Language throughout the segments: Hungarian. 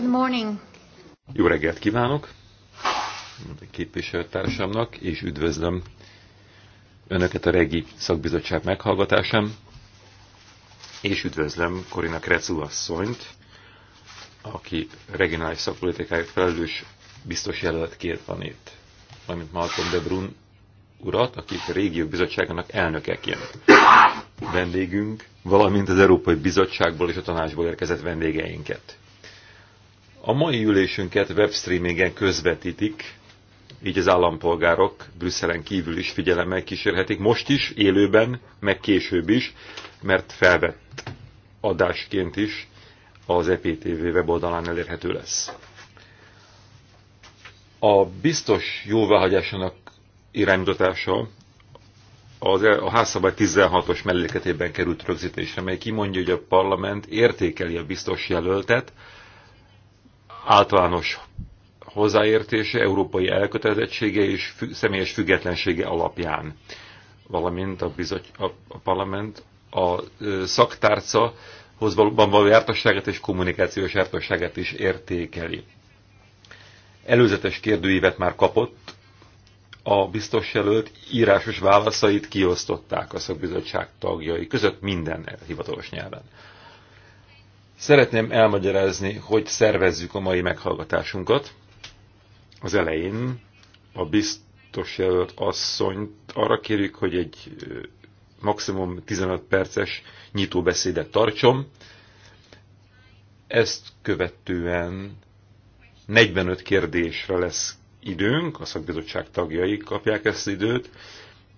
Good morning. Jó reggelt kívánok a képviselőtársamnak, és üdvözlöm Önöket a Regi Szakbizottság meghallgatásán, és üdvözlöm Korina Krecu asszonyt, aki regionális szakpolitikáért felelős biztos jelöltként van itt, valamint Malcolm de Brun urat, aki a régió bizottságának elnökeként vendégünk, valamint az Európai Bizottságból és a tanácsból érkezett vendégeinket. A mai ülésünket webstreamingen közvetítik, így az állampolgárok Brüsszelen kívül is figyelemmel kísérhetik, most is, élőben, meg később is, mert felvett adásként is az EPTV weboldalán elérhető lesz. A biztos jóváhagyásának iránymutatása az, a házszabály 16-os melléketében került rögzítésre, mely kimondja, hogy a parlament értékeli a biztos jelöltet, általános hozzáértése, európai elkötelezettsége és fü személyes függetlensége alapján, valamint a, bizony, a, a parlament a ö, szaktárca hozban való jártasságát és kommunikációs jártasságát is értékeli. Előzetes kérdőívet már kapott, a biztos jelölt írásos válaszait kiosztották a szakbizottság tagjai között minden hivatalos nyelven. Szeretném elmagyarázni, hogy szervezzük a mai meghallgatásunkat. Az elején a biztos jelölt asszonyt arra kérjük, hogy egy maximum 15 perces nyitóbeszédet tartson. Ezt követően 45 kérdésre lesz időnk, a szakbizottság tagjai kapják ezt az időt,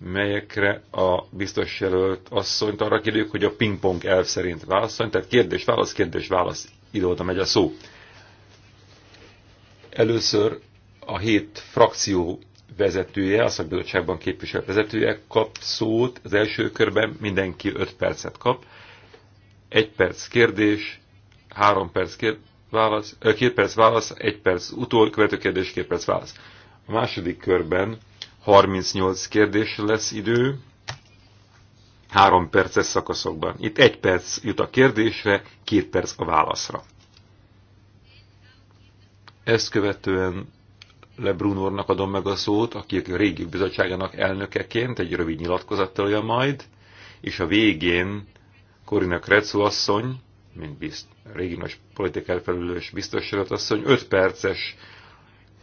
melyekre a biztos jelölt asszonyt arra kérjük, hogy a pingpong elv szerint válaszoljon, tehát kérdés-válasz, kérdés-válasz, időt megy a szó. Először a hét frakció vezetője, a szakbizottságban képviselt vezetője kap szót, az első körben mindenki 5 percet kap, egy perc kérdés, három perc kér, válasz, két perc válasz, egy perc utol, követő kérdés, két perc válasz. A második körben 38 kérdés lesz idő, három perces szakaszokban. Itt egy perc jut a kérdésre, két perc a válaszra. Ezt követően LeBrunornak adom meg a szót, aki a régi bizottságának elnökeként egy rövid nyilatkozattalja majd, és a végén Korina Kretszó asszony, mint bizt, régi nagy politikai felülős biztos asszony, 5 perces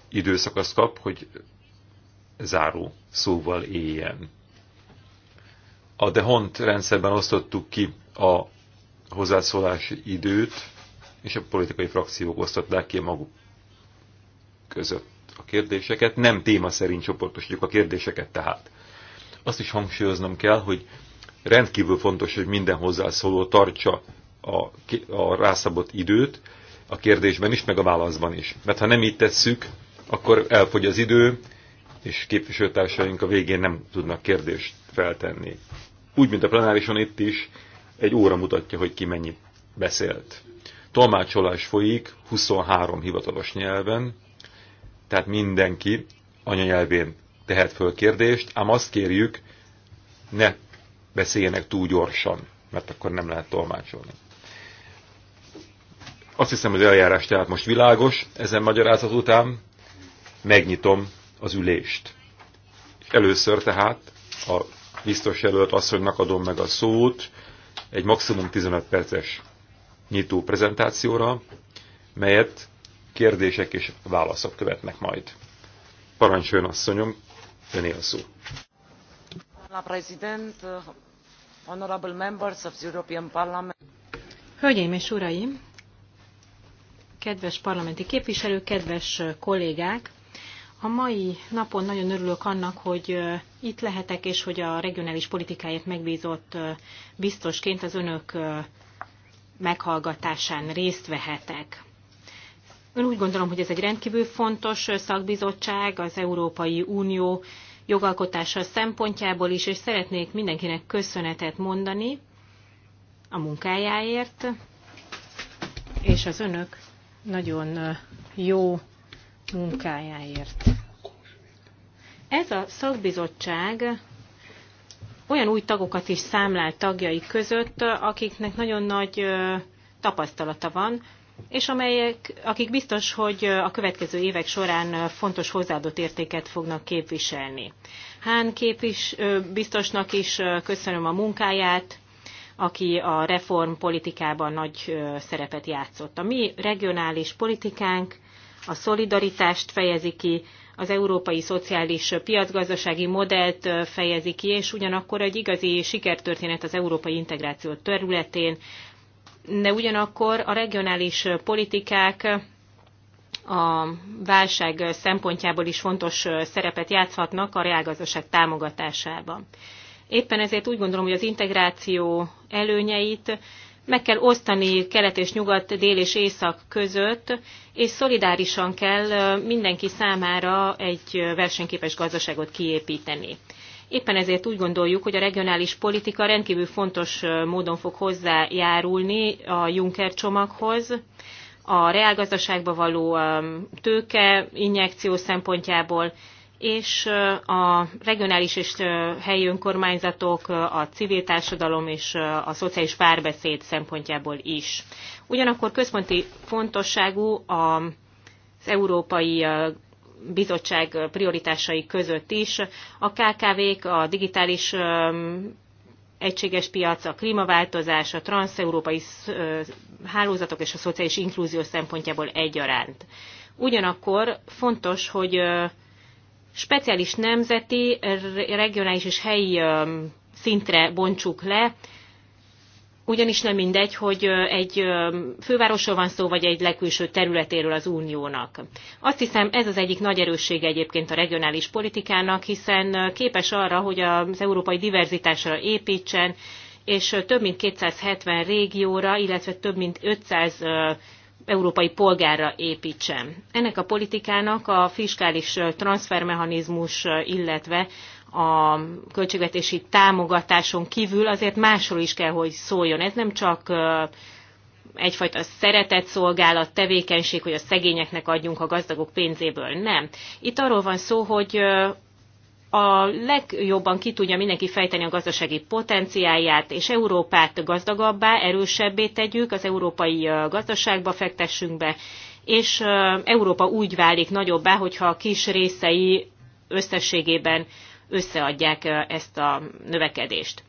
időszakaszt kap, hogy záró szóval éljen. A Dehont rendszerben osztottuk ki a hozzászólási időt, és a politikai frakciók osztották ki maguk között a kérdéseket, nem téma szerint csoportosítjuk a kérdéseket tehát. Azt is hangsúlyoznom kell, hogy rendkívül fontos, hogy minden hozzászóló tartsa a, a rászabott időt a kérdésben is, meg a válaszban is. Mert ha nem így tesszük, akkor elfogy az idő, és képviselőtársaink a végén nem tudnak kérdést feltenni. Úgy, mint a plenárison itt is, egy óra mutatja, hogy ki mennyit beszélt. Tolmácsolás folyik 23 hivatalos nyelven, tehát mindenki anyanyelvén tehet föl kérdést, ám azt kérjük, ne beszéljenek túl gyorsan, mert akkor nem lehet tolmácsolni. Azt hiszem, az eljárás tehát most világos, ezen magyarázat után megnyitom az ülést. Először tehát a biztos jelölt asszonynak adom meg a szót egy maximum 15 perces nyitó prezentációra, melyet kérdések és válaszok követnek majd. Parancsoljon asszonyom, öné a szó. Hölgyeim és uraim, kedves parlamenti képviselők, kedves kollégák! A mai napon nagyon örülök annak, hogy itt lehetek, és hogy a regionális politikáért megbízott biztosként az önök meghallgatásán részt vehetek. Ön úgy gondolom, hogy ez egy rendkívül fontos szakbizottság az Európai Unió jogalkotása szempontjából is, és szeretnék mindenkinek köszönetet mondani a munkájáért, és az önök nagyon jó munkájáért. Ez a szakbizottság olyan új tagokat is számlál tagjai között, akiknek nagyon nagy tapasztalata van, és amelyek, akik biztos, hogy a következő évek során fontos hozzáadott értéket fognak képviselni. Hán képvis, biztosnak is köszönöm a munkáját, aki a reformpolitikában nagy szerepet játszott. A mi regionális politikánk a szolidaritást fejezi ki, az európai szociális piacgazdasági modellt fejezi ki, és ugyanakkor egy igazi sikertörténet az európai integráció területén, de ugyanakkor a regionális politikák a válság szempontjából is fontos szerepet játszhatnak a reálgazdaság támogatásában. Éppen ezért úgy gondolom, hogy az integráció előnyeit meg kell osztani kelet és nyugat, dél és észak között, és szolidárisan kell mindenki számára egy versenyképes gazdaságot kiépíteni. Éppen ezért úgy gondoljuk, hogy a regionális politika rendkívül fontos módon fog hozzájárulni a Juncker csomaghoz, a reálgazdaságba való tőke injekció szempontjából, és a regionális és helyi önkormányzatok, a civil társadalom és a szociális párbeszéd szempontjából is. Ugyanakkor központi fontosságú az Európai Bizottság prioritásai között is a KKV-k, a digitális egységes piac, a klímaváltozás, a transeurópai hálózatok és a szociális inklúzió szempontjából egyaránt. Ugyanakkor fontos, hogy speciális nemzeti, regionális és helyi szintre bontsuk le, ugyanis nem mindegy, hogy egy fővárosról van szó, vagy egy legkülső területéről az uniónak. Azt hiszem, ez az egyik nagy erőssége egyébként a regionális politikának, hiszen képes arra, hogy az európai diverzitásra építsen, és több mint 270 régióra, illetve több mint 500 európai polgárra építsen. Ennek a politikának a fiskális transfermechanizmus, illetve a költségvetési támogatáson kívül azért másról is kell, hogy szóljon. Ez nem csak egyfajta szeretett szolgálat, tevékenység, hogy a szegényeknek adjunk a gazdagok pénzéből. Nem. Itt arról van szó, hogy a legjobban ki tudja mindenki fejteni a gazdasági potenciálját, és Európát gazdagabbá, erősebbé tegyük, az európai gazdaságba fektessünk be, és Európa úgy válik nagyobbá, hogyha a kis részei összességében összeadják ezt a növekedést.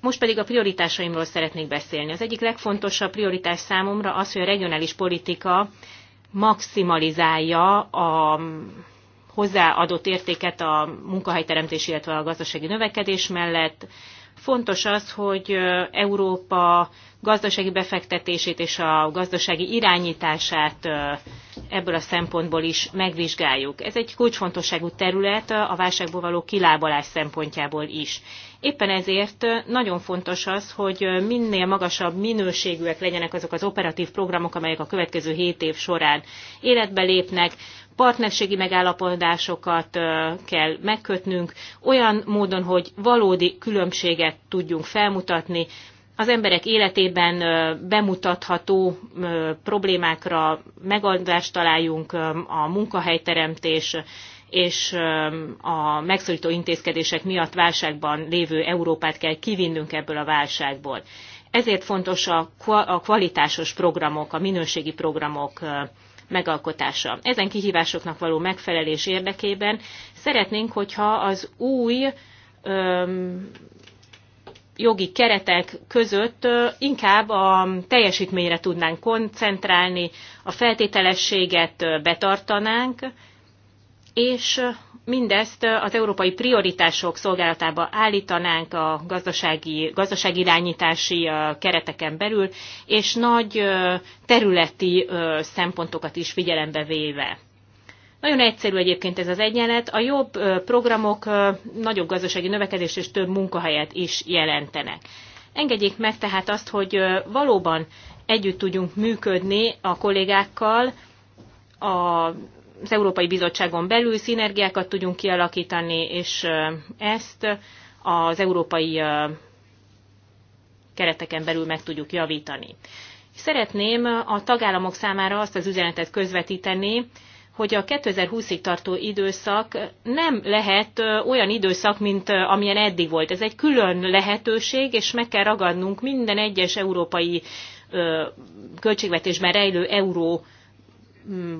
Most pedig a prioritásaimról szeretnék beszélni. Az egyik legfontosabb prioritás számomra az, hogy a regionális politika maximalizálja a hozzáadott értéket a munkahelyteremtés, illetve a gazdasági növekedés mellett. Fontos az, hogy Európa gazdasági befektetését és a gazdasági irányítását ebből a szempontból is megvizsgáljuk. Ez egy kulcsfontosságú terület a válságból való kilábalás szempontjából is. Éppen ezért nagyon fontos az, hogy minél magasabb minőségűek legyenek azok az operatív programok, amelyek a következő 7 év során életbe lépnek, partnerségi megállapodásokat kell megkötnünk, olyan módon, hogy valódi különbséget tudjunk felmutatni, az emberek életében bemutatható problémákra megoldást találjunk, a munkahelyteremtés és a megszorító intézkedések miatt válságban lévő Európát kell kivinnünk ebből a válságból. Ezért fontos a kvalitásos programok, a minőségi programok megalkotása. Ezen kihívásoknak való megfelelés érdekében szeretnénk, hogyha az új öm, jogi keretek között inkább a teljesítményre tudnánk koncentrálni, a feltételességet betartanánk, és mindezt az európai prioritások szolgálatába állítanánk a gazdasági, gazdaságirányítási kereteken belül, és nagy területi szempontokat is figyelembe véve. Nagyon egyszerű egyébként ez az egyenlet. A jobb programok nagyobb gazdasági növekedés és több munkahelyet is jelentenek. Engedjék meg tehát azt, hogy valóban együtt tudjunk működni a kollégákkal, a az Európai Bizottságon belül szinergiákat tudjunk kialakítani, és ezt az európai kereteken belül meg tudjuk javítani. Szeretném a tagállamok számára azt az üzenetet közvetíteni, hogy a 2020-ig tartó időszak nem lehet olyan időszak, mint amilyen eddig volt. Ez egy külön lehetőség, és meg kell ragadnunk minden egyes európai költségvetésben rejlő euró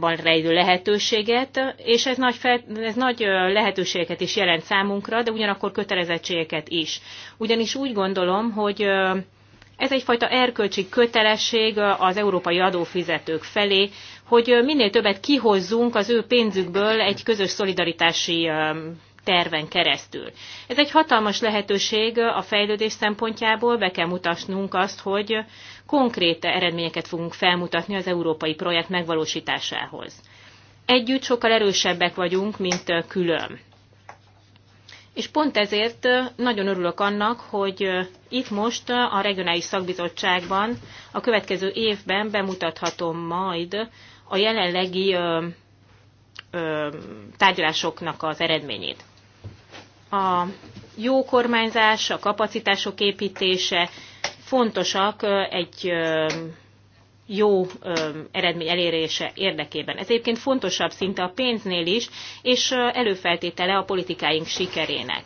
van rejlő lehetőséget, és ez nagy, fel, ez nagy lehetőségeket is jelent számunkra, de ugyanakkor kötelezettségeket is. Ugyanis úgy gondolom, hogy ez egyfajta erkölcsi kötelesség az európai adófizetők felé, hogy minél többet kihozzunk az ő pénzükből egy közös szolidaritási terven keresztül. Ez egy hatalmas lehetőség a fejlődés szempontjából, be kell mutatnunk azt, hogy konkrét eredményeket fogunk felmutatni az európai projekt megvalósításához. Együtt sokkal erősebbek vagyunk, mint külön. És pont ezért nagyon örülök annak, hogy itt most a regionális szakbizottságban a következő évben bemutathatom majd a jelenlegi ö, ö, tárgyalásoknak az eredményét. A jó kormányzás, a kapacitások építése, fontosak egy jó eredmény elérése érdekében. Ez egyébként fontosabb szinte a pénznél is, és előfeltétele a politikáink sikerének.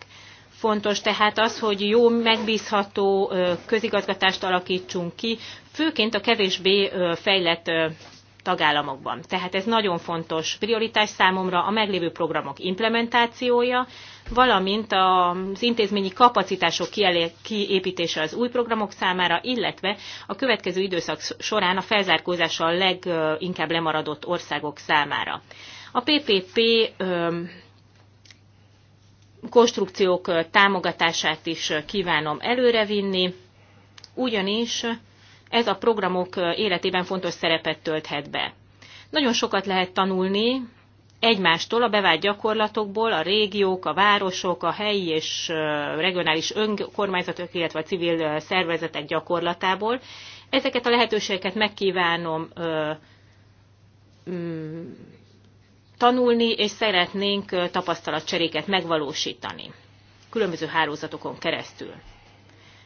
Fontos tehát az, hogy jó, megbízható közigazgatást alakítsunk ki, főként a kevésbé fejlett tagállamokban. Tehát ez nagyon fontos prioritás számomra a meglévő programok implementációja, valamint az intézményi kapacitások kiépítése az új programok számára, illetve a következő időszak során a felzárkózása a leginkább lemaradott országok számára. A PPP konstrukciók támogatását is kívánom előrevinni, ugyanis ez a programok életében fontos szerepet tölthet be. Nagyon sokat lehet tanulni egymástól, a bevált gyakorlatokból, a régiók, a városok, a helyi és regionális önkormányzatok, illetve a civil szervezetek gyakorlatából. Ezeket a lehetőségeket megkívánom ö, mm, tanulni, és szeretnénk tapasztalatcseréket megvalósítani különböző hálózatokon keresztül.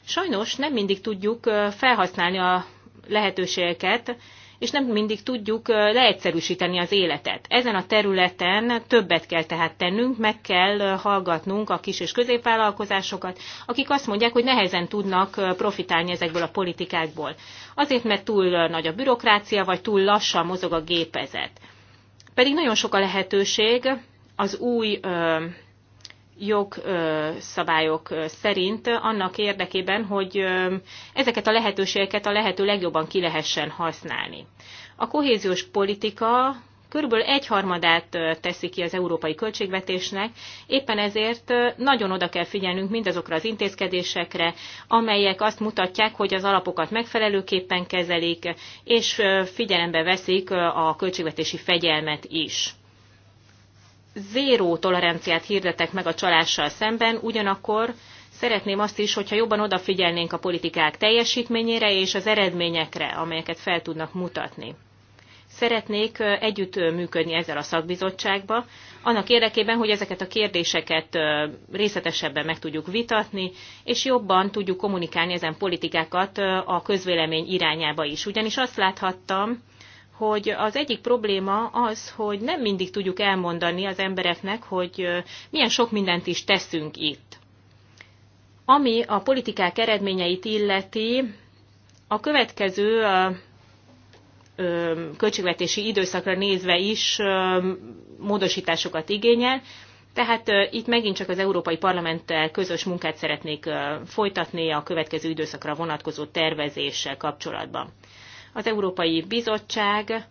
Sajnos nem mindig tudjuk felhasználni a lehetőségeket, és nem mindig tudjuk leegyszerűsíteni az életet. Ezen a területen többet kell tehát tennünk, meg kell hallgatnunk a kis és középvállalkozásokat, akik azt mondják, hogy nehezen tudnak profitálni ezekből a politikákból. Azért, mert túl nagy a bürokrácia, vagy túl lassan mozog a gépezet. Pedig nagyon sok a lehetőség az új jogszabályok szerint annak érdekében, hogy ezeket a lehetőségeket a lehető legjobban ki lehessen használni. A kohéziós politika körülbelül egyharmadát teszi ki az európai költségvetésnek, éppen ezért nagyon oda kell figyelnünk mindazokra az intézkedésekre, amelyek azt mutatják, hogy az alapokat megfelelőképpen kezelik, és figyelembe veszik a költségvetési fegyelmet is zéró toleranciát hirdetek meg a csalással szemben, ugyanakkor szeretném azt is, hogyha jobban odafigyelnénk a politikák teljesítményére és az eredményekre, amelyeket fel tudnak mutatni. Szeretnék együtt működni ezzel a szakbizottságba, annak érdekében, hogy ezeket a kérdéseket részletesebben meg tudjuk vitatni, és jobban tudjuk kommunikálni ezen politikákat a közvélemény irányába is. Ugyanis azt láthattam, hogy az egyik probléma az, hogy nem mindig tudjuk elmondani az embereknek, hogy milyen sok mindent is teszünk itt. Ami a politikák eredményeit illeti, a következő költségvetési időszakra nézve is módosításokat igényel, tehát itt megint csak az Európai Parlamenttel közös munkát szeretnék folytatni a következő időszakra vonatkozó tervezéssel kapcsolatban. Az Európai Bizottság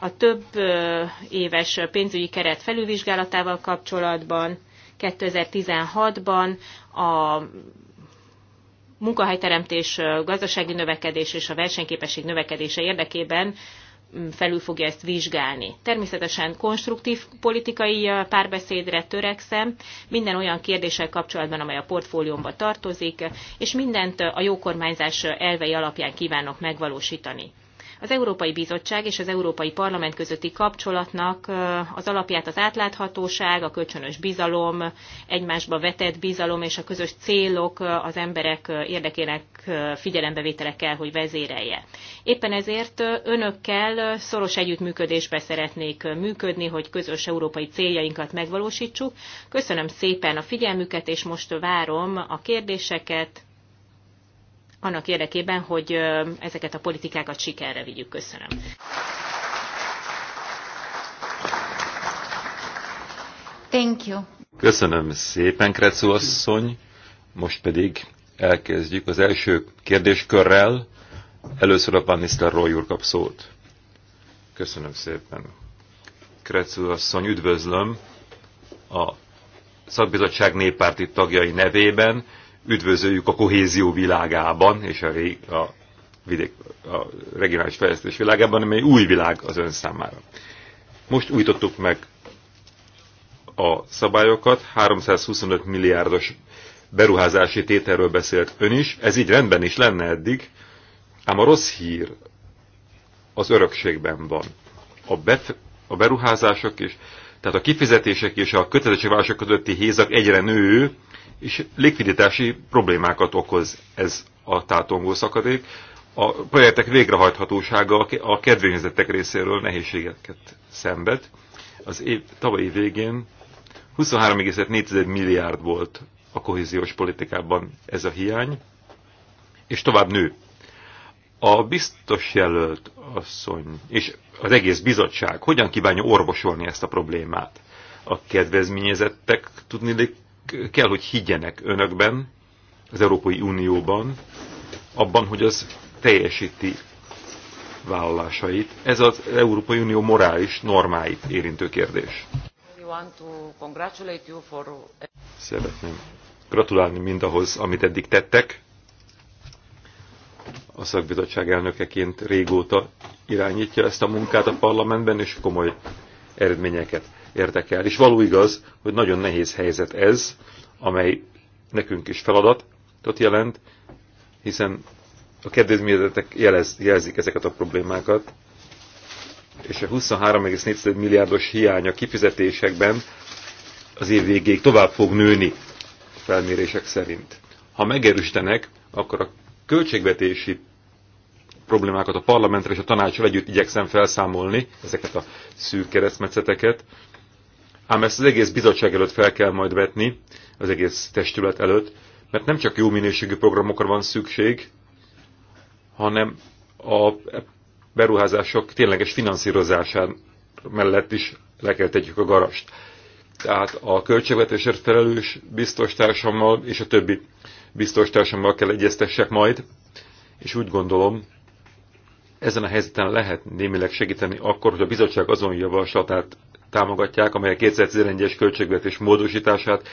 a több éves pénzügyi keret felülvizsgálatával kapcsolatban 2016-ban a munkahelyteremtés, gazdasági növekedés és a versenyképesség növekedése érdekében felül fogja ezt vizsgálni. Természetesen konstruktív politikai párbeszédre törekszem, minden olyan kérdéssel kapcsolatban, amely a portfóliómba tartozik, és mindent a jó kormányzás elvei alapján kívánok megvalósítani. Az Európai Bizottság és az Európai Parlament közötti kapcsolatnak az alapját az átláthatóság, a kölcsönös bizalom, egymásba vetett bizalom és a közös célok az emberek érdekének figyelembevétele kell, hogy vezérelje. Éppen ezért önökkel szoros együttműködésbe szeretnék működni, hogy közös európai céljainkat megvalósítsuk. Köszönöm szépen a figyelmüket, és most várom a kérdéseket, annak érdekében, hogy ezeket a politikákat sikerre vigyük. Köszönöm. Thank you. Köszönöm szépen, Kretszó asszony. Most pedig elkezdjük az első kérdéskörrel. Először a Pannister Roy úr kap szót. Köszönöm szépen. Kretszó asszony, üdvözlöm a szakbizottság néppárti tagjai nevében üdvözöljük a kohézió világában, és a, rég, a, vidék, a regionális fejlesztés világában, amely új világ az ön számára. Most újtottuk meg a szabályokat, 325 milliárdos beruházási tételről beszélt ön is, ez így rendben is lenne eddig, ám a rossz hír az örökségben van. A, bef a beruházások és tehát a kifizetések és a kötelezettségvállalások közötti hézak egyre nő, és likviditási problémákat okoz ez a tátongó szakadék. A projektek végrehajthatósága a kedvényezettek részéről nehézségeket szenved. Az év, tavalyi végén 23,4 milliárd volt a kohéziós politikában ez a hiány, és tovább nő. A biztos jelölt asszony és az egész bizottság hogyan kívánja orvosolni ezt a problémát? A kedvezményezettek tudnilik kell, hogy higgyenek önökben, az Európai Unióban, abban, hogy az teljesíti vállalásait. Ez az Európai Unió morális normáit érintő kérdés. Szeretném gratulálni mindahhoz, amit eddig tettek. A szakbizottság elnökeként régóta irányítja ezt a munkát a parlamentben, és komoly eredményeket érdekel. És való igaz, hogy nagyon nehéz helyzet ez, amely nekünk is feladatot jelent, hiszen a kedvezményezetek jelez, jelzik ezeket a problémákat, és a 23,4 milliárdos hiány a kifizetésekben az év végéig tovább fog nőni a felmérések szerint. Ha megerősítenek, akkor a költségvetési problémákat a parlamentre és a tanácsra együtt igyekszem felszámolni, ezeket a szűk keresztmetszeteket, Ám ezt az egész bizottság előtt fel kell majd vetni, az egész testület előtt, mert nem csak jó minőségű programokra van szükség, hanem a beruházások tényleges finanszírozásán mellett is le kell tegyük a garast. Tehát a költségvetésért felelős biztostársammal és a többi biztostársammal kell egyeztessek majd, és úgy gondolom, ezen a helyzeten lehet némileg segíteni akkor, hogy a bizottság azon javaslatát támogatják, amely a 2011-es költségvetés módosítását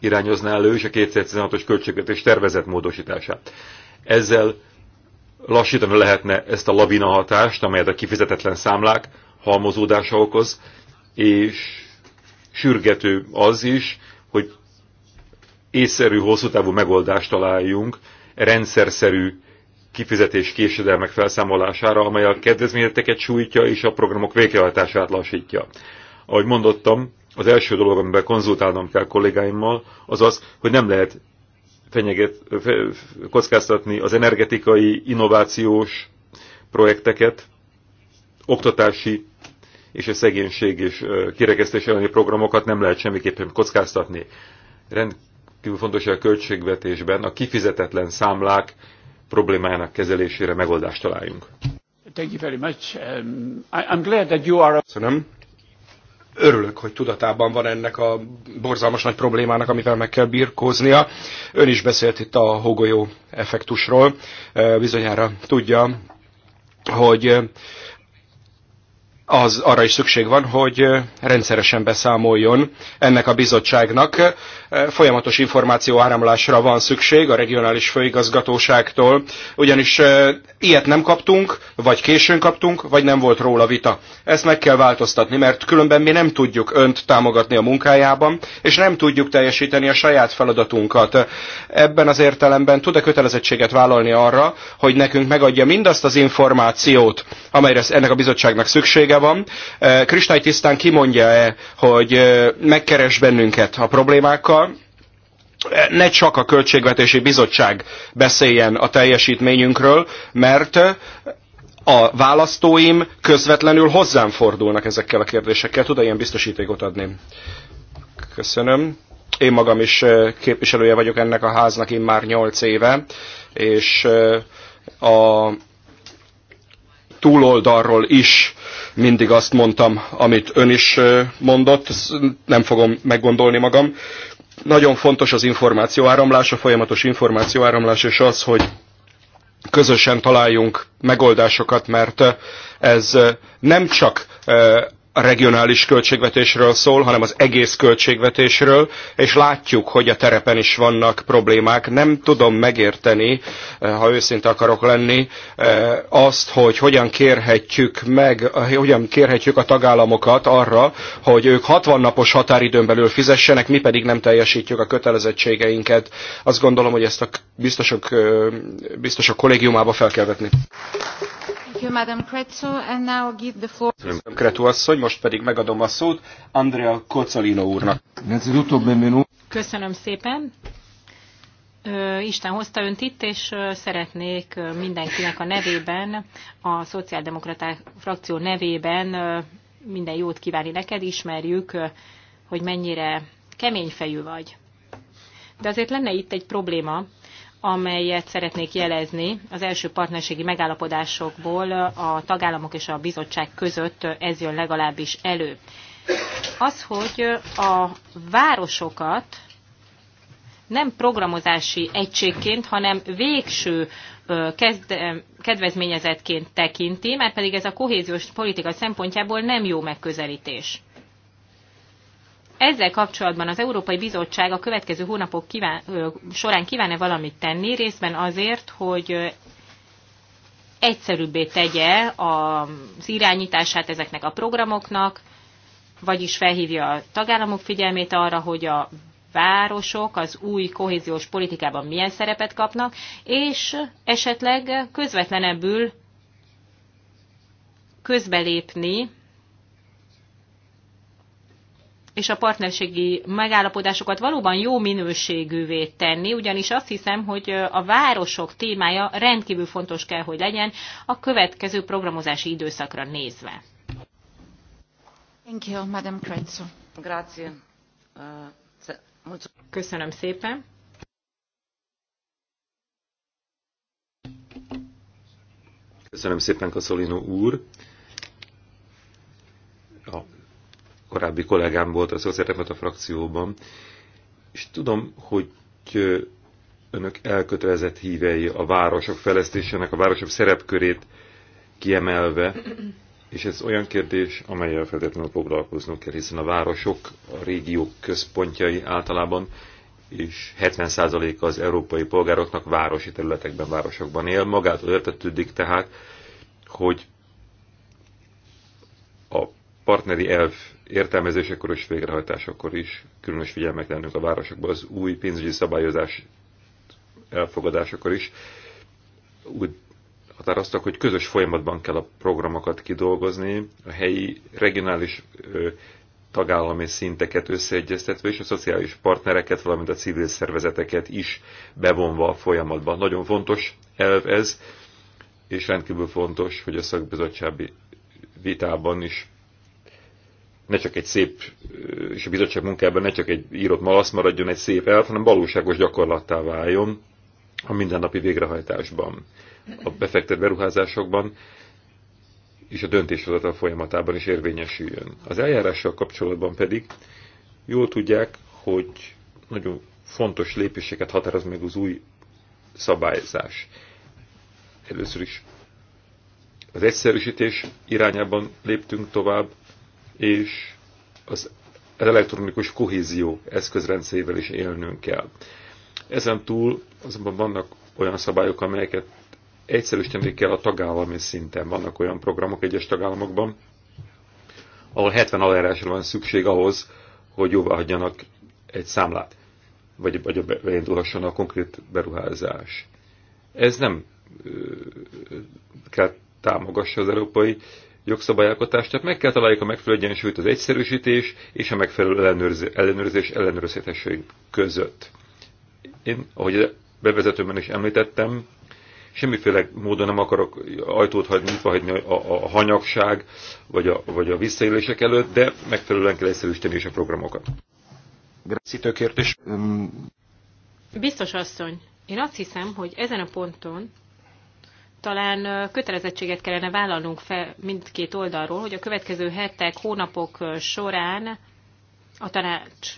irányozná elő, és a 2016-os költségvetés tervezett módosítását. Ezzel lassítani lehetne ezt a lavina hatást, amelyet a kifizetetlen számlák halmozódása okoz, és sürgető az is, hogy észszerű, hosszú távú megoldást találjunk rendszerszerű kifizetés késedelmek felszámolására, amely a kedvezményeteket sújtja és a programok végrehajtását lassítja. Ahogy mondottam, az első dolog, amiben konzultálnom kell kollégáimmal, az az, hogy nem lehet fenyeget, fe, kockáztatni az energetikai, innovációs projekteket, oktatási és a szegénység és kirekesztés elleni programokat nem lehet semmiképpen kockáztatni. Rendkívül fontos, hogy a költségvetésben a kifizetetlen számlák problémájának kezelésére megoldást találjunk. Thank you very much. Um, I, I'm glad that you are... Köszönöm örülök, hogy tudatában van ennek a borzalmas nagy problémának, amivel meg kell birkóznia. Ön is beszélt itt a hogolyó effektusról, bizonyára tudja, hogy az arra is szükség van, hogy rendszeresen beszámoljon ennek a bizottságnak. Folyamatos információ áramlásra van szükség a regionális főigazgatóságtól, ugyanis ilyet nem kaptunk, vagy későn kaptunk, vagy nem volt róla vita. Ezt meg kell változtatni, mert különben mi nem tudjuk önt támogatni a munkájában, és nem tudjuk teljesíteni a saját feladatunkat. Ebben az értelemben tud-e kötelezettséget vállalni arra, hogy nekünk megadja mindazt az információt, amelyre ennek a bizottságnak szüksége szüksége van. tisztán kimondja-e, hogy megkeres bennünket a problémákkal, ne csak a Költségvetési Bizottság beszéljen a teljesítményünkről, mert a választóim közvetlenül hozzám fordulnak ezekkel a kérdésekkel. Tud-e ilyen biztosítékot adni? Köszönöm. Én magam is képviselője vagyok ennek a háznak én már 8 éve, és a túloldalról is mindig azt mondtam, amit ön is mondott, nem fogom meggondolni magam. Nagyon fontos az információáramlás, a folyamatos információáramlás, és az, hogy közösen találjunk megoldásokat, mert ez nem csak a regionális költségvetésről szól, hanem az egész költségvetésről, és látjuk, hogy a terepen is vannak problémák. Nem tudom megérteni, eh, ha őszinte akarok lenni, eh, azt, hogy hogyan kérhetjük meg, eh, hogyan kérhetjük a tagállamokat arra, hogy ők 60 napos határidőn belül fizessenek, mi pedig nem teljesítjük a kötelezettségeinket. Azt gondolom, hogy ezt a biztosok, biztosok kollégiumába fel kell vetni. Köszönöm, Kretu asszony, most pedig megadom a szót Andrea Kocolino úrnak. Köszönöm szépen. Isten hozta önt itt, és szeretnék mindenkinek a nevében, a Szociáldemokraták frakció nevében minden jót kívánni neked, ismerjük, hogy mennyire keményfejű vagy. De azért lenne itt egy probléma, amelyet szeretnék jelezni az első partnerségi megállapodásokból a tagállamok és a bizottság között ez jön legalábbis elő. Az, hogy a városokat nem programozási egységként, hanem végső kezd, kedvezményezetként tekinti, mert pedig ez a kohéziós politika szempontjából nem jó megközelítés ezzel kapcsolatban az Európai Bizottság a következő hónapok kíván, során kívánne valamit tenni, részben azért, hogy egyszerűbbé tegye az irányítását ezeknek a programoknak, vagyis felhívja a tagállamok figyelmét arra, hogy a városok az új kohéziós politikában milyen szerepet kapnak, és esetleg közvetlenebbül közbelépni és a partnerségi megállapodásokat valóban jó minőségűvé tenni, ugyanis azt hiszem, hogy a városok témája rendkívül fontos kell, hogy legyen a következő programozási időszakra nézve. Thank you, Madam Grazie. Köszönöm szépen. Köszönöm szépen, Kaszolino úr. A korábbi kollégám volt a a frakcióban, és tudom, hogy önök elkötelezett hívei a városok fejlesztésének, a városok szerepkörét kiemelve, és ez olyan kérdés, amelyel feltétlenül foglalkoznunk kell, hiszen a városok, a régiók központjai általában, és 70%-a az európai polgároknak városi területekben, városokban él. Magától értetődik tehát, hogy a partneri elv értelmezésekor és végrehajtásakor is különös figyelmet lennünk a városokban az új pénzügyi szabályozás elfogadásakor is. Úgy határoztak, hogy közös folyamatban kell a programokat kidolgozni, a helyi, regionális tagállami szinteket összeegyeztetve, és a szociális partnereket, valamint a civil szervezeteket is bevonva a folyamatban. Nagyon fontos elv ez, és rendkívül fontos, hogy a szakbizottsági vitában is ne csak egy szép, és a bizottság munkában ne csak egy írott malasz maradjon egy szép elf, hanem valóságos gyakorlattá váljon a mindennapi végrehajtásban, a befektet beruházásokban és a döntéshozatal folyamatában is érvényesüljön. Az eljárással kapcsolatban pedig jól tudják, hogy nagyon fontos lépéseket határoz meg az új szabályzás. Először is az egyszerűsítés irányában léptünk tovább, és az elektronikus kohézió eszközrendszerével is élnünk kell. Ezen túl azonban vannak olyan szabályok, amelyeket egyszerűsíteni kell a tagállami szinten. Vannak olyan programok egyes tagállamokban, ahol 70 aláírásra van szükség ahhoz, hogy jóvá hagyjanak egy számlát, vagy, vagy beindulhasson a konkrét beruházás. Ez nem ö, kell támogassa az európai jogszabályalkotást, tehát meg kell találjuk a megfelelő egyensúlyt az egyszerűsítés és a megfelelő ellenőrzés, ellenőrzés között. Én, ahogy bevezetőben is említettem, semmiféle módon nem akarok ajtót hagyni, nyitva hagyni a, a, a hanyagság vagy a, vagy a visszaélések előtt, de megfelelően kell egyszerűsíteni is a programokat. Grácítő Biztos asszony, én azt hiszem, hogy ezen a ponton talán kötelezettséget kellene vállalnunk fel mindkét oldalról, hogy a következő hetek, hónapok során a tanács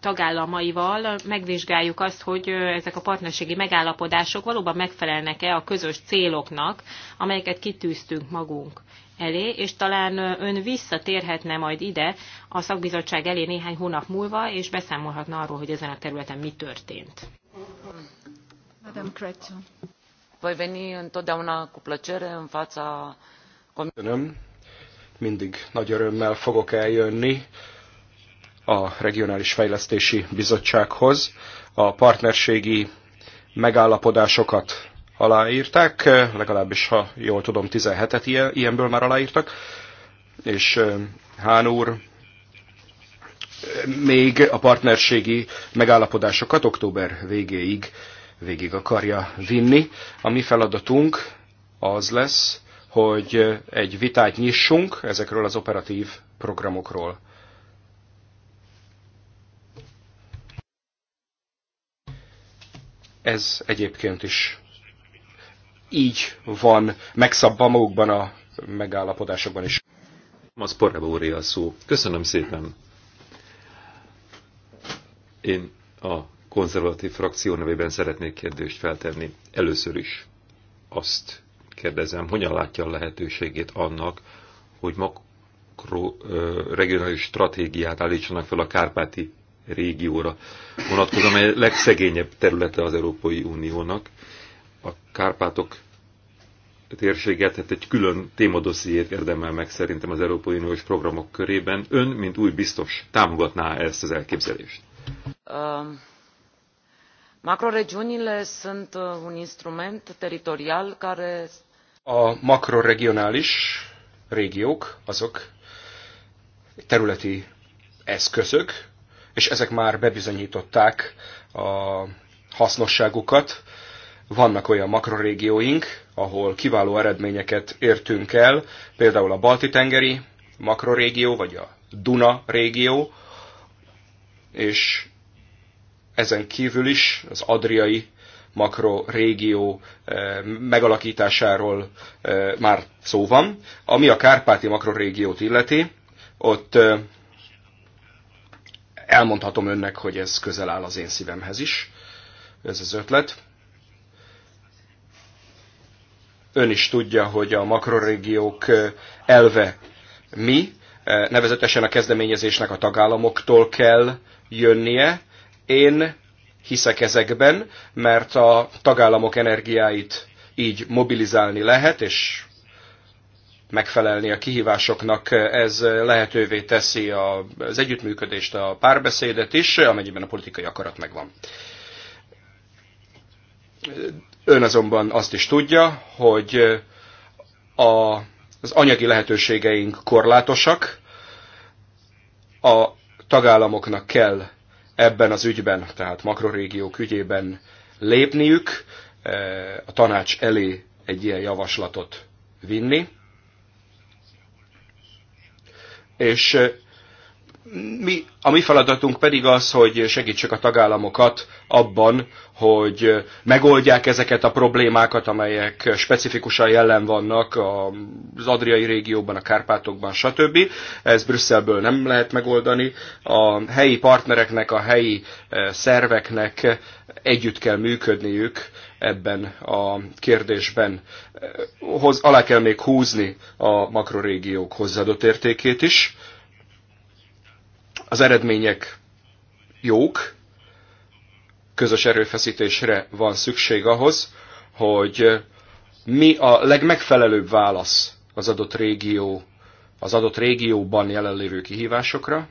tagállamaival megvizsgáljuk azt, hogy ezek a partnerségi megállapodások valóban megfelelnek-e a közös céloknak, amelyeket kitűztünk magunk elé, és talán ön visszatérhetne majd ide a szakbizottság elé néhány hónap múlva, és beszámolhatna arról, hogy ezen a területen mi történt. Madame Cretu. Voi veni întotdeauna cu plăcere în fața Köszönöm. Mindig nagy örömmel fogok eljönni a Regionális Fejlesztési Bizottsághoz. A partnerségi megállapodásokat aláírták, legalábbis ha jól tudom, 17-et ilyenből már aláírtak, és Hán úr még a partnerségi megállapodásokat október végéig végig akarja vinni. A mi feladatunk az lesz, hogy egy vitát nyissunk ezekről az operatív programokról. Ez egyébként is így van megszabva magukban a megállapodásokban is. Az Porrebóri a szó. Köszönöm szépen. Én a konzervatív frakció nevében szeretnék kérdést feltenni. Először is azt kérdezem, hogyan látja a lehetőségét annak, hogy regionális stratégiát állítsanak fel a kárpáti régióra vonatkozó, amely a legszegényebb területe az Európai Uniónak. A Kárpátok térséget, tehát egy külön témadossziét érdemel meg szerintem az Európai Uniós programok körében. Ön, mint új biztos, támogatná ezt az elképzelést? Um. Macroregiunile sunt uh, un instrument teritorial care... A makroregionális régiók azok területi eszközök, és ezek már bebizonyították a hasznosságukat. Vannak olyan makrorégióink, ahol kiváló eredményeket értünk el, például a Balti-tengeri makrorégió, vagy a Duna régió, és ezen kívül is az adriai régió eh, megalakításáról eh, már szó van. Ami a kárpáti régiót illeti, ott eh, elmondhatom önnek, hogy ez közel áll az én szívemhez is, ez az ötlet. Ön is tudja, hogy a makrorégiók elve mi, nevezetesen a kezdeményezésnek a tagállamoktól kell jönnie, én hiszek ezekben, mert a tagállamok energiáit így mobilizálni lehet, és megfelelni a kihívásoknak, ez lehetővé teszi az együttműködést, a párbeszédet is, amennyiben a politikai akarat megvan. Ön azonban azt is tudja, hogy a, az anyagi lehetőségeink korlátosak, a tagállamoknak kell ebben az ügyben, tehát makrorégiók ügyében lépniük, eh, a tanács elé egy ilyen javaslatot vinni, és eh, mi, a mi feladatunk pedig az, hogy segítsük a tagállamokat abban, hogy megoldják ezeket a problémákat, amelyek specifikusan jelen vannak az Adriai régióban, a Kárpátokban, stb. Ez Brüsszelből nem lehet megoldani. A helyi partnereknek, a helyi eh, szerveknek együtt kell működniük ebben a kérdésben. Eh, hoz, alá kell még húzni a makrorégiók hozzáadott értékét is az eredmények jók, közös erőfeszítésre van szükség ahhoz, hogy mi a legmegfelelőbb válasz az adott régió, az adott régióban jelenlévő kihívásokra,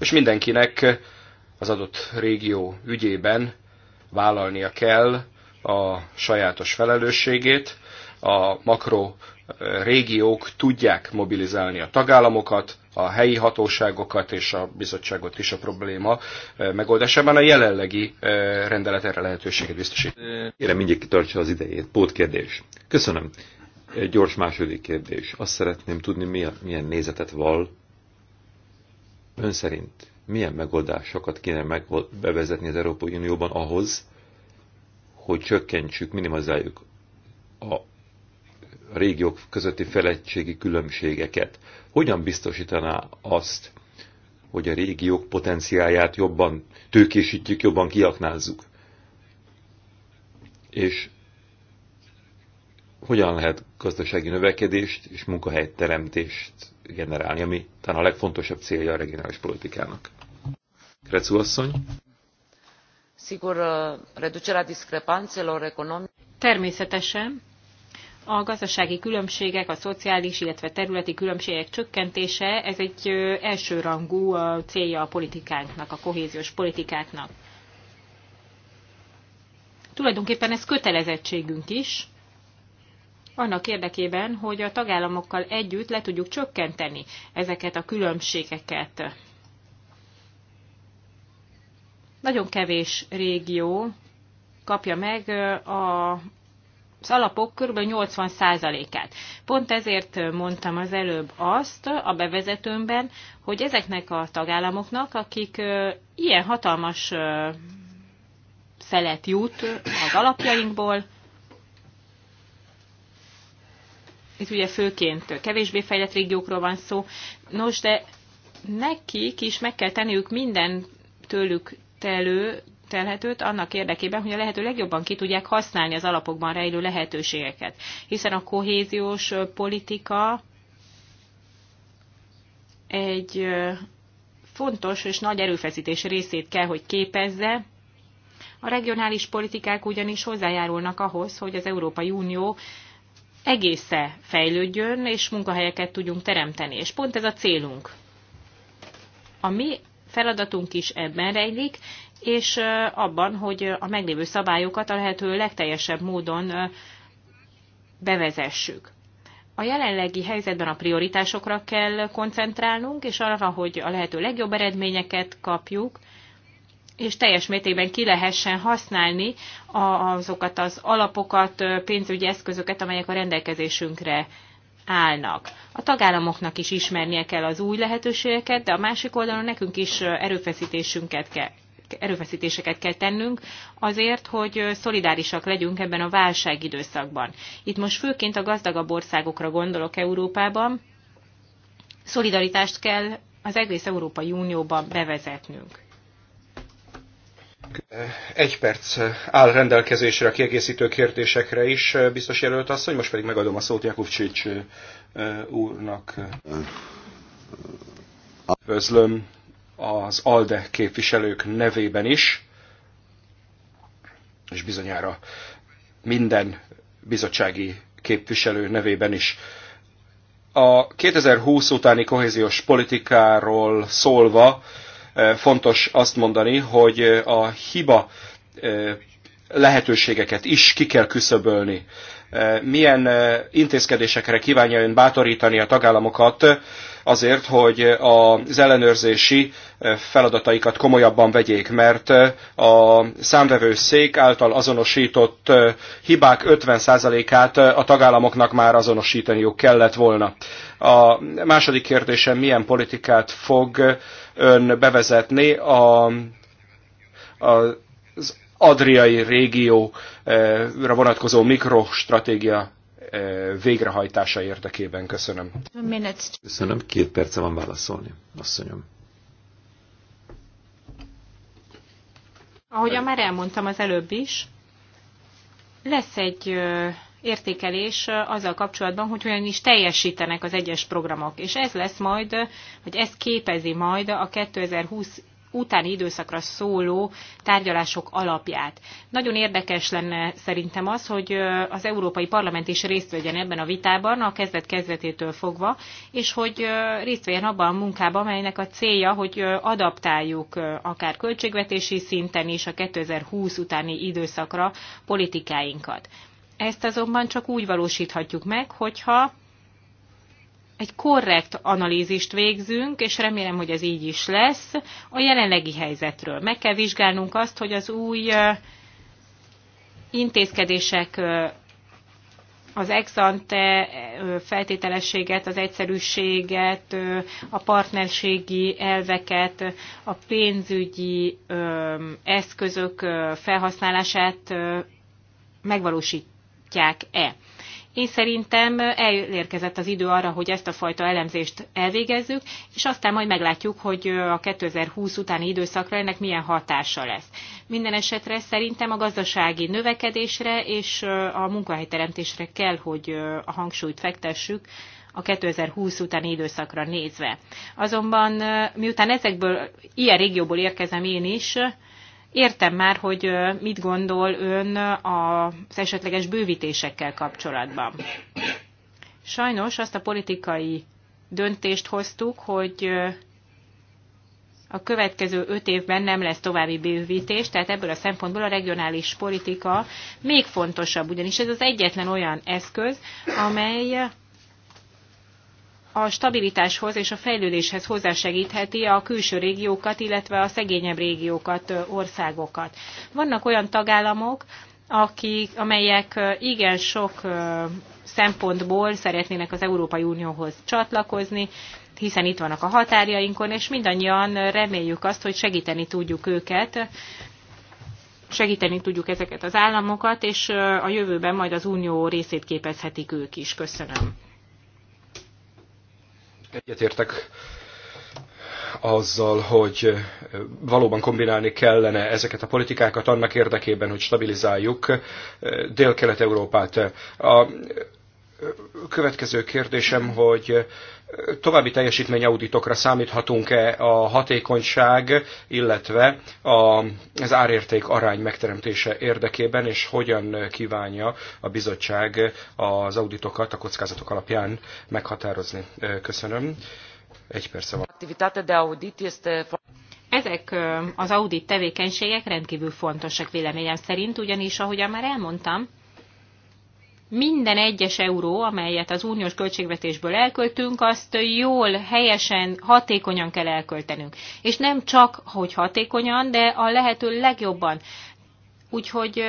és mindenkinek az adott régió ügyében vállalnia kell a sajátos felelősségét. A makro eh, régiók tudják mobilizálni a tagállamokat, a helyi hatóságokat és a bizottságot is a probléma eh, megoldásában. A jelenlegi eh, rendelet erre lehetőséget biztosít. Kérem, mindjárt kitartsa az idejét. kérdés. Köszönöm. Egy gyors második kérdés. Azt szeretném tudni, milyen nézetet val ön szerint milyen megoldásokat kéne meg bevezetni az Európai Unióban ahhoz, hogy csökkentsük, minimalizáljuk a a régiók közötti felettségi különbségeket. Hogyan biztosítaná azt, hogy a régiók potenciáját jobban tőkésítjük, jobban kiaknázzuk? És hogyan lehet gazdasági növekedést és munkahelyteremtést generálni, ami talán a legfontosabb célja a regionális politikának? Krecu asszony? Sigur, reducerea discrepanțelor economice. Természetesen a gazdasági különbségek, a szociális, illetve területi különbségek csökkentése, ez egy elsőrangú célja a politikánknak, a kohéziós politikáknak. Tulajdonképpen ez kötelezettségünk is, annak érdekében, hogy a tagállamokkal együtt le tudjuk csökkenteni ezeket a különbségeket. Nagyon kevés régió kapja meg a az alapok kb. 80%-át. Pont ezért mondtam az előbb azt a bevezetőmben, hogy ezeknek a tagállamoknak, akik ilyen hatalmas szelet jut az alapjainkból, itt ugye főként kevésbé fejlett régiókról van szó, nos, de nekik is meg kell tenniük minden tőlük telő telhetőt annak érdekében, hogy a lehető legjobban ki tudják használni az alapokban rejlő lehetőségeket. Hiszen a kohéziós politika egy fontos és nagy erőfeszítés részét kell, hogy képezze. A regionális politikák ugyanis hozzájárulnak ahhoz, hogy az Európai Unió egésze fejlődjön, és munkahelyeket tudjunk teremteni. És pont ez a célunk. A mi feladatunk is ebben rejlik, és abban, hogy a meglévő szabályokat a lehető legteljesebb módon bevezessük. A jelenlegi helyzetben a prioritásokra kell koncentrálnunk, és arra, hogy a lehető legjobb eredményeket kapjuk, és teljes mértékben ki lehessen használni azokat az alapokat, pénzügyi eszközöket, amelyek a rendelkezésünkre állnak. A tagállamoknak is ismernie kell az új lehetőségeket, de a másik oldalon nekünk is erőfeszítésünket kell erőfeszítéseket kell tennünk azért, hogy szolidárisak legyünk ebben a válságidőszakban. Itt most főként a gazdagabb országokra gondolok Európában. Szolidaritást kell az egész Európai Unióban bevezetnünk. Egy perc áll rendelkezésre a kiegészítő kérdésekre is, biztos jelölt asszony, most pedig megadom a szót Csics úrnak. Üdvözlöm az ALDE képviselők nevében is, és bizonyára minden bizottsági képviselő nevében is. A 2020 utáni kohéziós politikáról szólva fontos azt mondani, hogy a hiba lehetőségeket is ki kell küszöbölni. Milyen intézkedésekre kívánja ön bátorítani a tagállamokat azért, hogy az ellenőrzési feladataikat komolyabban vegyék, mert a számvevőszék által azonosított hibák 50%-át a tagállamoknak már azonosítaniuk kellett volna. A második kérdésem, milyen politikát fog ön bevezetni a, a az adriai régióra vonatkozó mikrostratégia eh, végrehajtása érdekében. Köszönöm. Köszönöm, két perce van válaszolni, asszonyom. Ahogyan már elmondtam az előbb is, lesz egy értékelés azzal kapcsolatban, hogy hogyan is teljesítenek az egyes programok. És ez lesz majd, vagy ez képezi majd a 2020 utáni időszakra szóló tárgyalások alapját. Nagyon érdekes lenne szerintem az, hogy az Európai Parlament is részt vegyen ebben a vitában, a kezdet kezdetétől fogva, és hogy részt vegyen abban a munkában, amelynek a célja, hogy adaptáljuk akár költségvetési szinten is a 2020 utáni időszakra politikáinkat. Ezt azonban csak úgy valósíthatjuk meg, hogyha egy korrekt analízist végzünk, és remélem, hogy ez így is lesz, a jelenlegi helyzetről. Meg kell vizsgálnunk azt, hogy az új intézkedések az exante feltételességet, az egyszerűséget, a partnerségi elveket, a pénzügyi eszközök felhasználását megvalósít, támogatják-e. Én szerintem elérkezett az idő arra, hogy ezt a fajta elemzést elvégezzük, és aztán majd meglátjuk, hogy a 2020 utáni időszakra ennek milyen hatása lesz. Minden esetre szerintem a gazdasági növekedésre és a munkahelyteremtésre kell, hogy a hangsúlyt fektessük, a 2020 utáni időszakra nézve. Azonban miután ezekből, ilyen régióból érkezem én is, Értem már, hogy mit gondol ön az esetleges bővítésekkel kapcsolatban. Sajnos azt a politikai döntést hoztuk, hogy a következő öt évben nem lesz további bővítés, tehát ebből a szempontból a regionális politika még fontosabb, ugyanis ez az egyetlen olyan eszköz, amely a stabilitáshoz és a fejlődéshez hozzásegítheti a külső régiókat, illetve a szegényebb régiókat, országokat. Vannak olyan tagállamok, akik, amelyek igen sok szempontból szeretnének az Európai Unióhoz csatlakozni, hiszen itt vannak a határjainkon, és mindannyian reméljük azt, hogy segíteni tudjuk őket, segíteni tudjuk ezeket az államokat, és a jövőben majd az Unió részét képezhetik ők is. Köszönöm. Egyetértek azzal, hogy eh, valóban kombinálni kellene ezeket a politikákat annak érdekében, hogy stabilizáljuk eh, Dél-Kelet-Európát. A eh, következő kérdésem, hogy további teljesítményauditokra számíthatunk-e a hatékonyság, illetve a, az árérték arány megteremtése érdekében, és hogyan kívánja a bizottság az auditokat a kockázatok alapján meghatározni. Köszönöm. Egy persze van. Ezek az audit tevékenységek rendkívül fontosak véleményem szerint, ugyanis, ahogyan már elmondtam, minden egyes euró, amelyet az uniós költségvetésből elköltünk, azt jól, helyesen, hatékonyan kell elköltenünk. És nem csak, hogy hatékonyan, de a lehető legjobban. Úgyhogy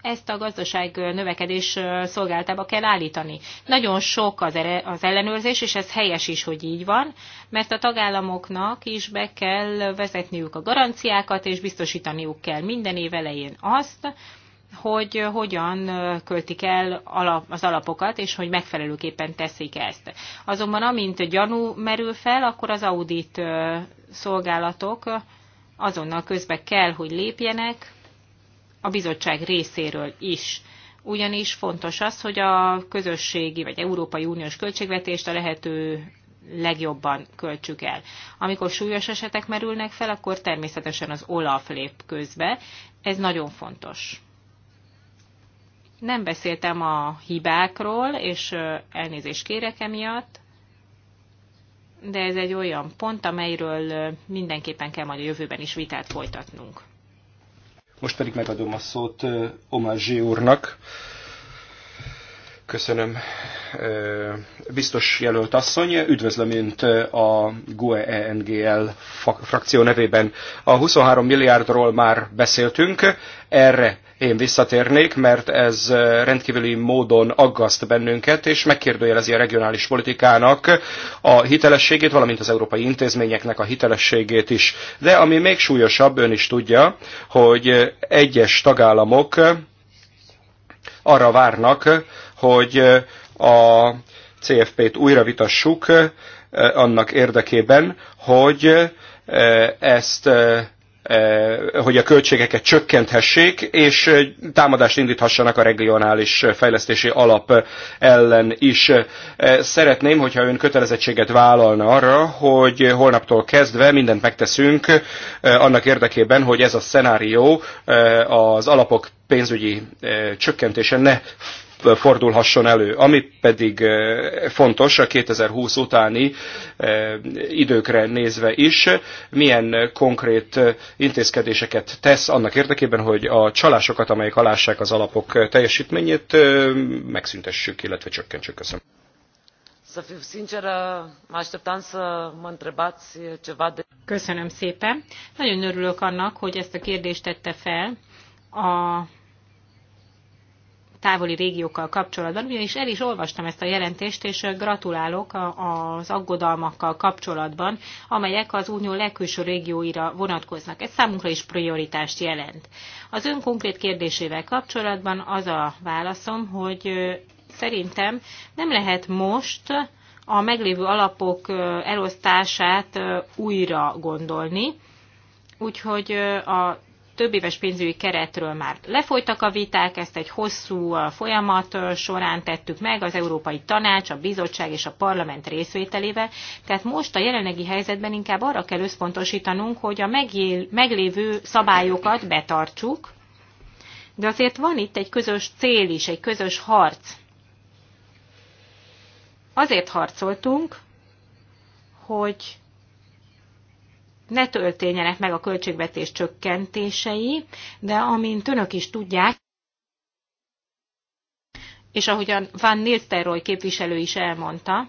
ezt a gazdaság növekedés szolgáltába kell állítani. Nagyon sok az ellenőrzés, és ez helyes is, hogy így van, mert a tagállamoknak is be kell vezetniük a garanciákat, és biztosítaniuk kell minden év elején azt, hogy hogyan költik el az alapokat, és hogy megfelelőképpen teszik ezt. Azonban amint gyanú merül fel, akkor az audit szolgálatok azonnal közbe kell, hogy lépjenek a bizottság részéről is. Ugyanis fontos az, hogy a közösségi vagy Európai Uniós költségvetést a lehető legjobban költsük el. Amikor súlyos esetek merülnek fel, akkor természetesen az OLAF lép közbe. Ez nagyon fontos. Nem beszéltem a hibákról, és elnézést kérek emiatt, de ez egy olyan pont, amelyről mindenképpen kell majd a jövőben is vitát folytatnunk. Most pedig megadom a szót Omar Zsi úrnak, Köszönöm. Biztos jelölt asszony, üdvözlöm Önt a GUE ENGL frakció nevében. A 23 milliárdról már beszéltünk, erre én visszatérnék, mert ez rendkívüli módon aggaszt bennünket, és megkérdőjelezi a regionális politikának a hitelességét, valamint az európai intézményeknek a hitelességét is. De ami még súlyosabb, ön is tudja, hogy egyes tagállamok arra várnak, hogy a CFP-t újra vitassuk annak érdekében, hogy ezt hogy a költségeket csökkenthessék, és támadást indíthassanak a regionális fejlesztési alap ellen is. Szeretném, hogyha ön kötelezettséget vállalna arra, hogy holnaptól kezdve mindent megteszünk annak érdekében, hogy ez a szenárió az alapok pénzügyi csökkentése ne fordulhasson elő. Ami pedig eh, fontos a 2020 utáni eh, időkre nézve is, milyen konkrét eh, intézkedéseket tesz annak érdekében, hogy a csalásokat, amelyek alássák az alapok teljesítményét, megszüntessük, illetve csökkentsük. Köszönöm. Să fiu sinceră, mă așteptam să mă întrebați ceva de... Köszönöm szépen. Nagyon örülök annak, hogy ezt a kérdést tette fel a távoli régiókkal kapcsolatban, ugyanis el is olvastam ezt a jelentést, és gratulálok az aggodalmakkal kapcsolatban, amelyek az unió legkülső régióira vonatkoznak. Ez számunkra is prioritást jelent. Az ön konkrét kérdésével kapcsolatban az a válaszom, hogy szerintem nem lehet most a meglévő alapok elosztását újra gondolni, úgyhogy a több éves pénzügyi keretről már lefolytak a viták, ezt egy hosszú folyamat során tettük meg az Európai Tanács, a Bizottság és a Parlament részvételével. Tehát most a jelenlegi helyzetben inkább arra kell összpontosítanunk, hogy a megél, meglévő szabályokat betartsuk, de azért van itt egy közös cél is, egy közös harc. Azért harcoltunk, hogy ne történjenek meg a költségvetés csökkentései, de amint önök is tudják, és ahogyan Van Nielsterroy képviselő is elmondta,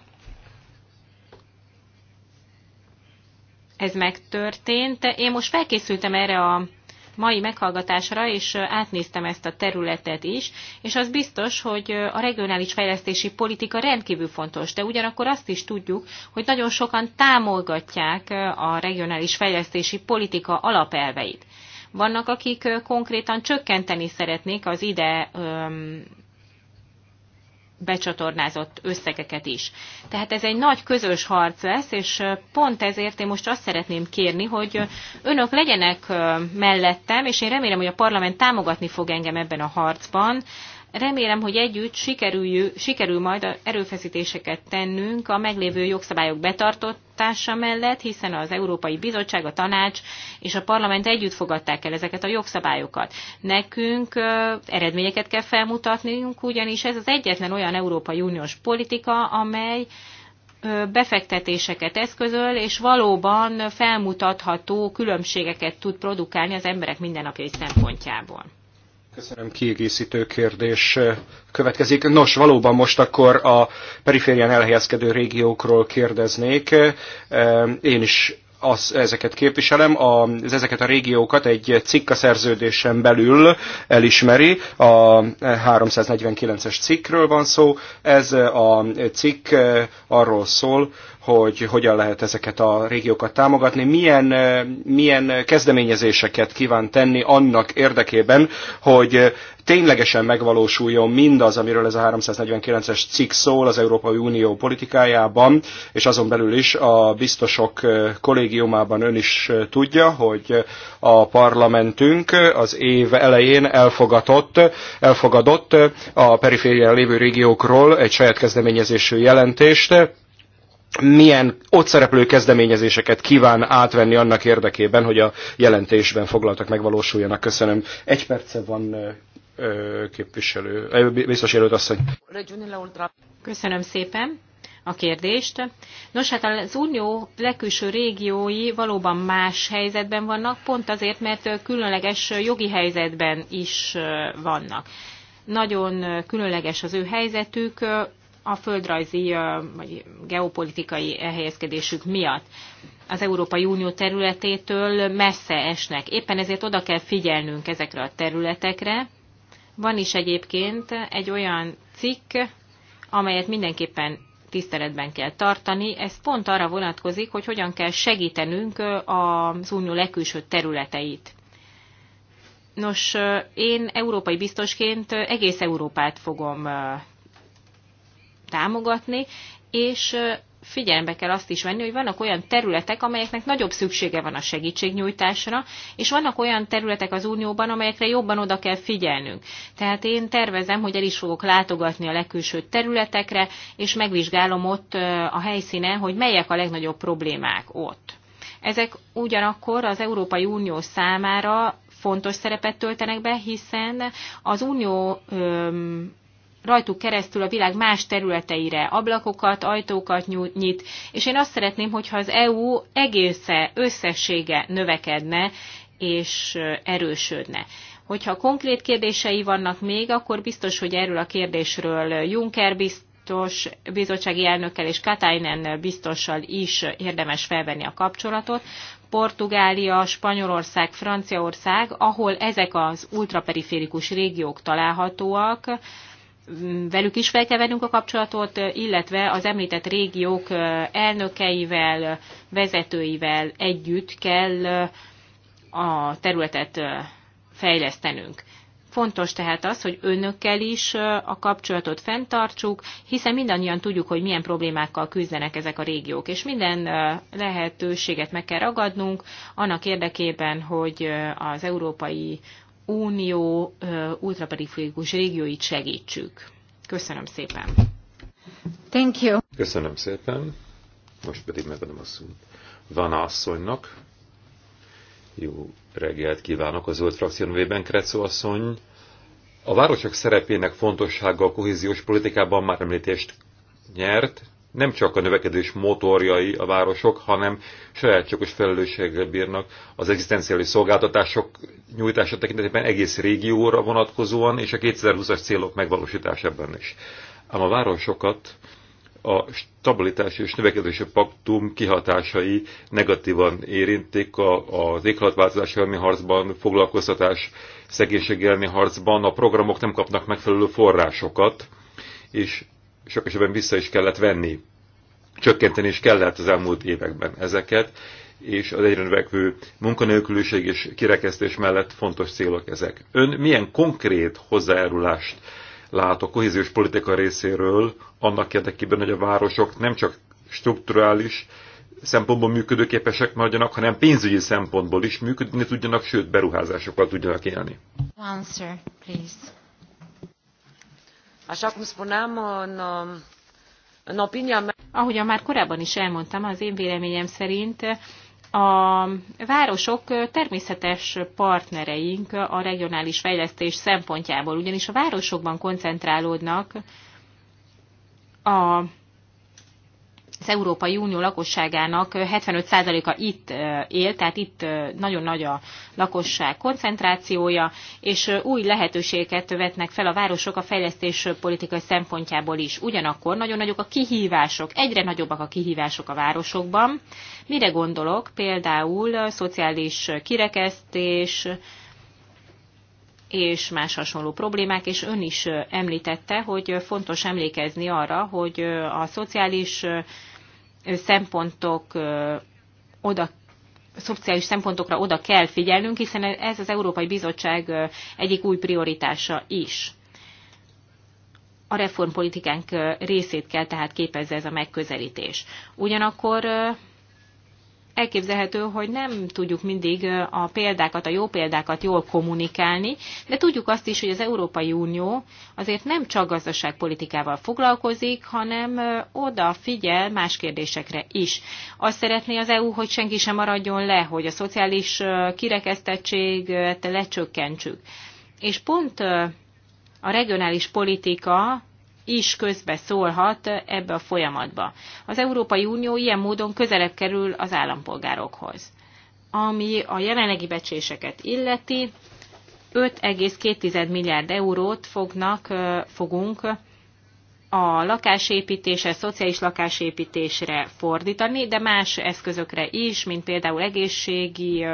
ez megtörtént. Én most felkészültem erre a mai meghallgatásra, és átnéztem ezt a területet is, és az biztos, hogy a regionális fejlesztési politika rendkívül fontos, de ugyanakkor azt is tudjuk, hogy nagyon sokan támolgatják a regionális fejlesztési politika alapelveit. Vannak, akik konkrétan csökkenteni szeretnék az ide becsatornázott összegeket is. Tehát ez egy nagy közös harc lesz, és pont ezért én most azt szeretném kérni, hogy önök legyenek mellettem, és én remélem, hogy a parlament támogatni fog engem ebben a harcban, Remélem, hogy együtt sikerül, sikerül majd erőfeszítéseket tennünk a meglévő jogszabályok betartatása mellett, hiszen az Európai Bizottság, a Tanács és a Parlament együtt fogadták el ezeket a jogszabályokat. Nekünk eredményeket kell felmutatnunk, ugyanis ez az egyetlen olyan Európai Uniós politika, amely befektetéseket eszközöl, és valóban felmutatható különbségeket tud produkálni az emberek mindennapjai szempontjából. Köszönöm, kiegészítő kérdés eh, következik. Nos, valóban most akkor a periférián elhelyezkedő régiókról kérdeznék. Eh, eh, én is az, ezeket képviselem, az, ezeket a régiókat egy cikka szerződésen belül elismeri, a 349-es cikkről van szó, ez a cikk arról szól, hogy hogyan lehet ezeket a régiókat támogatni, milyen, milyen kezdeményezéseket kíván tenni annak érdekében, hogy ténylegesen megvalósuljon mindaz, amiről ez a 349-es cikk szól az Európai Unió politikájában, és azon belül is a biztosok kollégiumában ön is tudja, hogy a parlamentünk az év elején elfogadott, elfogadott a periférián lévő régiókról egy saját kezdeményezésű jelentést, milyen ott szereplő kezdeményezéseket kíván átvenni annak érdekében, hogy a jelentésben foglaltak megvalósuljanak. Köszönöm. Egy perce van képviselő, biztos jelölt asszony. Köszönöm szépen a kérdést. Nos, hát az Unió legkülső régiói valóban más helyzetben vannak, pont azért, mert különleges jogi helyzetben is vannak. Nagyon különleges az ő helyzetük, a földrajzi vagy geopolitikai elhelyezkedésük miatt az Európai Unió területétől messze esnek. Éppen ezért oda kell figyelnünk ezekre a területekre. Van is egyébként egy olyan cikk, amelyet mindenképpen tiszteletben kell tartani. Ez pont arra vonatkozik, hogy hogyan kell segítenünk az unió legkülső területeit. Nos, én európai biztosként egész Európát fogom támogatni, és figyelembe kell azt is venni, hogy vannak olyan területek, amelyeknek nagyobb szüksége van a segítségnyújtásra, és vannak olyan területek az Unióban, amelyekre jobban oda kell figyelnünk. Tehát én tervezem, hogy el is fogok látogatni a legkülső területekre, és megvizsgálom ott a helyszínen, hogy melyek a legnagyobb problémák ott. Ezek ugyanakkor az Európai Unió számára fontos szerepet töltenek be, hiszen az unió öm, rajtuk keresztül a világ más területeire ablakokat, ajtókat nyit, és én azt szeretném, hogyha az EU egésze, összessége növekedne és erősödne. Hogyha konkrét kérdései vannak még, akkor biztos, hogy erről a kérdésről Juncker biztos, bizottsági elnökkel és Katainen biztossal is érdemes felvenni a kapcsolatot. Portugália, Spanyolország, Franciaország, ahol ezek az ultraperiférikus régiók találhatóak, velük is fel kell vennünk a kapcsolatot, illetve az említett régiók elnökeivel, vezetőivel együtt kell a területet fejlesztenünk. Fontos tehát az, hogy önökkel is a kapcsolatot fenntartsuk, hiszen mindannyian tudjuk, hogy milyen problémákkal küzdenek ezek a régiók, és minden lehetőséget meg kell ragadnunk annak érdekében, hogy az Európai Unió ultraperiférikus régióit segítsük. Köszönöm szépen. Thank you. Köszönöm szépen. Most pedig megadom a szót Van asszonynak. Jó reggelt kívánok a zöld frakció nevében, Krecó asszony. A városok szerepének fontossága a kohéziós politikában már említést nyert, nem csak a növekedés motorjai a városok, hanem sajátjogos felelősséggel bírnak az egzisztenciális szolgáltatások nyújtása tekintetében egész régióra vonatkozóan, és a 2020-as célok megvalósításában is. Ám a városokat a stabilitás és növekedési paktum kihatásai negatívan érintik a, az éghajlatváltozás elleni harcban, foglalkoztatás, szegénység elleni harcban, a programok nem kapnak megfelelő forrásokat, és sok esetben vissza is kellett venni. Csökkenteni is kellett az elmúlt években ezeket, és az egyre növekvő munkanélküliség és kirekesztés mellett fontos célok ezek. Ön milyen konkrét hozzájárulást lát a kohéziós politika részéről annak érdekében, hogy a városok nem csak strukturális szempontból működőképesek maradjanak, hanem pénzügyi szempontból is működni tudjanak, sőt beruházásokkal tudjanak élni. Answer, please. Ahogyan már korábban is elmondtam, az én véleményem szerint a városok természetes partnereink a regionális fejlesztés szempontjából, ugyanis a városokban koncentrálódnak a az Európai Unió lakosságának 75%-a itt él, tehát itt nagyon nagy a lakosság koncentrációja, és új lehetőségeket vetnek fel a városok a fejlesztés politikai szempontjából is. Ugyanakkor nagyon nagyok a kihívások, egyre nagyobbak a kihívások a városokban. Mire gondolok? Például szociális kirekesztés, és más hasonló problémák, és ön is említette, hogy fontos emlékezni arra, hogy a szociális szempontok oda szociális szempontokra oda kell figyelnünk, hiszen ez az Európai Bizottság egyik új prioritása is. A reformpolitikánk részét kell tehát képezze ez a megközelítés. Ugyanakkor elképzelhető, hogy nem tudjuk mindig a példákat, a jó példákat jól kommunikálni, de tudjuk azt is, hogy az Európai Unió azért nem csak gazdaságpolitikával foglalkozik, hanem odafigyel más kérdésekre is. Azt szeretné az EU, hogy senki sem maradjon le, hogy a szociális kirekesztettséget lecsökkentsük. És pont a regionális politika is közbe szólhat ebbe a folyamatba. Az Európai Unió ilyen módon közelebb kerül az állampolgárokhoz. Ami a jelenlegi becséseket illeti, 5,2 milliárd eurót fognak, fogunk a lakásépítésre, szociális lakásépítésre fordítani, de más eszközökre is, mint például egészségi,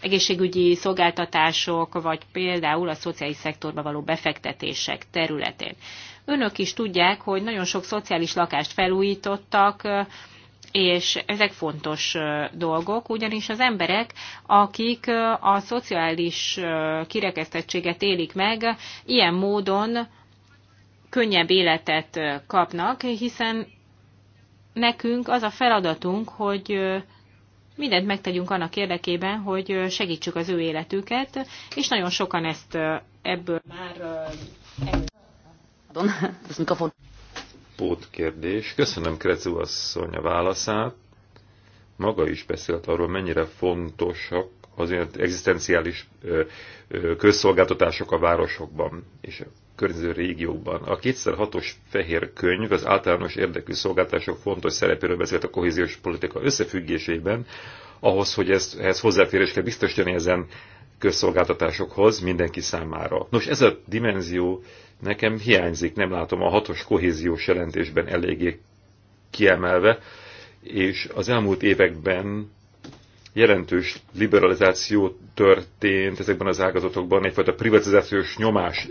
egészségügyi szolgáltatások, vagy például a szociális szektorba való befektetések területén. Önök is tudják, hogy nagyon sok szociális lakást felújítottak, és ezek fontos dolgok, ugyanis az emberek, akik a szociális kirekesztettséget élik meg, ilyen módon könnyebb életet kapnak, hiszen nekünk az a feladatunk, hogy mindent megtegyünk annak érdekében, hogy segítsük az ő életüket, és nagyon sokan ezt ebből már Pardon, kérdés, mikrofon. Pótkérdés. Köszönöm Krecu asszony a válaszát. Maga is beszélt arról, mennyire fontosak az ilyen egzisztenciális közszolgáltatások a városokban és a környező régiókban. A 2006-os fehér könyv az általános érdekű szolgáltatások fontos szerepéről beszélt a kohéziós politika összefüggésében, ahhoz, hogy ezt, ehhez hozzáférés kell biztosítani ezen közszolgáltatásokhoz mindenki számára. Nos, ez a dimenzió nekem hiányzik, nem látom a hatos kohéziós jelentésben eléggé kiemelve, és az elmúlt években jelentős liberalizáció történt ezekben az ágazatokban, egyfajta privatizációs nyomás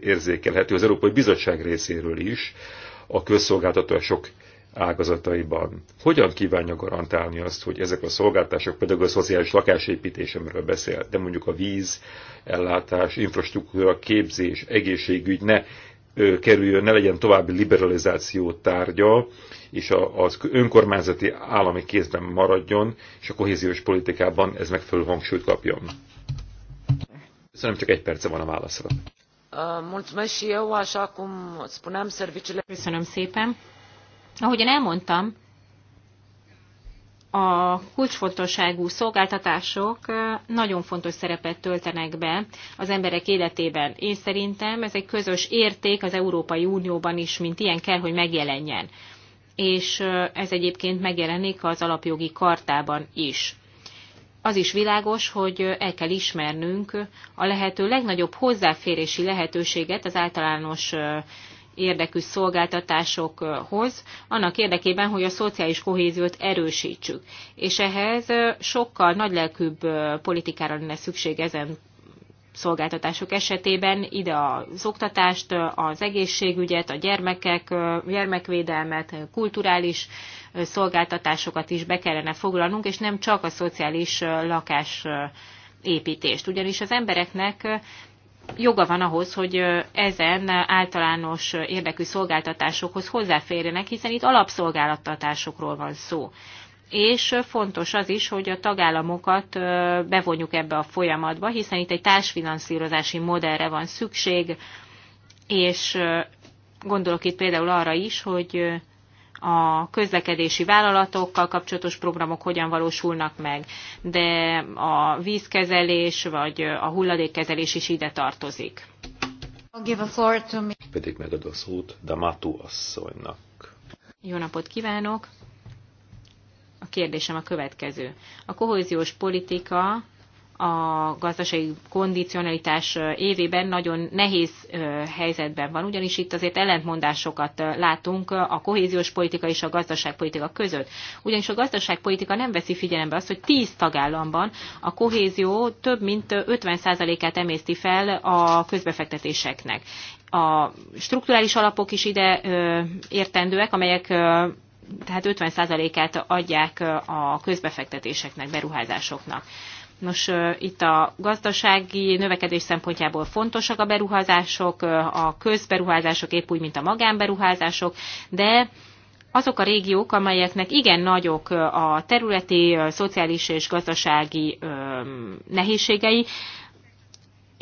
érzékelhető az Európai Bizottság részéről is, a közszolgáltatások ágazataiban. Hogyan kívánja garantálni azt, hogy ezek a szolgáltások, például a szociális lakásépítés, amiről beszél, de mondjuk a víz, ellátás, infrastruktúra, képzés, egészségügy ne kerüljön, ne legyen további liberalizáció tárgya, és a, az önkormányzati állami kézben maradjon, és a kohéziós politikában ez megfelelő hangsúlyt kapjon. Köszönöm, csak egy perce van a válaszra. Köszönöm szépen. Ahogyan elmondtam, a kulcsfontosságú szolgáltatások nagyon fontos szerepet töltenek be az emberek életében. Én szerintem ez egy közös érték az Európai Unióban is, mint ilyen kell, hogy megjelenjen. És ez egyébként megjelenik az alapjogi kartában is. Az is világos, hogy el kell ismernünk a lehető legnagyobb hozzáférési lehetőséget az általános érdekű szolgáltatásokhoz, annak érdekében, hogy a szociális kohéziót erősítsük. És ehhez sokkal nagylelkűbb politikára lenne szükség ezen szolgáltatások esetében, ide az oktatást, az egészségügyet, a gyermekek, gyermekvédelmet, kulturális szolgáltatásokat is be kellene foglalnunk, és nem csak a szociális lakás építést. Ugyanis az embereknek joga van ahhoz, hogy ezen általános érdekű szolgáltatásokhoz hozzáférjenek, hiszen itt alapszolgáltatásokról van szó. És fontos az is, hogy a tagállamokat bevonjuk ebbe a folyamatba, hiszen itt egy társfinanszírozási modellre van szükség, és gondolok itt például arra is, hogy a közlekedési vállalatokkal kapcsolatos programok hogyan valósulnak meg, de a vízkezelés vagy a hulladékkezelés is ide tartozik. Pedig megadom a szót Damatu asszonynak. Jó napot kívánok! A kérdésem a következő. A kohéziós politika a gazdasági kondicionalitás évében nagyon nehéz helyzetben van, ugyanis itt azért ellentmondásokat látunk a kohéziós politika és a gazdaságpolitika között. Ugyanis a gazdaságpolitika nem veszi figyelembe azt, hogy 10 tagállamban a kohézió több mint 50%-át emészti fel a közbefektetéseknek. A strukturális alapok is ide értendőek, amelyek tehát 50%-át adják a közbefektetéseknek, beruházásoknak. Nos, itt a gazdasági növekedés szempontjából fontosak a beruházások, a közberuházások épp úgy, mint a magánberuházások, de azok a régiók, amelyeknek igen nagyok a területi, szociális és gazdasági nehézségei,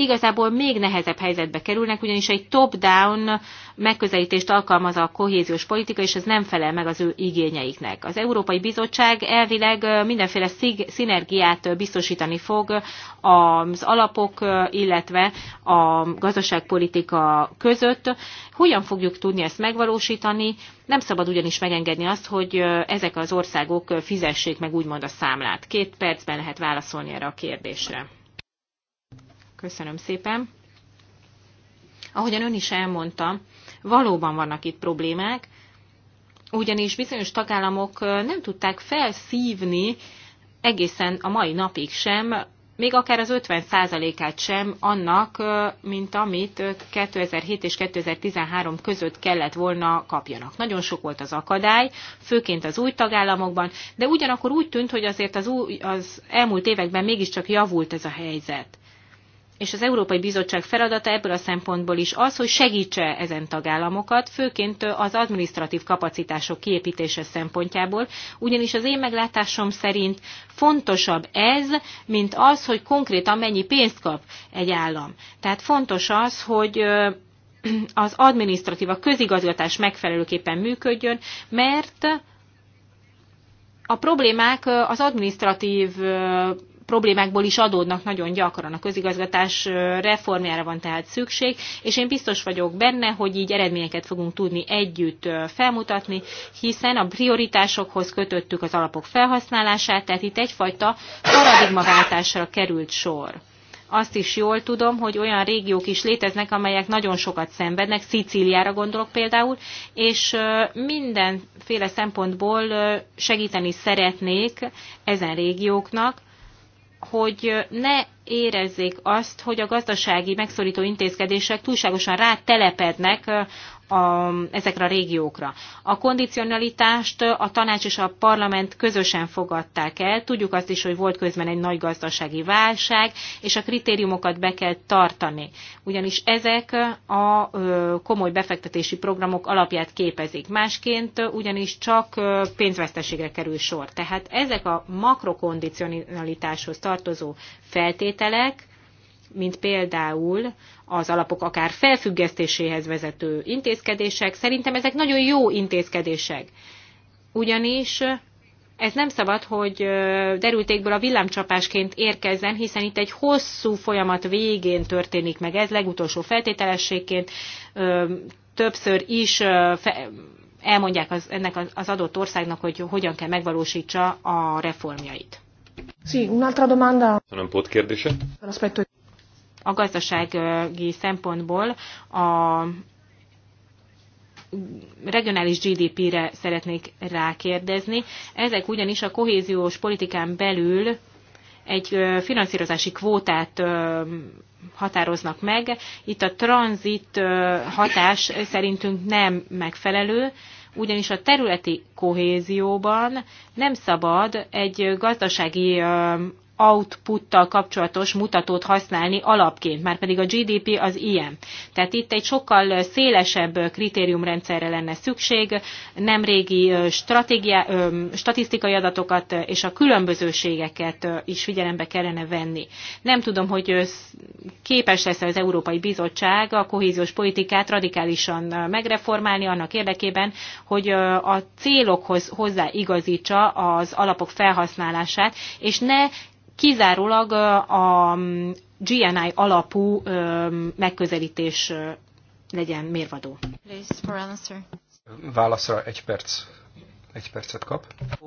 igazából még nehezebb helyzetbe kerülnek, ugyanis egy top-down megközelítést alkalmaz a kohéziós politika, és ez nem felel meg az ő igényeiknek. Az Európai Bizottság elvileg mindenféle szinergiát biztosítani fog az alapok, illetve a gazdaságpolitika között. Hogyan fogjuk tudni ezt megvalósítani? Nem szabad ugyanis megengedni azt, hogy ezek az országok fizessék meg úgymond a számlát. Két percben lehet válaszolni erre a kérdésre. Köszönöm szépen. Ahogyan ön is elmondta, valóban vannak itt problémák, ugyanis bizonyos tagállamok nem tudták felszívni egészen a mai napig sem, még akár az 50%-át sem annak, mint amit 2007 és 2013 között kellett volna kapjanak. Nagyon sok volt az akadály, főként az új tagállamokban, de ugyanakkor úgy tűnt, hogy azért az, új, az elmúlt években mégiscsak javult ez a helyzet és az Európai Bizottság feladata ebből a szempontból is az, hogy segítse ezen tagállamokat, főként az administratív kapacitások kiépítése szempontjából, ugyanis az én meglátásom szerint fontosabb ez, mint az, hogy konkrétan mennyi pénzt kap egy állam. Tehát fontos az, hogy az administratív, a közigazgatás megfelelőképpen működjön, mert a problémák az administratív problémákból is adódnak nagyon gyakran. A közigazgatás reformjára van tehát szükség, és én biztos vagyok benne, hogy így eredményeket fogunk tudni együtt felmutatni, hiszen a prioritásokhoz kötöttük az alapok felhasználását, tehát itt egyfajta paradigmaváltásra került sor. Azt is jól tudom, hogy olyan régiók is léteznek, amelyek nagyon sokat szenvednek, Szicíliára gondolok például, és mindenféle szempontból segíteni szeretnék ezen régióknak, hogy ne érezzék azt, hogy a gazdasági megszorító intézkedések túlságosan rátelepednek a, ezekre a régiókra. A kondicionalitást a tanács és a parlament közösen fogadták el. Tudjuk azt is, hogy volt közben egy nagy gazdasági válság, és a kritériumokat be kell tartani. Ugyanis ezek a komoly befektetési programok alapját képezik. Másként ugyanis csak pénzvesztességre kerül sor. Tehát ezek a makrokondicionalitáshoz tartozó feltételek, mint például az alapok akár felfüggesztéséhez vezető intézkedések, szerintem ezek nagyon jó intézkedések. Ugyanis ez nem szabad, hogy derültékből a villámcsapásként érkezzen, hiszen itt egy hosszú folyamat végén történik meg ez, legutolsó feltételességként többször is elmondják az, ennek az adott országnak, hogy hogyan kell megvalósítsa a reformjait. Sí, un'altra domanda. di chiedere. Aspetto a gazdasági szempontból a regionális GDP-re szeretnék rákérdezni. Ezek ugyanis a kohéziós politikán belül egy finanszírozási kvótát határoznak meg. Itt a tranzit hatás szerintünk nem megfelelő, ugyanis a területi kohézióban nem szabad egy gazdasági outputtal kapcsolatos mutatót használni alapként, már pedig a GDP az ilyen. Tehát itt egy sokkal szélesebb kritériumrendszerre lenne szükség, nem régi statisztikai adatokat és a különbözőségeket is figyelembe kellene venni. Nem tudom, hogy képes lesz az Európai Bizottság a kohéziós politikát radikálisan megreformálni annak érdekében, hogy a célokhoz hozzáigazítsa az alapok felhasználását, és ne kizárólag a mm, GNI alapú megközelítés legyen mérvadó. Válaszra egy perc. Egy percet kap.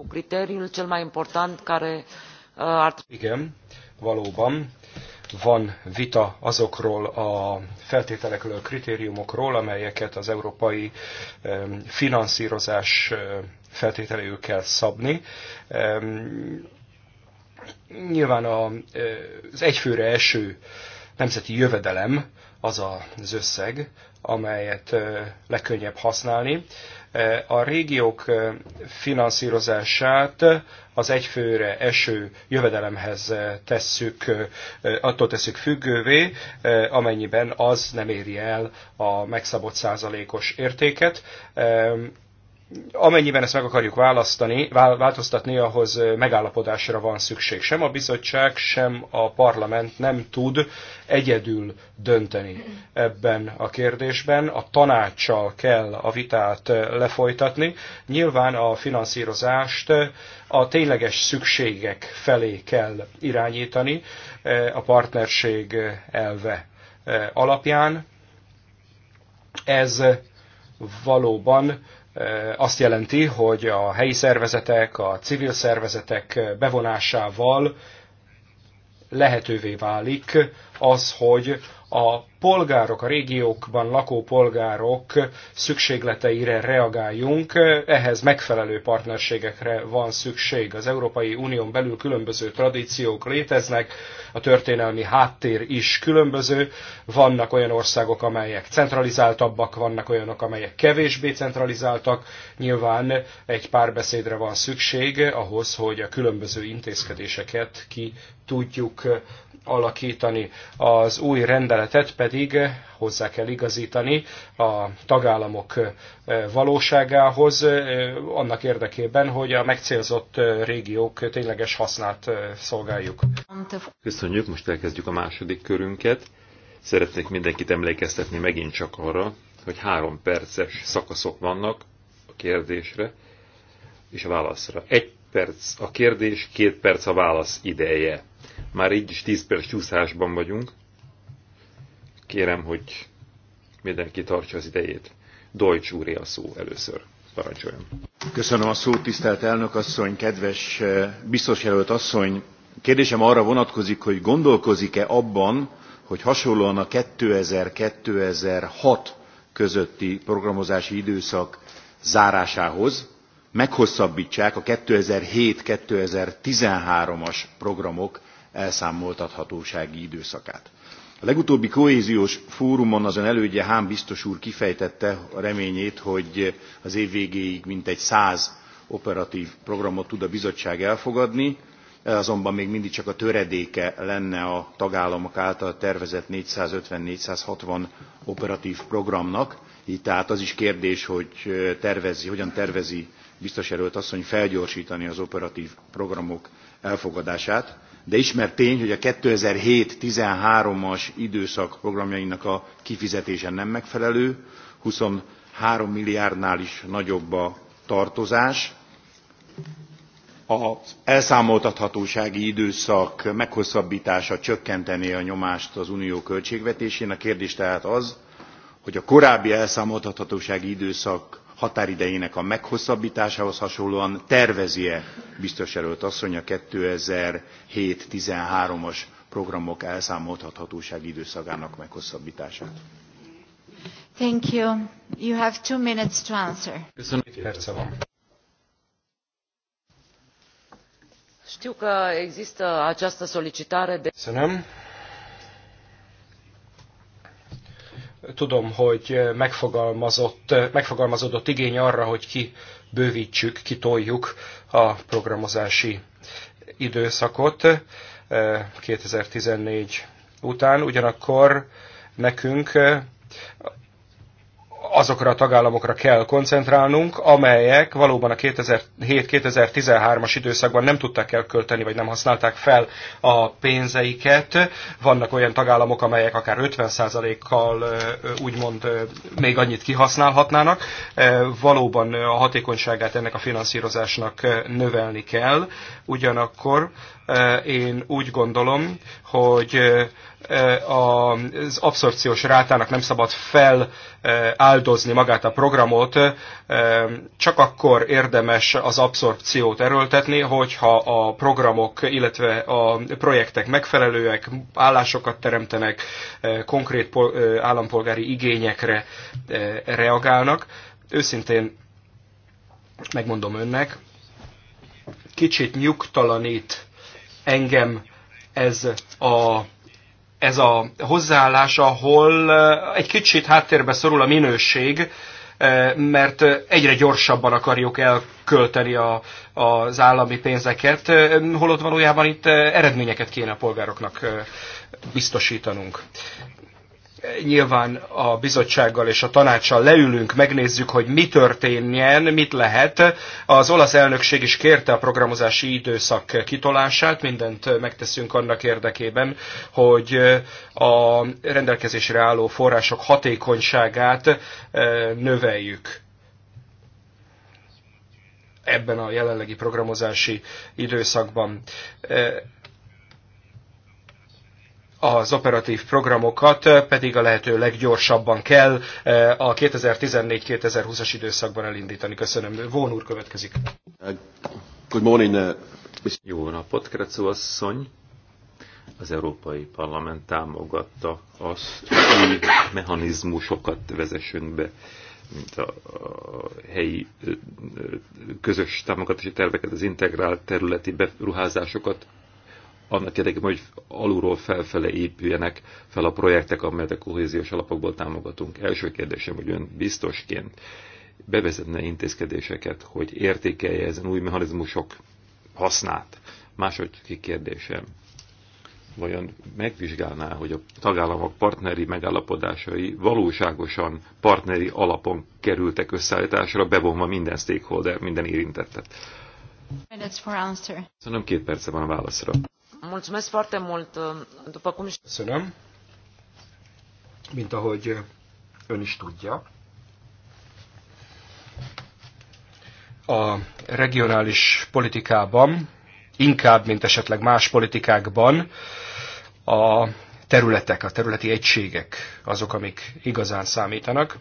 kritérium cel mai important care Igen, valóban van vita azokról a feltételekről, a kritériumokról, amelyeket az európai finanszírozás feltételéül kell szabni Nyilván a, az egyfőre eső nemzeti jövedelem az az összeg, amelyet legkönnyebb használni. A régiók finanszírozását az egyfőre eső jövedelemhez tesszük, attól tesszük függővé, amennyiben az nem éri el a megszabott százalékos értéket amennyiben ezt meg akarjuk választani, változtatni, ahhoz megállapodásra van szükség. Sem a bizottság, sem a parlament nem tud egyedül dönteni ebben a kérdésben. A tanácssal kell a vitát lefolytatni. Nyilván a finanszírozást a tényleges szükségek felé kell irányítani a partnerség elve alapján. Ez valóban azt jelenti, hogy a helyi szervezetek, a civil szervezetek bevonásával lehetővé válik az, hogy a polgárok, a régiókban lakó polgárok szükségleteire reagáljunk, ehhez megfelelő partnerségekre van szükség. Az Európai Unión belül különböző tradíciók léteznek, a történelmi háttér is különböző, vannak olyan országok, amelyek centralizáltabbak, vannak olyanok, amelyek kevésbé centralizáltak, nyilván egy párbeszédre van szükség ahhoz, hogy a különböző intézkedéseket ki tudjuk alakítani. Az új rendeletet pedig hozzá kell igazítani a tagállamok valóságához, annak érdekében, hogy a megcélzott régiók tényleges hasznát szolgáljuk. Köszönjük, most elkezdjük a második körünket. Szeretnék mindenkit emlékeztetni megint csak arra, hogy három perces szakaszok vannak a kérdésre és a válaszra. Egy perc a kérdés, két perc a válasz ideje. Már így is 10 perc csúszásban vagyunk. Kérem, hogy mindenki tartsa az idejét. Deutsch úré a szó először. Parancsoljon. Köszönöm a szót, tisztelt elnök asszony, kedves eh, biztos jelölt asszony. Kérdésem arra vonatkozik, hogy gondolkozik-e abban, hogy hasonlóan a 2000-2006 közötti programozási időszak zárásához meghosszabbítsák a 2007-2013-as programok elszámoltathatósági időszakát. A legutóbbi kohéziós fórumon azon elődje Hán biztos úr kifejtette a reményét, hogy az év végéig mintegy száz operatív programot tud a bizottság elfogadni, ez azonban még mindig csak a töredéke lenne a tagállamok által tervezett 450-460 operatív programnak, így tehát az is kérdés, hogy tervezi, hogyan tervezi biztos jelölt asszony felgyorsítani az operatív programok elfogadását de ismert tény, hogy a 2007-13-as időszak programjainak a kifizetése nem megfelelő, 23 milliárdnál is nagyobb a tartozás. Az elszámoltathatósági időszak meghosszabbítása csökkentené a nyomást az unió költségvetésén. A kérdés tehát az, hogy a korábbi elszámoltathatósági időszak határidejének a meghosszabbításához hasonlóan tervezi-e biztos jelölt asszony a 2007-13-as programok elszámoltathatósági időszakának meghosszabbítását? Thank you. You have two minutes to answer. Köszönöm, perce van. Știu că există această solicitare de... Köszönöm. Tudom, hogy megfogalmazott, megfogalmazódott igény arra, hogy kibővítsük, kitoljuk a programozási időszakot 2014 eh, után. Ugyanakkor nekünk eh, azokra a tagállamokra kell koncentrálnunk, amelyek valóban a 2007-2013-as időszakban nem tudták elkölteni, vagy nem használták fel a pénzeiket. Vannak olyan tagállamok, amelyek akár 50%-kal úgymond még annyit kihasználhatnának. Valóban a hatékonyságát ennek a finanszírozásnak növelni kell. Ugyanakkor Eh, én úgy gondolom, hogy eh, az abszorpciós rátának nem szabad feláldozni eh, magát a programot, csak akkor érdemes az abszorpciót erőltetni, hogyha a programok, illetve a projektek megfelelőek, állásokat teremtenek, konkrét állampolgári igényekre reagálnak. Őszintén megmondom önnek, kicsit nyugtalanít engem ez a, ez a hozzáállás, ahol eh, egy kicsit háttérbe szorul a minőség, eh, mert egyre gyorsabban akarjuk elkölteni a, az állami pénzeket, eh, holott valójában itt eredményeket kéne a polgároknak biztosítanunk nyilván a bizottsággal és a tanácssal leülünk, megnézzük, hogy mi történjen, mit lehet. Az olasz elnökség is kérte a programozási időszak kitolását, mindent megteszünk annak érdekében, hogy a rendelkezésre álló források hatékonyságát eh, növeljük ebben a jelenlegi programozási időszakban. Eh, az operatív programokat pedig a lehető leggyorsabban kell a 2014-2020-as időszakban elindítani. Köszönöm. Vón úr következik. Good morning. Uh, Jó napot, Kretszó asszony! Az Európai Parlament támogatta azt, hogy mechanizmusokat vezessünk be, mint a, a helyi közös támogatási terveket, az integrált területi beruházásokat annak érdekében, hogy alulról felfele épüljenek fel a projektek, amelyet a kohéziós alapokból támogatunk. Első kérdésem, hogy ön biztosként bevezetne intézkedéseket, hogy értékelje ezen új mechanizmusok hasznát. Második kérdésem, vajon megvizsgálná, hogy a tagállamok partneri megállapodásai valóságosan partneri alapon kerültek összeállításra, bevonva minden stakeholder, minden érintettet? Minutes for answer. Szerintem két perce van a válaszra. Mulțumesc foarte mult, uh, după cum is... Köszönöm. Mint ahogy uh, ön is tudja, a regionális politikában, inkább, mint esetleg más politikákban, a területek, a területi egységek azok, amik igazán számítanak.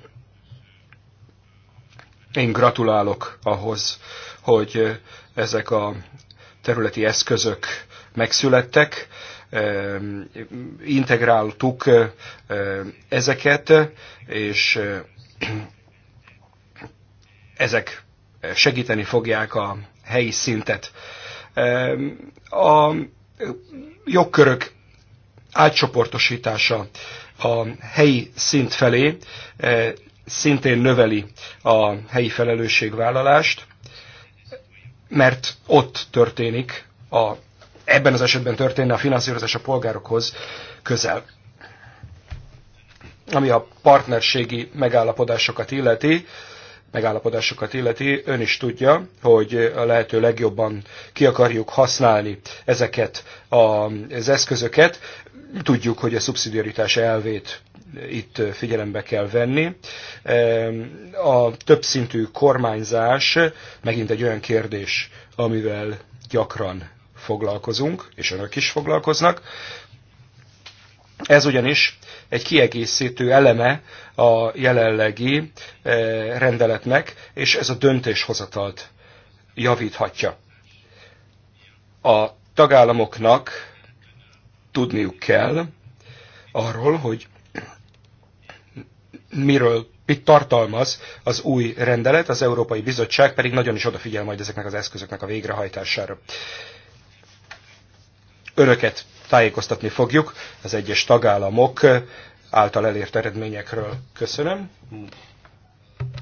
Én gratulálok ahhoz, hogy uh, ezek a területi eszközök megszülettek, integráltuk ezeket, és ezek segíteni fogják a helyi szintet. A jogkörök átcsoportosítása a helyi szint felé e, szintén növeli a helyi felelősségvállalást, mert ott történik a ebben az esetben történne a finanszírozás a polgárokhoz közel. Ami a partnerségi megállapodásokat illeti, megállapodásokat illeti, ön is tudja, hogy a lehető legjobban ki akarjuk használni ezeket az eszközöket. Tudjuk, hogy a szubszidiaritás elvét itt figyelembe kell venni. Ehm, a többszintű kormányzás megint egy olyan kérdés, amivel gyakran foglalkozunk, és önök is foglalkoznak. Ez ugyanis egy kiegészítő eleme a jelenlegi eh, rendeletnek, és ez a döntéshozatalt javíthatja. A tagállamoknak tudniuk kell arról, hogy miről mit tartalmaz az új rendelet, az Európai Bizottság pedig nagyon is odafigyel majd ezeknek az eszközöknek a végrehajtására. Önöket tájékoztatni fogjuk az egyes tagállamok által elért eredményekről. Köszönöm.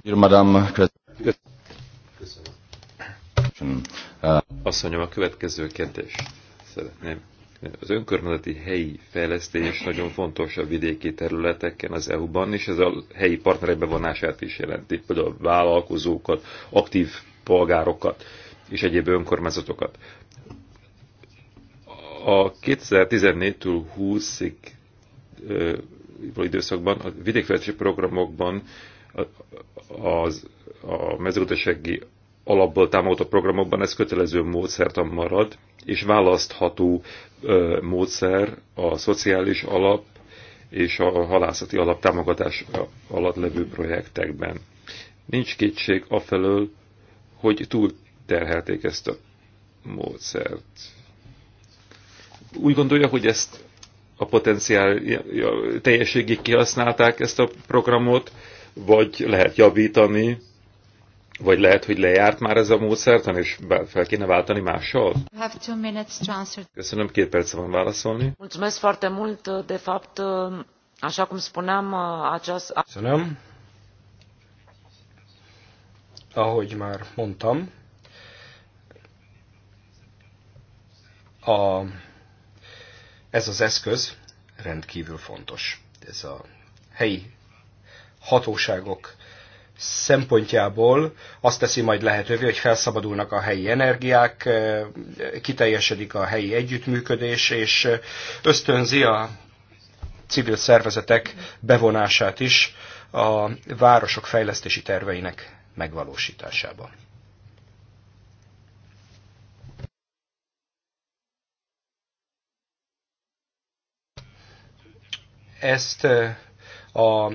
Madame, Köszönöm. Asszonyom, a következő kérdés. Szeretném. Az önkormányzati helyi fejlesztés nagyon fontos a vidéki területeken az EU-ban, és ez a helyi partnerek bevonását is jelenti, például vállalkozókat, aktív polgárokat és egyéb önkormányzatokat. A 2014-től 20-ig időszakban a vidékfejlesztési programokban az, a mezőgazdasági alapból támogatott programokban ez kötelező módszertan marad, és választható e, módszer a szociális alap és a halászati alap támogatás alatt levő projektekben. Nincs kétség afelől, hogy túl terhelték ezt a módszert úgy gondolja, hogy ezt a potenciál teljességig kihasználták ezt a programot, vagy lehet javítani, vagy lehet, hogy lejárt már ez a módszertan, és fel kéne váltani mással? Köszönöm, két perc van válaszolni. de fapt, Köszönöm. Ahogy már mondtam, a ez az eszköz rendkívül fontos. Ez a helyi hatóságok szempontjából azt teszi majd lehetővé, hogy felszabadulnak a helyi energiák, eh, kiteljesedik a helyi együttműködés, és eh, ösztönzi a civil szervezetek bevonását is a városok fejlesztési terveinek megvalósításába. Ezt a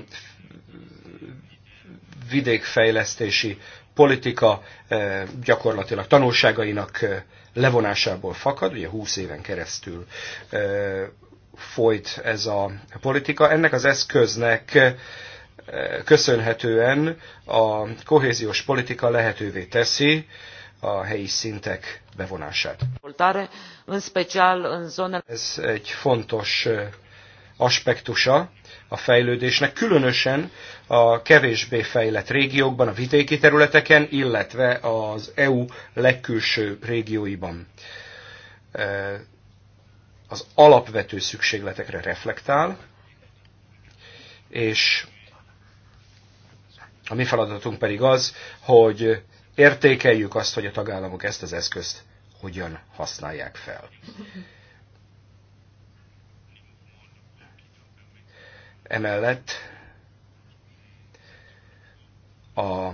vidékfejlesztési politika gyakorlatilag tanulságainak levonásából fakad, ugye 20 éven keresztül folyt ez a politika. Ennek az eszköznek köszönhetően a kohéziós politika lehetővé teszi a helyi szintek bevonását. Ez egy fontos aspektusa a fejlődésnek, különösen a kevésbé fejlett régiókban, a vidéki területeken, illetve az EU legkülső régióiban. Az alapvető szükségletekre reflektál, és a mi feladatunk pedig az, hogy értékeljük azt, hogy a tagállamok ezt az eszközt hogyan használják fel. Emellett a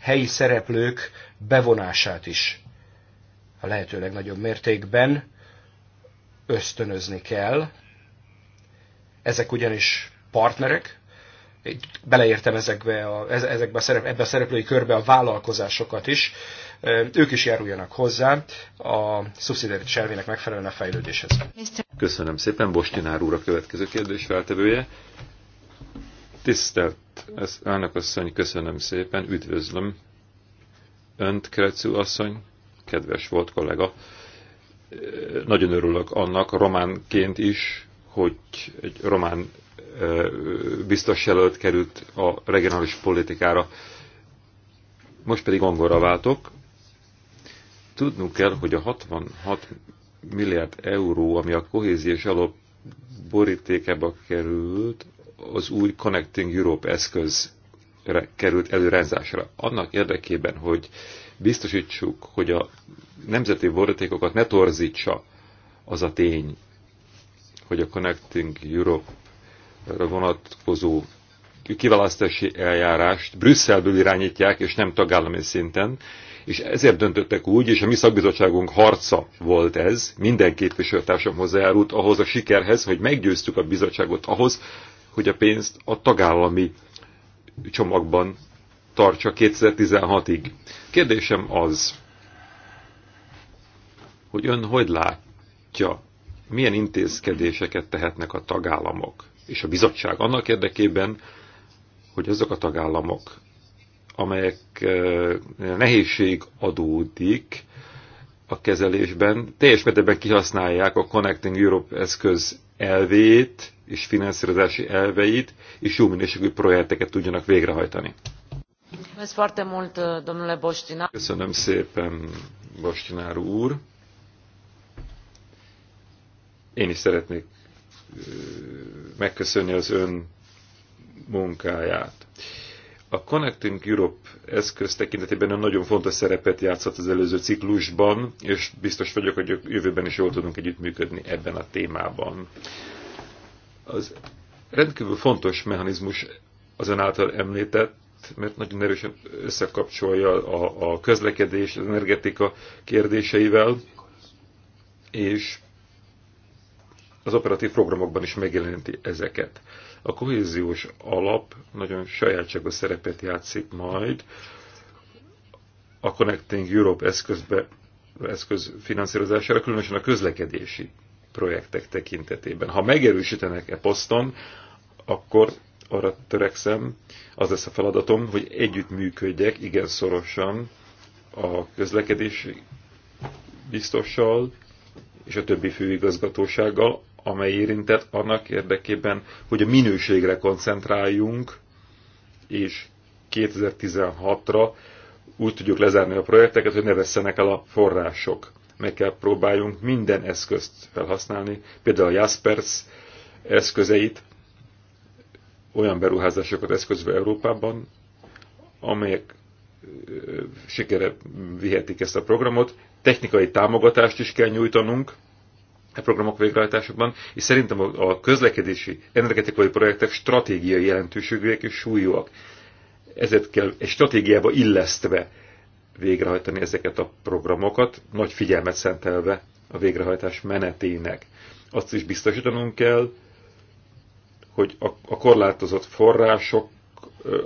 helyi szereplők bevonását is a lehető legnagyobb mértékben ösztönözni kell. Ezek ugyanis partnerek, beleértem ezekbe a, ezekbe a szerep, ebbe a szereplői körbe a vállalkozásokat is, ők is járuljanak hozzá a szubszidiaritás elvének megfelelően a fejlődéshez. Mr. Köszönöm szépen. Bostinár úr a következő kérdés feltevője. Tisztelt asszony, köszönöm szépen, üdvözlöm önt, Krecu asszony, kedves volt kollega. Nagyon örülök annak, románként is, hogy egy román biztos jelölt került a regionális politikára. Most pedig angolra váltok. Tudnunk kell, hogy a 66 milliárd euró, ami a kohéziós alap borítékába került, az új Connecting Europe eszköz került előrendzásra. Annak érdekében, hogy biztosítsuk, hogy a nemzeti borítékokat ne torzítsa az a tény, hogy a Connecting Europe-ra vonatkozó kiválasztási eljárást Brüsszelből irányítják, és nem tagállami szinten, és ezért döntöttek úgy, és a mi szakbizottságunk harca volt ez, minden képviselőtársam hozzájárult ahhoz a sikerhez, hogy meggyőztük a bizottságot ahhoz, hogy a pénzt a tagállami csomagban tartsa 2016-ig. Kérdésem az, hogy ön hogy látja, milyen intézkedéseket tehetnek a tagállamok és a bizottság annak érdekében, hogy azok a tagállamok, amelyek eh, nehézség adódik a kezelésben, teljes mértékben kihasználják a Connecting Europe eszköz elvét és finanszírozási elveit, és jó minőségű projekteket tudjanak végrehajtani. Köszönöm szépen, Bostinár úr. Én is szeretnék eh, megköszönni az ön munkáját. A Connecting Europe eszköz tekintetében nagyon fontos szerepet játszott az előző ciklusban, és biztos vagyok, hogy jövőben is jól tudunk együttműködni ebben a témában. Az rendkívül fontos mechanizmus az ön által említett, mert nagyon erősen összekapcsolja a, a közlekedés, az energetika kérdéseivel, és az operatív programokban is megjeleníti ezeket. A kohéziós alap nagyon sajátságos szerepet játszik majd a Connecting Europe eszközbe, eszköz finanszírozására, különösen a közlekedési projektek tekintetében. Ha megerősítenek e poszton, akkor arra törekszem, az lesz a feladatom, hogy együtt működjek igen szorosan a közlekedési biztossal és a többi főigazgatósággal amely érintett annak érdekében, hogy a minőségre koncentráljunk, és 2016-ra úgy tudjuk lezárni a projekteket, hogy ne vesszenek el a források. Meg kell próbáljunk minden eszközt felhasználni, például a Jaspers eszközeit, olyan beruházásokat eszközve Európában, amelyek sikere vihetik ezt a programot. Technikai támogatást is kell nyújtanunk, e programok végrehajtásokban, és szerintem a közlekedési energetikai projektek stratégiai jelentőségűek és súlyúak. Ezért kell egy stratégiába illesztve végrehajtani ezeket a programokat, nagy figyelmet szentelve a végrehajtás menetének. Azt is biztosítanunk kell, hogy a, a korlátozott források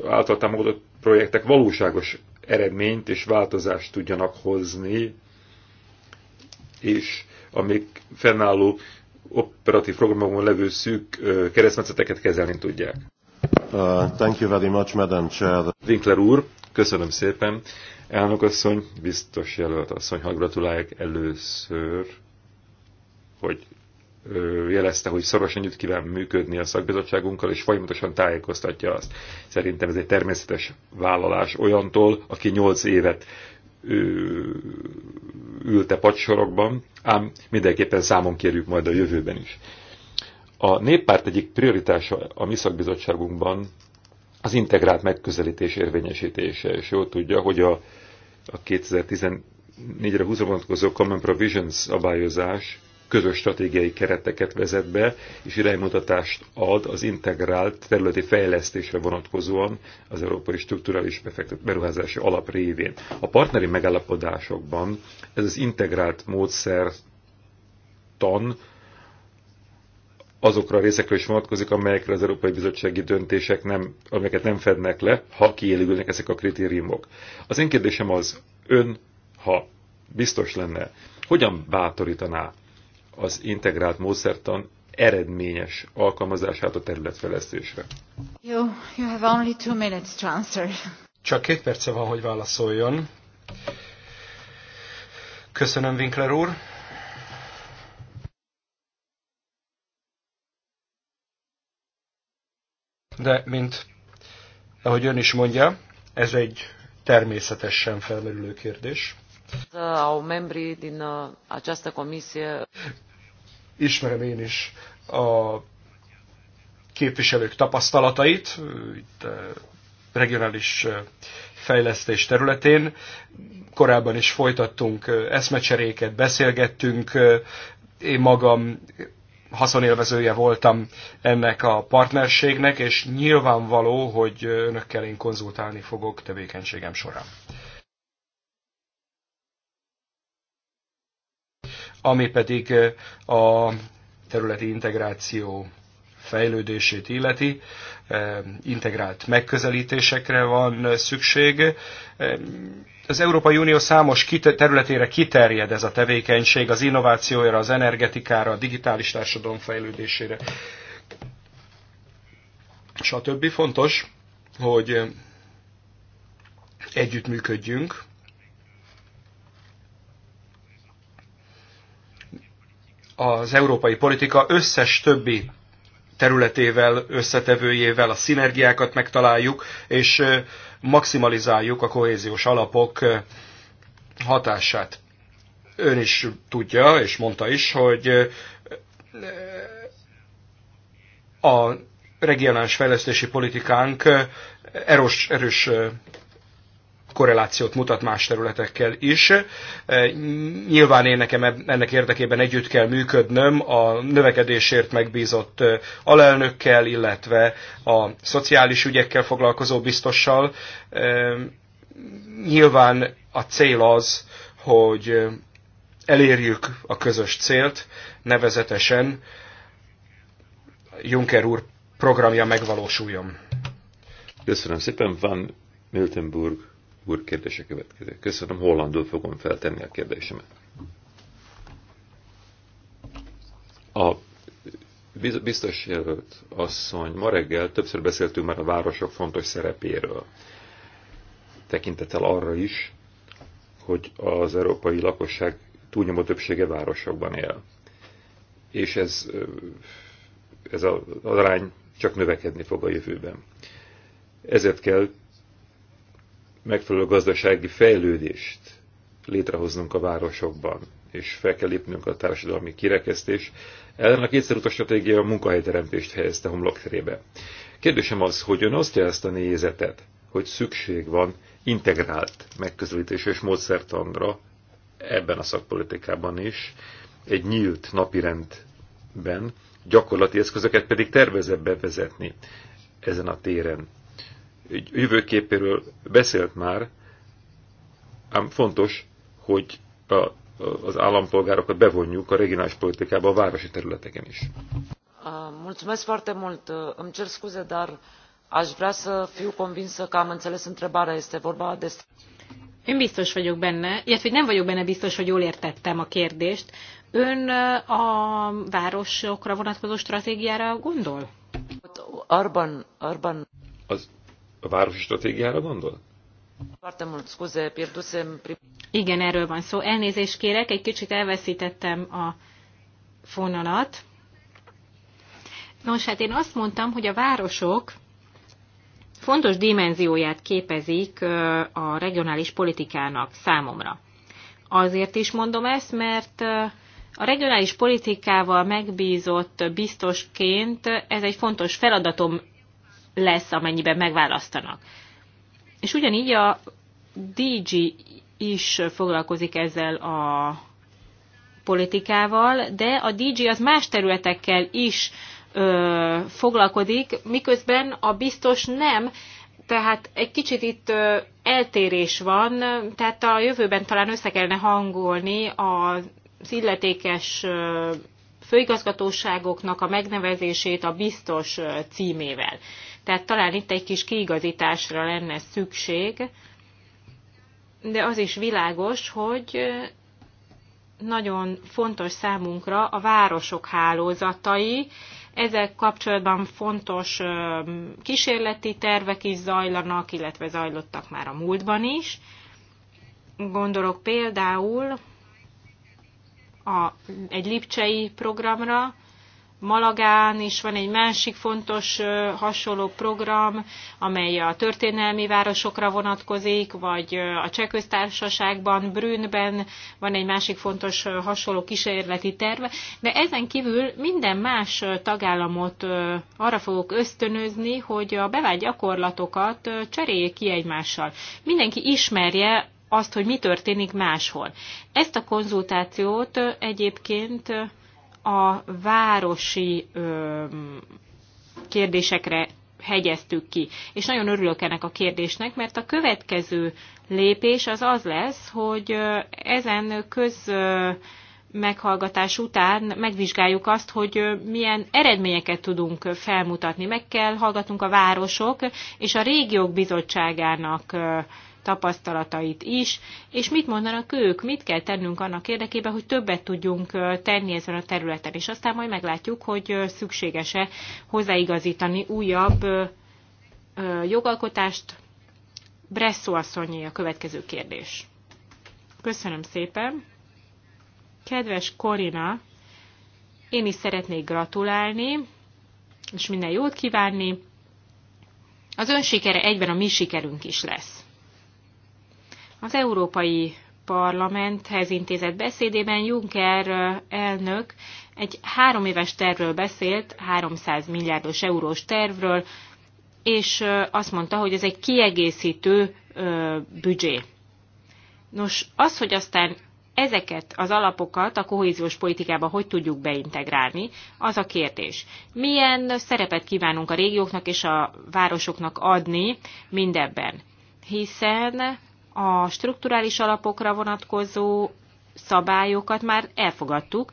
által támogatott projektek valóságos eredményt és változást tudjanak hozni, és a még fennálló operatív programokon levő szűk keresztmetszeteket kezelni tudják. Uh, thank you very much, Madam Chair. Winkler úr, köszönöm szépen. Elnök asszony, biztos jelölt asszony, ha gratulálják először, hogy jelezte, hogy szorosan együtt kíván működni a szakbizottságunkkal, és folyamatosan tájékoztatja azt. Szerintem ez egy természetes vállalás olyantól, aki nyolc évet ülte pacsorokban, ám mindenképpen számon kérjük majd a jövőben is. A néppárt egyik prioritása a mi szakbizottságunkban az integrált megközelítés érvényesítése, és jó tudja, hogy a, a 2014-re 20 vonatkozó Common Provisions szabályozás közös stratégiai kereteket vezet be, és iránymutatást ad az integrált területi fejlesztésre vonatkozóan az Európai Strukturális Beruházási Alap révén. A partneri megállapodásokban ez az integrált módszertan azokra a részekre is vonatkozik, amelyekre az Európai Bizottsági döntések nem, amelyeket nem fednek le, ha kiélülnek ezek a kritériumok. Az én kérdésem az, ön, ha biztos lenne, hogyan bátorítaná az integrált módszertan eredményes alkalmazását a területfejlesztésre. You, you have only two minutes to answer. Csak két perce van, hogy válaszoljon. Köszönöm, Winkler úr. De, mint ahogy ön is mondja, ez egy természetesen felmerülő kérdés. Au membrii din uh, această comisie. Ismerem én is a képviselők tapasztalatait, uh, itt uh, regionális fejlesztés területén. Korábban is folytattunk eszmecseréket, beszélgettünk, én magam haszonélvezője voltam ennek a partnerségnek, és nyilvánvaló, hogy önökkel én konzultálni fogok tevékenységem során. Ami pedig a területi integráció fejlődését illeti, integrált megközelítésekre van szükség. Az Európai Unió számos területére kiterjed ez a tevékenység, az innovációra, az energetikára, a digitális társadalom fejlődésére. És a többi fontos, hogy együttműködjünk az európai politika összes többi területével, összetevőjével a szinergiákat megtaláljuk, és maximalizáljuk a kohéziós alapok hatását. Ön is tudja, és mondta is, hogy a regionális fejlesztési politikánk erős, erős korrelációt mutat más területekkel is. E, nyilván én nekem ennek érdekében együtt kell működnöm a növekedésért megbízott e, alelnökkel, illetve a szociális ügyekkel foglalkozó biztossal. E, nyilván a cél az, hogy elérjük a közös célt, nevezetesen Juncker úr programja megvalósuljon. Köszönöm szépen, Van Miltenburg úr kérdése következő. Köszönöm, hollandul fogom feltenni a kérdésemet. A biztos jelölt asszony, ma reggel többször beszéltünk már a városok fontos szerepéről. Tekintettel arra is, hogy az európai lakosság túlnyomó többsége városokban él. És ez, ez az arány csak növekedni fog a jövőben. Ezért kell megfelelő gazdasági fejlődést létrehoznunk a városokban, és fel kell lépnünk a társadalmi kirekesztés ellen a kétszerutas stratégia a munkahelyteremtést helyezte homlokterébe. Kérdésem az, hogy ön osztja ezt a nézetet, hogy szükség van integrált megközelítés és módszertanra ebben a szakpolitikában is, egy nyílt napirendben, gyakorlati eszközöket pedig tervezett bevezetni ezen a téren jövőképéről beszélt már, ám fontos, hogy a, az állampolgárokat bevonjuk a regionális politikába a városi területeken is. Mulțumesc foarte mult. Îmi cer scuze, dar aș vrea să fiu convinsă că am înțeles întrebarea. Este vorba despre... Én biztos vagyok benne, illetve nem vagyok benne biztos, hogy jól értettem a kérdést. Ön a városokra vonatkozó stratégiára gondol? Urban, urban. Az a városi stratégiára gondol? Igen, erről van szó. Elnézést kérek, egy kicsit elveszítettem a fonalat. Nos, hát én azt mondtam, hogy a városok fontos dimenzióját képezik a regionális politikának számomra. Azért is mondom ezt, mert a regionális politikával megbízott biztosként ez egy fontos feladatom lesz, amennyiben megválasztanak. És ugyanígy a DG is foglalkozik ezzel a politikával, de a DG az más területekkel is ö, foglalkozik, miközben a biztos nem, tehát egy kicsit itt ö, eltérés van, tehát a jövőben talán össze kellene hangolni az illetékes ö, főigazgatóságoknak a megnevezését a biztos címével. Tehát talán itt egy kis kiigazításra lenne szükség, de az is világos, hogy nagyon fontos számunkra a városok hálózatai, ezek kapcsolatban fontos kísérleti tervek is zajlanak, illetve zajlottak már a múltban is. Gondolok például a, egy lipcsei programra, Malagán is van egy másik fontos hasonló program, amely a történelmi városokra vonatkozik, vagy a Cseh köztársaságban, Brünnben van egy másik fontos hasonló kísérleti terve, de ezen kívül minden más tagállamot arra fogok ösztönözni, hogy a bevált gyakorlatokat cseréljék ki egymással. Mindenki ismerje azt, hogy mi történik máshol. Ezt a konzultációt egyébként a városi ö, kérdésekre hegyeztük ki. És nagyon örülök ennek a kérdésnek, mert a következő lépés az az lesz, hogy ezen köz meghallgatás után megvizsgáljuk azt, hogy milyen eredményeket tudunk felmutatni. Meg kell hallgatnunk a városok és a régiók bizottságának tapasztalatait is, és mit mondanak ők, mit kell tennünk annak érdekében, hogy többet tudjunk tenni ezen a területen, és aztán majd meglátjuk, hogy szükséges-e hozzáigazítani újabb jogalkotást. Bresszó asszonyi a következő kérdés. Köszönöm szépen. Kedves Korina, én is szeretnék gratulálni, és minden jót kívánni. Az ön sikere egyben a mi sikerünk is lesz. Az Európai Parlamenthez intézett beszédében Juncker elnök egy három éves tervről beszélt, 300 milliárdos eurós tervről, és azt mondta, hogy ez egy kiegészítő büdzsé. Nos, az, hogy aztán ezeket az alapokat a kohéziós politikába hogy tudjuk beintegrálni, az a kérdés. Milyen szerepet kívánunk a régióknak és a városoknak adni mindebben? Hiszen a strukturális alapokra vonatkozó szabályokat már elfogadtuk,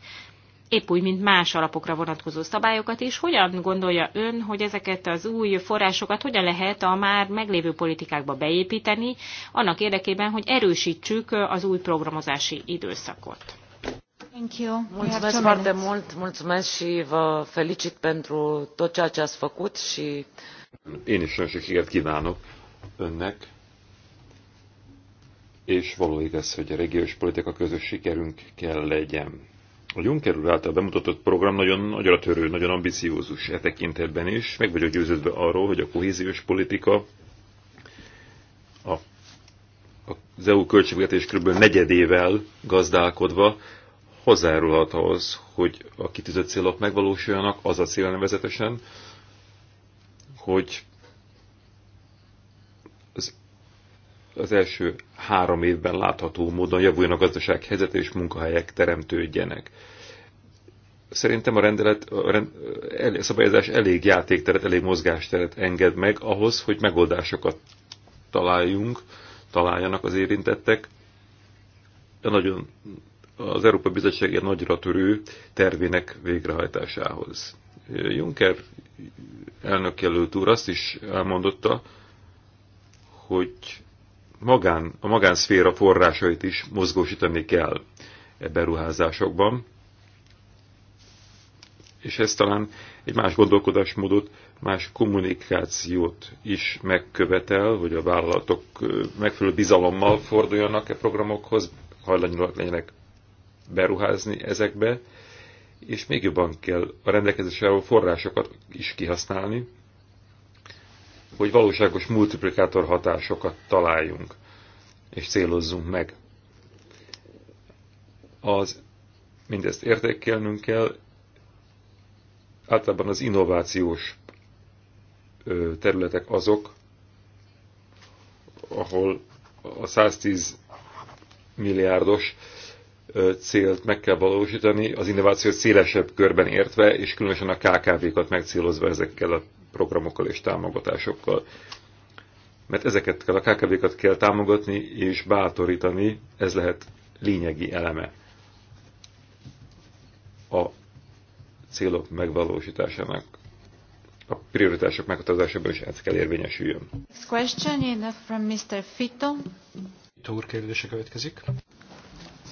épp úgy, mint más alapokra vonatkozó szabályokat is. Hogyan gondolja ön, hogy ezeket az új forrásokat hogyan lehet a már meglévő politikákba beépíteni, annak érdekében, hogy erősítsük az új programozási időszakot? Mulțumesc foarte mult, mulțumesc și vă felicit pentru tot ceea ce ați făcut și... Én is nagyon sok sikert kívánok önnek és való igaz, hogy a regiós politika közös sikerünk kell legyen. A Juncker úr által bemutatott program nagyon nagyra törő, nagyon ambiciózus e tekintetben is. Meg vagyok győződve arról, hogy a kohéziós politika a, az EU költségvetés kb. negyedével gazdálkodva hozzárulhat ahhoz, hogy a kitűzött célok megvalósuljanak, az a cél nevezetesen, hogy az első három évben látható módon javuljon a gazdaság helyzet és munkahelyek teremtődjenek. Szerintem a rendelet, a rend, el, szabályozás elég játékteret, elég mozgásteret enged meg ahhoz, hogy megoldásokat találjunk, találjanak az érintettek. De nagyon az Európa Bizottság egy nagyra törő tervének végrehajtásához. Juncker elnök jelölt úr azt is elmondotta, hogy magán, a magánszféra forrásait is mozgósítani kell e beruházásokban, és ez talán egy más gondolkodásmódot, más kommunikációt is megkövetel, hogy a vállalatok megfelelő bizalommal forduljanak e programokhoz, hajlandóak legyenek beruházni ezekbe, és még jobban kell a rendelkezésre álló forrásokat is kihasználni, hogy valóságos multiplikátor hatásokat találjunk és célozzunk meg. Az mindezt értékelnünk kell, általában az innovációs területek azok, ahol a 110 milliárdos célt meg kell valósítani, az innovációt szélesebb körben értve, és különösen a KKV-kat megcélozva ezekkel a programokkal és támogatásokkal. Mert ezeket kell, a KKV-kat kell támogatni és bátorítani, ez lehet lényegi eleme a célok megvalósításának a prioritások meghatározásában is ez kell érvényesüljön. Next question is from Mr. Fito. Fito úr kérdése következik.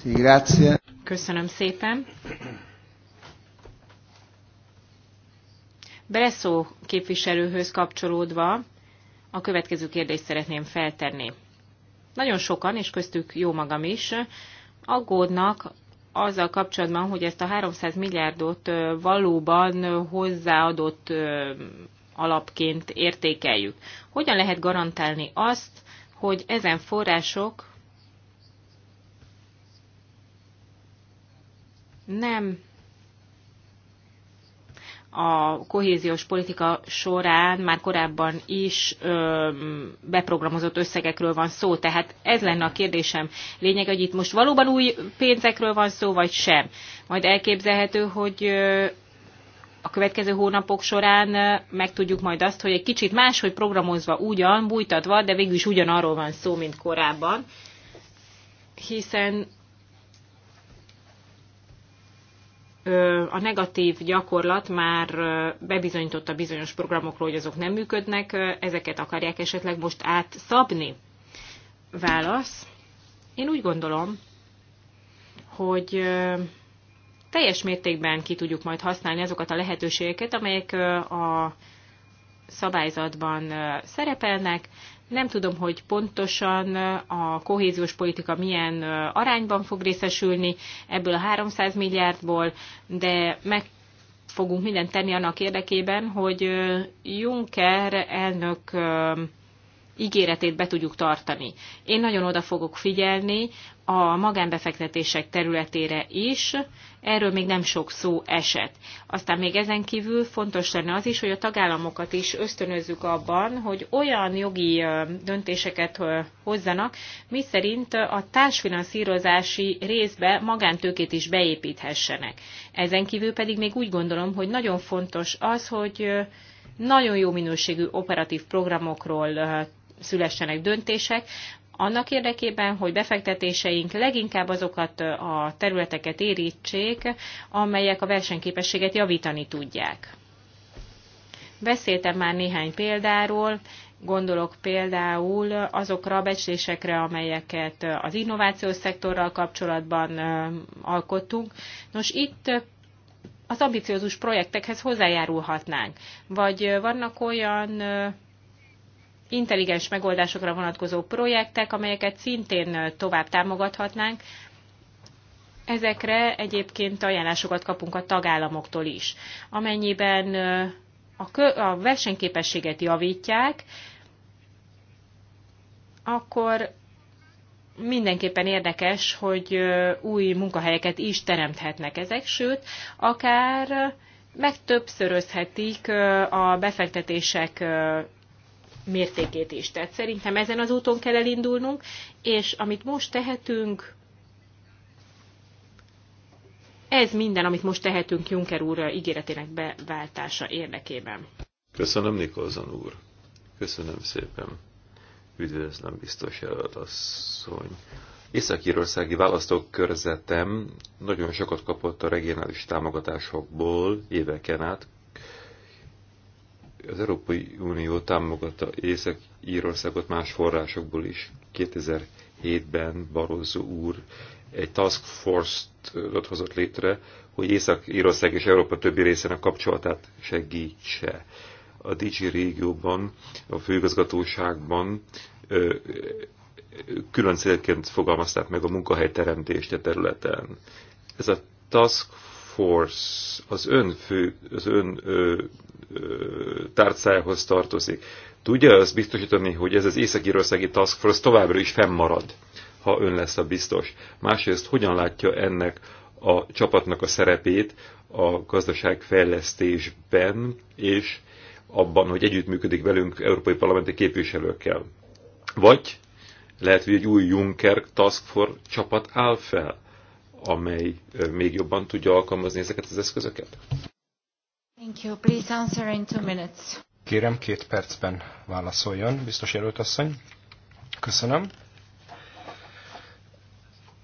Sí, grazie. Köszönöm szépen. Bresszó képviselőhöz kapcsolódva a következő kérdést szeretném feltenni. Nagyon sokan, és köztük jó magam is, aggódnak azzal kapcsolatban, hogy ezt a 300 milliárdot valóban hozzáadott alapként értékeljük. Hogyan lehet garantálni azt, hogy ezen források nem a kohéziós politika során már korábban is ö, beprogramozott összegekről van szó. Tehát ez lenne a kérdésem lényeg, hogy itt most valóban új pénzekről van szó, vagy sem. Majd elképzelhető, hogy ö, a következő hónapok során ö, megtudjuk majd azt, hogy egy kicsit máshogy programozva ugyan, bújtatva, de végül is ugyanarról van szó, mint korábban. Hiszen a negatív gyakorlat már bebizonyította bizonyos programokról, hogy azok nem működnek, ezeket akarják esetleg most átszabni? Válasz. Én úgy gondolom, hogy teljes mértékben ki tudjuk majd használni azokat a lehetőségeket, amelyek a szabályzatban szerepelnek, nem tudom, hogy pontosan a kohéziós politika milyen arányban fog részesülni ebből a 300 milliárdból, de meg fogunk mindent tenni annak érdekében, hogy Juncker elnök ígéretét be tudjuk tartani. Én nagyon oda fogok figyelni a magánbefektetések területére is, erről még nem sok szó esett. Aztán még ezen kívül fontos lenne az is, hogy a tagállamokat is ösztönözzük abban, hogy olyan jogi döntéseket hozzanak, miszerint a társfinanszírozási részbe magántőkét is beépíthessenek. Ezen kívül pedig még úgy gondolom, hogy nagyon fontos az, hogy nagyon jó minőségű operatív programokról szülessenek döntések, annak érdekében, hogy befektetéseink leginkább azokat a területeket érítsék, amelyek a versenyképességet javítani tudják. Beszéltem már néhány példáról, gondolok például azokra a becslésekre, amelyeket az innovációs szektorral kapcsolatban alkottunk. Nos, itt az ambiciózus projektekhez hozzájárulhatnánk. Vagy vannak olyan intelligens megoldásokra vonatkozó projektek, amelyeket szintén tovább támogathatnánk. Ezekre egyébként ajánlásokat kapunk a tagállamoktól is. Amennyiben a versenyképességet javítják, akkor mindenképpen érdekes, hogy új munkahelyeket is teremthetnek ezek, sőt, akár megtöbbszörözhetik a befektetések mértékét is. Tehát szerintem ezen az úton kell elindulnunk, és amit most tehetünk, ez minden, amit most tehetünk Juncker úr ígéretének beváltása érdekében. Köszönöm, Nikolzan úr. Köszönöm szépen. Üdvözlöm, biztos jelölt asszony. Észak-Írországi választókörzetem nagyon sokat kapott a regionális támogatásokból éveken át, az Európai Unió támogatta Észak-Írországot más forrásokból is. 2007-ben Barroso úr egy task force-t hozott létre, hogy Észak-Írország és Európa többi részének kapcsolatát segítse. A Digi régióban, a főigazgatóságban külön célként fogalmazták meg a munkahelyteremtést a területen. Ez a task Force az ön, fő, az ön ö, ö, tárcájához tartozik. Tudja azt biztosítani, hogy ez az észak-írországi Task Force továbbra is fennmarad, ha ön lesz a biztos? Másrészt hogyan látja ennek a csapatnak a szerepét a gazdaságfejlesztésben, és abban, hogy együttműködik velünk európai parlamenti képviselőkkel. Vagy lehet, hogy egy új Juncker Task Force csapat áll fel, amely még jobban tudja alkalmazni ezeket az eszközöket? Thank you. Please answer in two minutes. Kérem, két percben válaszoljon, biztos jelölt asszony. Köszönöm.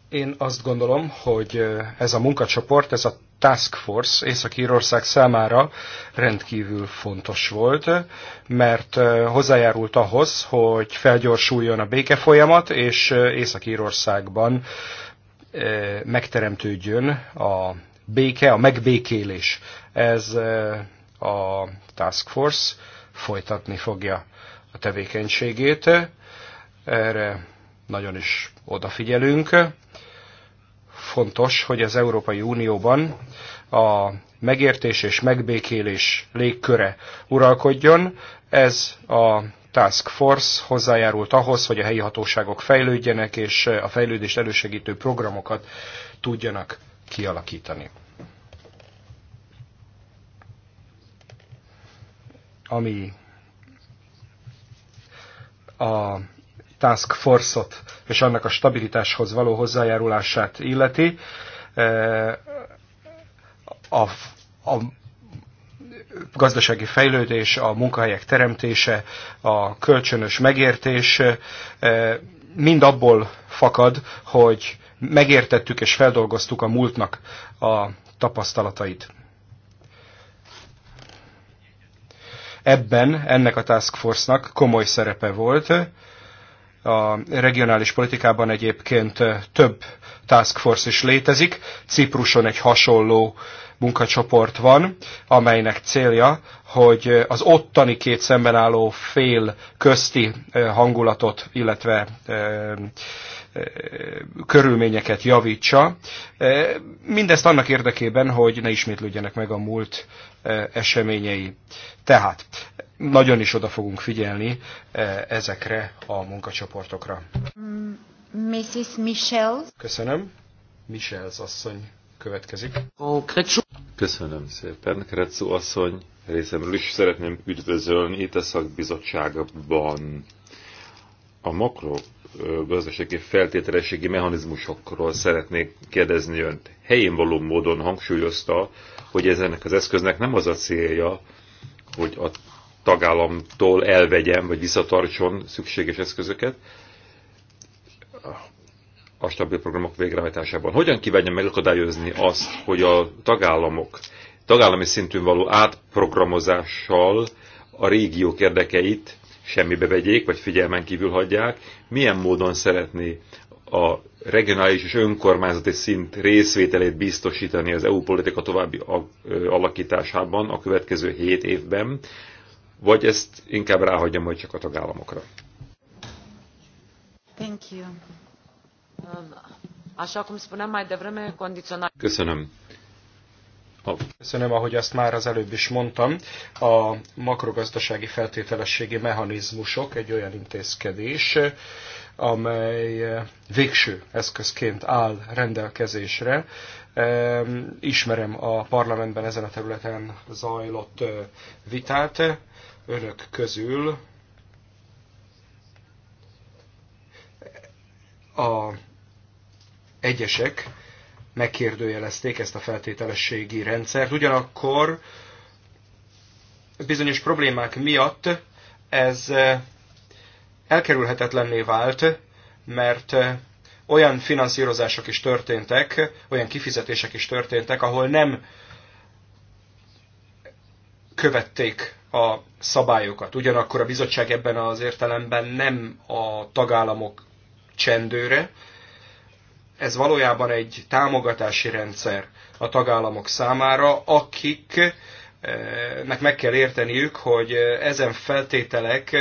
Én azt gondolom, hogy ez a munkacsoport, ez a Task Force Észak-Írország számára rendkívül fontos volt, mert hozzájárult ahhoz, hogy felgyorsuljon a békefolyamat, és Észak-Írországban megteremtődjön a béke, a megbékélés. Ez a Task Force folytatni fogja a tevékenységét. Erre nagyon is odafigyelünk. Fontos, hogy az Európai Unióban a megértés és megbékélés légköre uralkodjon. Ez a Task Force hozzájárult ahhoz, hogy a helyi hatóságok fejlődjenek, és eh, a fejlődést elősegítő programokat tudjanak kialakítani. Ami a Task Force-ot és annak a stabilitáshoz való hozzájárulását illeti, eh, a, a gazdasági fejlődés, a munkahelyek teremtése, a kölcsönös megértés mind abból fakad, hogy megértettük és feldolgoztuk a múltnak a tapasztalatait. Ebben ennek a task force-nak komoly szerepe volt. A regionális politikában egyébként több task force is létezik. Cipruson egy hasonló munkacsoport van, amelynek célja, hogy az ottani két szemben álló fél közti hangulatot, illetve körülményeket javítsa. Mindezt annak érdekében, hogy ne ismétlődjenek meg a múlt eseményei. Tehát nagyon is oda fogunk figyelni ezekre a munkacsoportokra. Mrs. Michels. Köszönöm. Michels asszony következik. Köszönöm szépen, Kretszó asszony. Részemről is szeretném üdvözölni itt a szakbizottságban a makrogazdasági feltételességi mechanizmusokról szeretnék kérdezni önt. Helyén való módon hangsúlyozta, hogy ezenek az eszköznek nem az a célja, hogy a tagállamtól elvegyen vagy visszatartson szükséges eszközöket, a stabil programok végrehajtásában. Hogyan kívánja megakadályozni azt, hogy a tagállamok tagállami szintűn való átprogramozással a régiók érdekeit semmibe vegyék, vagy figyelmen kívül hagyják, milyen módon szeretné a regionális és önkormányzati szint részvételét biztosítani az EU politika további alakításában a következő 7 évben, vagy ezt inkább ráhagyja majd csak a tagállamokra. Thank you. Așa cum spuneam mai devreme, Köszönöm. Köszönöm, ahogy azt már az előbb is mondtam. A makrogazdasági feltételességi mechanizmusok egy olyan intézkedés, amely végső eszközként áll rendelkezésre. Ismerem a parlamentben ezen a területen zajlott vitát. Önök közül a egyesek megkérdőjelezték ezt a feltételességi rendszert. Ugyanakkor bizonyos problémák miatt ez elkerülhetetlenné vált, mert olyan finanszírozások is történtek, olyan kifizetések is történtek, ahol nem követték a szabályokat. Ugyanakkor a bizottság ebben az értelemben nem a tagállamok csendőre, ez valójában egy támogatási rendszer a tagállamok számára, akik meg kell érteniük, hogy ezen feltételek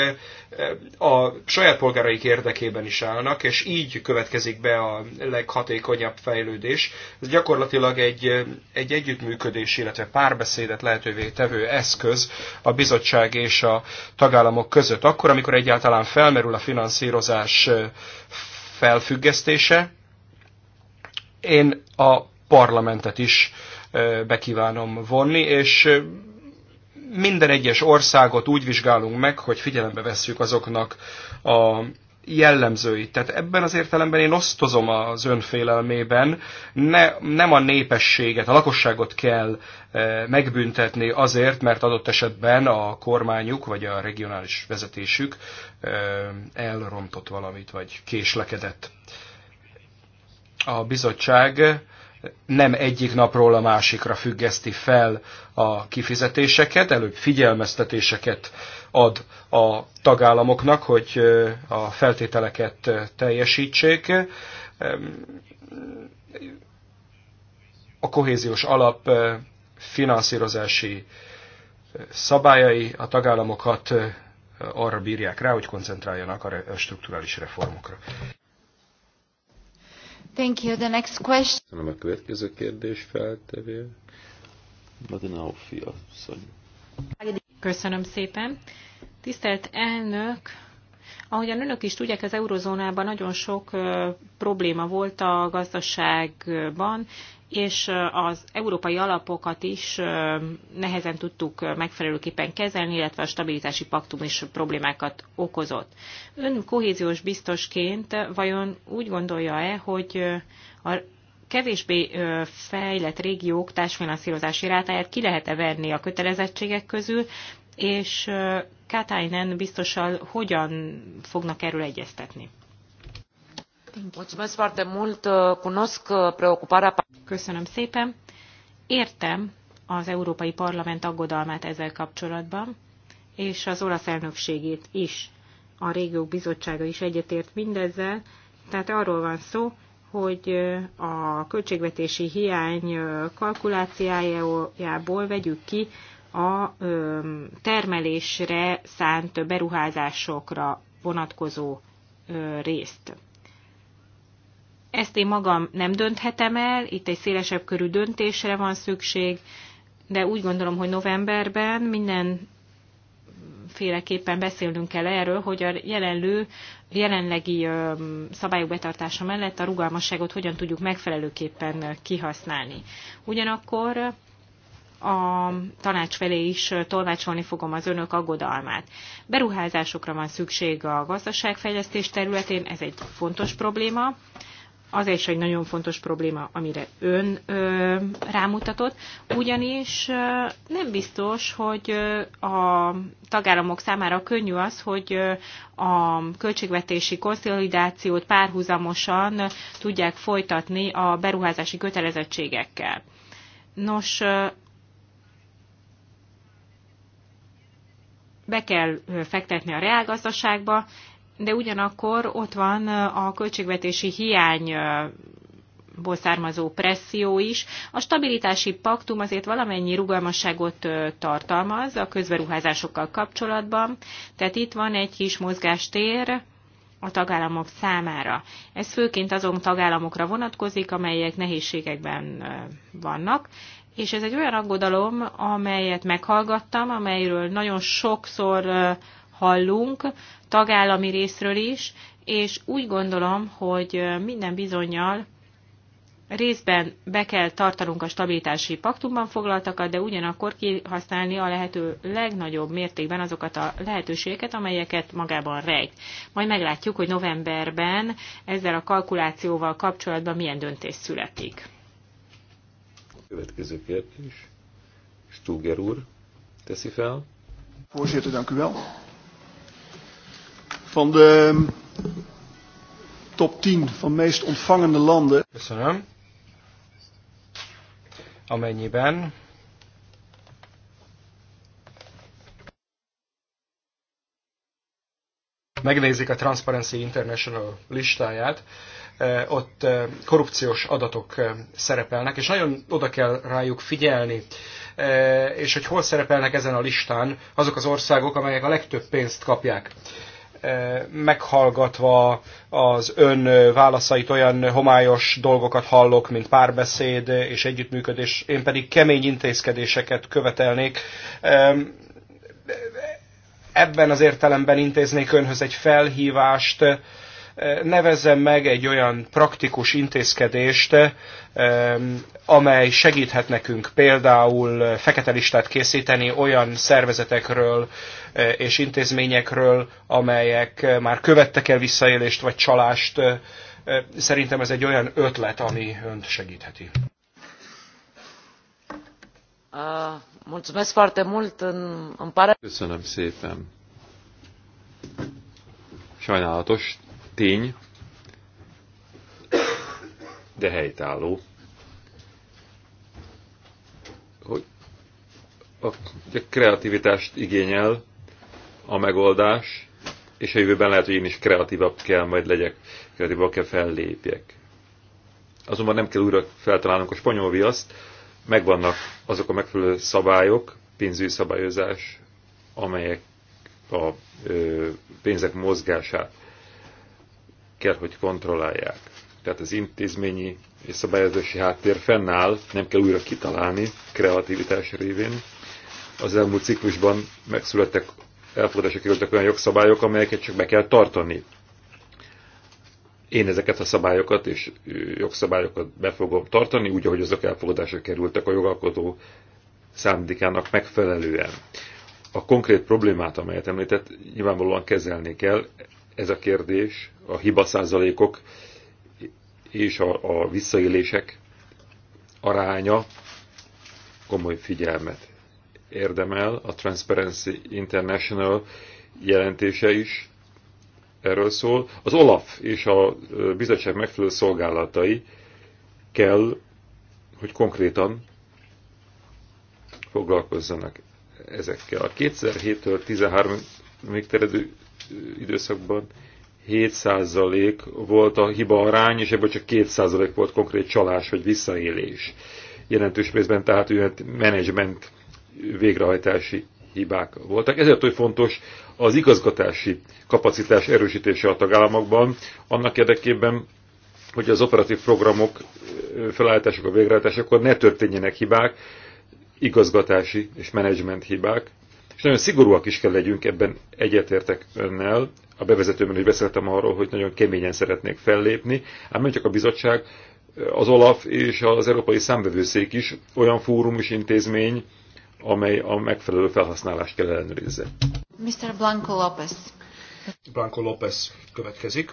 a saját polgáraik érdekében is állnak, és így következik be a leghatékonyabb fejlődés. Ez gyakorlatilag egy, egy együttműködés, illetve párbeszédet lehetővé tevő eszköz a bizottság és a tagállamok között. Akkor, amikor egyáltalán felmerül a finanszírozás felfüggesztése, én a parlamentet is bekívánom vonni, és minden egyes országot úgy vizsgálunk meg, hogy figyelembe vesszük azoknak a jellemzőit. Tehát ebben az értelemben én osztozom az önfélelmében, ne, nem a népességet, a lakosságot kell megbüntetni azért, mert adott esetben a kormányuk vagy a regionális vezetésük elrontott valamit, vagy késlekedett a bizottság nem egyik napról a másikra függeszti fel a kifizetéseket, előbb figyelmeztetéseket ad a tagállamoknak, hogy a feltételeket teljesítsék. A kohéziós alap finanszírozási szabályai a tagállamokat arra bírják rá, hogy koncentráljanak a strukturális reformokra. Thank you. The next question. Köszönöm a következő kérdés feltevő. Maginau fia, Köszönöm szépen. Tisztelt elnök, Ahogyan önök is tudják, az eurozónában nagyon sok probléma volt a gazdaságban, és az európai alapokat is nehezen tudtuk megfelelőképpen kezelni, illetve a stabilitási paktum is problémákat okozott. Ön kohéziós biztosként vajon úgy gondolja-e, hogy a kevésbé fejlett régiók társfinanszírozási rátáját ki lehet-e venni a kötelezettségek közül, és Katainen biztosan hogyan fognak erről egyeztetni? Köszönöm szépen. Értem az Európai Parlament aggodalmát ezzel kapcsolatban, és az olasz elnökségét is. A régiók bizottsága is egyetért mindezzel, tehát arról van szó, hogy a költségvetési hiány kalkulációjából vegyük ki a termelésre szánt beruházásokra vonatkozó részt. Ezt én magam nem dönthetem el, itt egy szélesebb körű döntésre van szükség, de úgy gondolom, hogy novemberben minden féleképpen beszélnünk kell erről, hogy a jelenlő, jelenlegi szabályok betartása mellett a rugalmasságot hogyan tudjuk megfelelőképpen kihasználni. Ugyanakkor a tanács felé is tolmácsolni fogom az önök aggodalmát. Beruházásokra van szükség a gazdaságfejlesztés területén, ez egy fontos probléma. Az is egy nagyon fontos probléma, amire ön ö, rámutatott, ugyanis ö, nem biztos, hogy ö, a tagállamok számára könnyű az, hogy ö, a költségvetési konszolidációt párhuzamosan tudják folytatni a beruházási kötelezettségekkel. Nos, be kell fektetni a reálgazdaságba, de ugyanakkor ott van a költségvetési hiány ból származó presszió is. A stabilitási paktum azért valamennyi rugalmasságot tartalmaz a közberuházásokkal kapcsolatban, tehát itt van egy kis mozgástér a tagállamok számára. Ez főként azon tagállamokra vonatkozik, amelyek nehézségekben vannak, és ez egy olyan aggodalom, amelyet meghallgattam, amelyről nagyon sokszor hallunk, tagállami részről is, és úgy gondolom, hogy minden bizonyal részben be kell tartanunk a stabilitási paktumban foglaltakat, de ugyanakkor kihasználni a lehető legnagyobb mértékben azokat a lehetőségeket, amelyeket magában rejt. Majd meglátjuk, hogy novemberben ezzel a kalkulációval kapcsolatban milyen döntés születik. Következő kérdés. Stuger úr teszi fel. Voorzitter, dank u wel. Van de ehm, top 10 van meest ontvangende landen. Köszönöm. Amennyiben megnézik a Transparency International listáját, ott korrupciós adatok szerepelnek, és nagyon oda kell rájuk figyelni. És hogy hol szerepelnek ezen a listán azok az országok, amelyek a legtöbb pénzt kapják meghallgatva az ön válaszait olyan homályos dolgokat hallok, mint párbeszéd és együttműködés, én pedig kemény intézkedéseket követelnék. Ebben az értelemben intéznék önhöz egy felhívást, nevezzen meg egy olyan praktikus intézkedést, amely segíthet nekünk például fekete listát készíteni olyan szervezetekről eh, és intézményekről, amelyek eh, már követtek el visszaélést vagy csalást. Eh, szerintem ez egy olyan ötlet, ami önt segítheti. Köszönöm szépen. Sajnálatos, tény, de helytálló, hogy a kreativitást igényel a megoldás, és a jövőben lehet, hogy én is kreatívabb kell majd legyek, kreatívabb kell fellépjek. Azonban nem kell újra feltalálnunk a spanyol viaszt, megvannak azok a megfelelő szabályok, pénzügyi szabályozás, amelyek a ö, pénzek mozgását kell, hogy kontrollálják. Tehát az intézményi és szabályozási háttér fennáll, nem kell újra kitalálni kreativitás révén. Az elmúlt ciklusban megszülettek, elfogadásra kerültek olyan jogszabályok, amelyeket csak be kell tartani. Én ezeket a szabályokat és jogszabályokat be fogom tartani, úgy, ahogy azok elfogadásra kerültek a jogalkotó szándékának megfelelően. A konkrét problémát, amelyet említett, nyilvánvalóan kezelni kell, ez a kérdés, a hiba százalékok és a, a visszaélések aránya komoly figyelmet érdemel. A Transparency International jelentése is erről szól. Az OLAF és a bizottság megfelelő szolgálatai kell, hogy konkrétan foglalkozzanak ezekkel. A 2007-től 13 még terjedő időszakban 7% volt a hiba arány, és ebből csak 2% volt konkrét csalás vagy visszaélés. Jelentős részben tehát menedzsment végrehajtási hibák voltak. Ezért, hogy fontos az igazgatási kapacitás erősítése a tagállamokban, annak érdekében, hogy az operatív programok a végrehajtásakor ne történjenek hibák, igazgatási és menedzsment hibák, és nagyon szigorúak is kell legyünk, ebben egyetértek önnel. A bevezetőben is beszéltem arról, hogy nagyon keményen szeretnék fellépni, ám nem csak a bizottság, az OLAF és az Európai Számvevőszék is olyan fórum és intézmény, amely a megfelelő felhasználást kell ellenőrizze. Mr. Blanco López. Blanco López következik.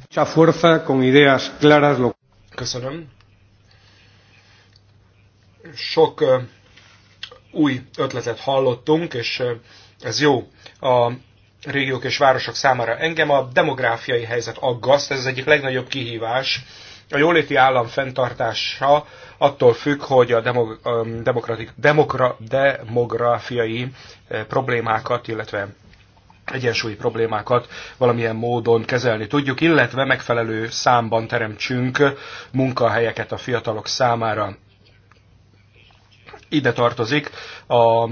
Mucha fuerza con ideas claras. Köszönöm. Sok új ötletet hallottunk, és ez jó a régiók és városok számára. Engem a demográfiai helyzet aggaszt, ez az egyik legnagyobb kihívás. A jóléti állam fenntartása attól függ, hogy a demokratik, demokra, demográfiai problémákat, illetve egyensúlyi problémákat valamilyen módon kezelni tudjuk, illetve megfelelő számban teremtsünk munkahelyeket a fiatalok számára ide tartozik a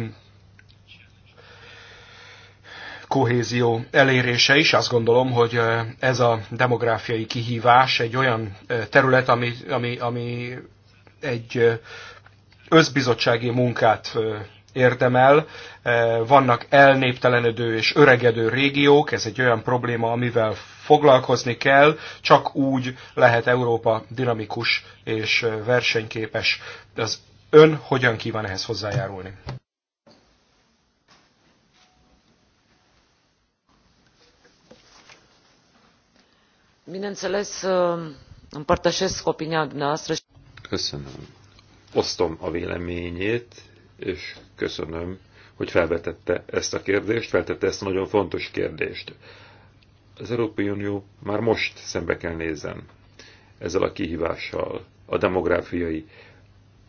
kohézió elérése is. Azt gondolom, hogy ez a demográfiai kihívás egy olyan terület, ami, ami, ami egy összbizottsági munkát érdemel. Vannak elnéptelenedő és öregedő régiók, ez egy olyan probléma, amivel foglalkozni kell, csak úgy lehet Európa dinamikus és versenyképes. Az Ön hogyan kíván ehhez hozzájárulni? Bineînțeles, um, împărtășesc opinia dumneavoastră. Köszönöm. Osztom a véleményét, és köszönöm, hogy felvetette ezt a kérdést, feltette ezt a nagyon fontos kérdést. Az Európai Unió már most szembe kell nézzen ezzel a kihívással, a demográfiai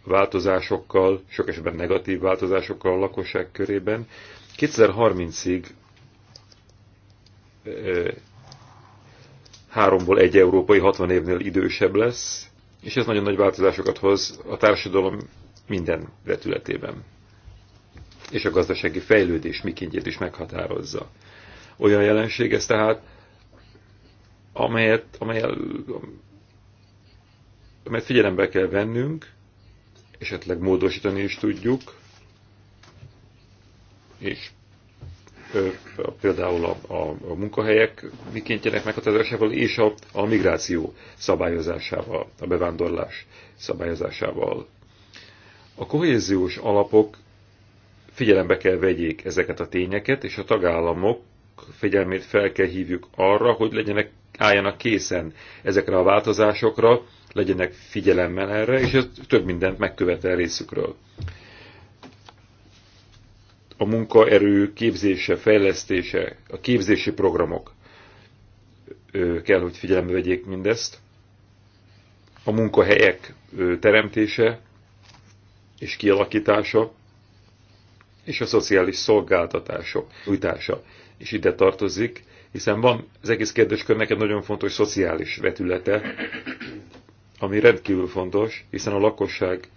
változásokkal, sok esetben negatív változásokkal a lakosság körében. 2030-ig háromból egy európai 60 évnél idősebb lesz, és ez nagyon nagy változásokat hoz a társadalom minden vetületében. És a gazdasági fejlődés mikintjét is meghatározza. Olyan jelenség ez tehát, amelyet, amelyet, amelyet figyelembe kell vennünk, esetleg módosítani is tudjuk, és például a, a, a munkahelyek jönnek meghatározásával és a, a migráció szabályozásával, a bevándorlás szabályozásával. A kohéziós alapok figyelembe kell vegyék ezeket a tényeket, és a tagállamok figyelmét fel kell hívjuk arra, hogy legyenek, álljanak készen ezekre a változásokra, legyenek figyelemmel erre, és ez több mindent megkövetel részükről. A munkaerő képzése, fejlesztése, a képzési programok kell, hogy figyelembe vegyék mindezt. A munkahelyek teremtése és kialakítása, és a szociális szolgáltatások újtása is ide tartozik, hiszen van az egész kérdéskörnek egy nagyon fontos szociális vetülete, ami rendkívül fontos, hiszen a lakosság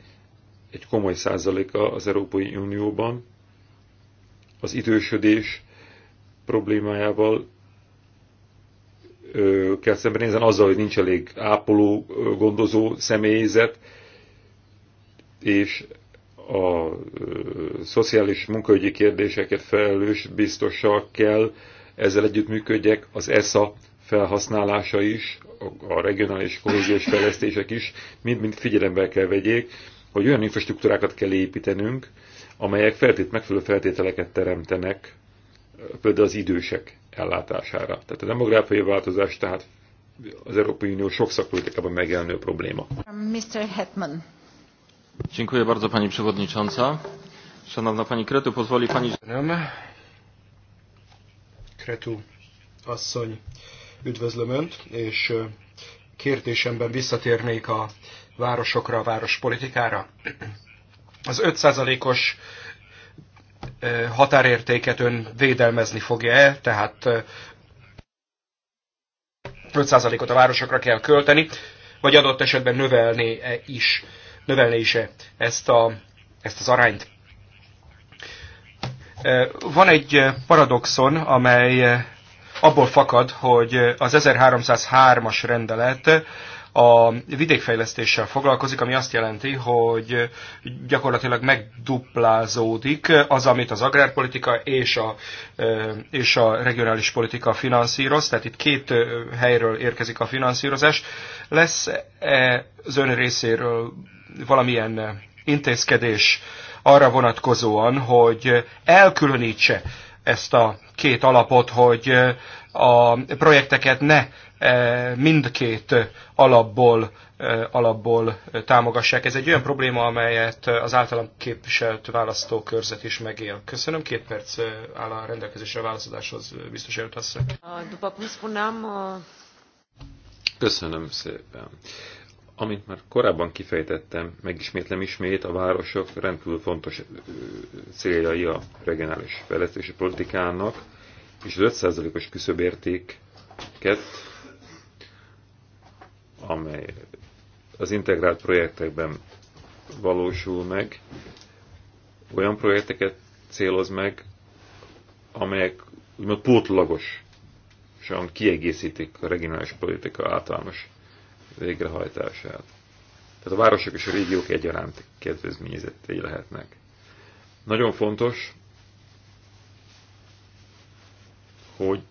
egy komoly százaléka az Európai Unióban az idősödés problémájával ö, kell szembenézni, azzal, hogy nincs elég ápoló, gondozó személyzet, és a szociális munkaügyi kérdéseket felelős biztosak kell ezzel együttműködjek, az ESA felhasználása is, a regionális kohéziós fejlesztések is, mind-mind figyelembe kell vegyék, hogy olyan infrastruktúrákat kell építenünk, amelyek feltét, megfelelő feltételeket teremtenek például az idősek ellátására. Tehát a demográfiai változás tehát az Európai Unió sok szakpolitikában megjelenő probléma. Mr. Hetman. Dziękuję bardzo Pani Przewodnicząca. Szanowna Pani Kretu, pozwoli Pani... Kretu asszony, üdvözlöm Önt, és kérdésemben visszatérnék a városokra, a várospolitikára. Az 5%-os határértéket ön védelmezni fogja-e, tehát 5%-ot a városokra kell költeni, vagy adott esetben növelni -e is, növelné is -e ezt, a, ezt az arányt. Van egy paradoxon, amely abból fakad, hogy az 1303-as rendelet a vidékfejlesztéssel foglalkozik, ami azt jelenti, hogy gyakorlatilag megduplázódik az, amit az agrárpolitika és a, és a regionális politika finanszíroz, tehát itt két helyről érkezik a finanszírozás. Lesz -e az ön részéről valamilyen intézkedés arra vonatkozóan, hogy elkülönítse ezt a két alapot, hogy a projekteket ne mindkét alapból, alapból támogassák. Ez egy olyan probléma, amelyet az általam képviselt választókörzet is megél. Köszönöm, két perc áll a rendelkezésre a válaszadáshoz, biztos előtt Köszönöm szépen. Amint már korábban kifejtettem, megismétlem ismét, a városok rendkívül fontos céljai a regionális fejlesztési politikának, és az 5%-os küszöbértéket, amely az integrált projektekben valósul meg, olyan projekteket céloz meg, amelyek úgymond pótlagosan kiegészítik a regionális politika általános végrehajtását. Tehát a városok és a régiók egyaránt kedvezményezettei lehetnek. Nagyon fontos, hogy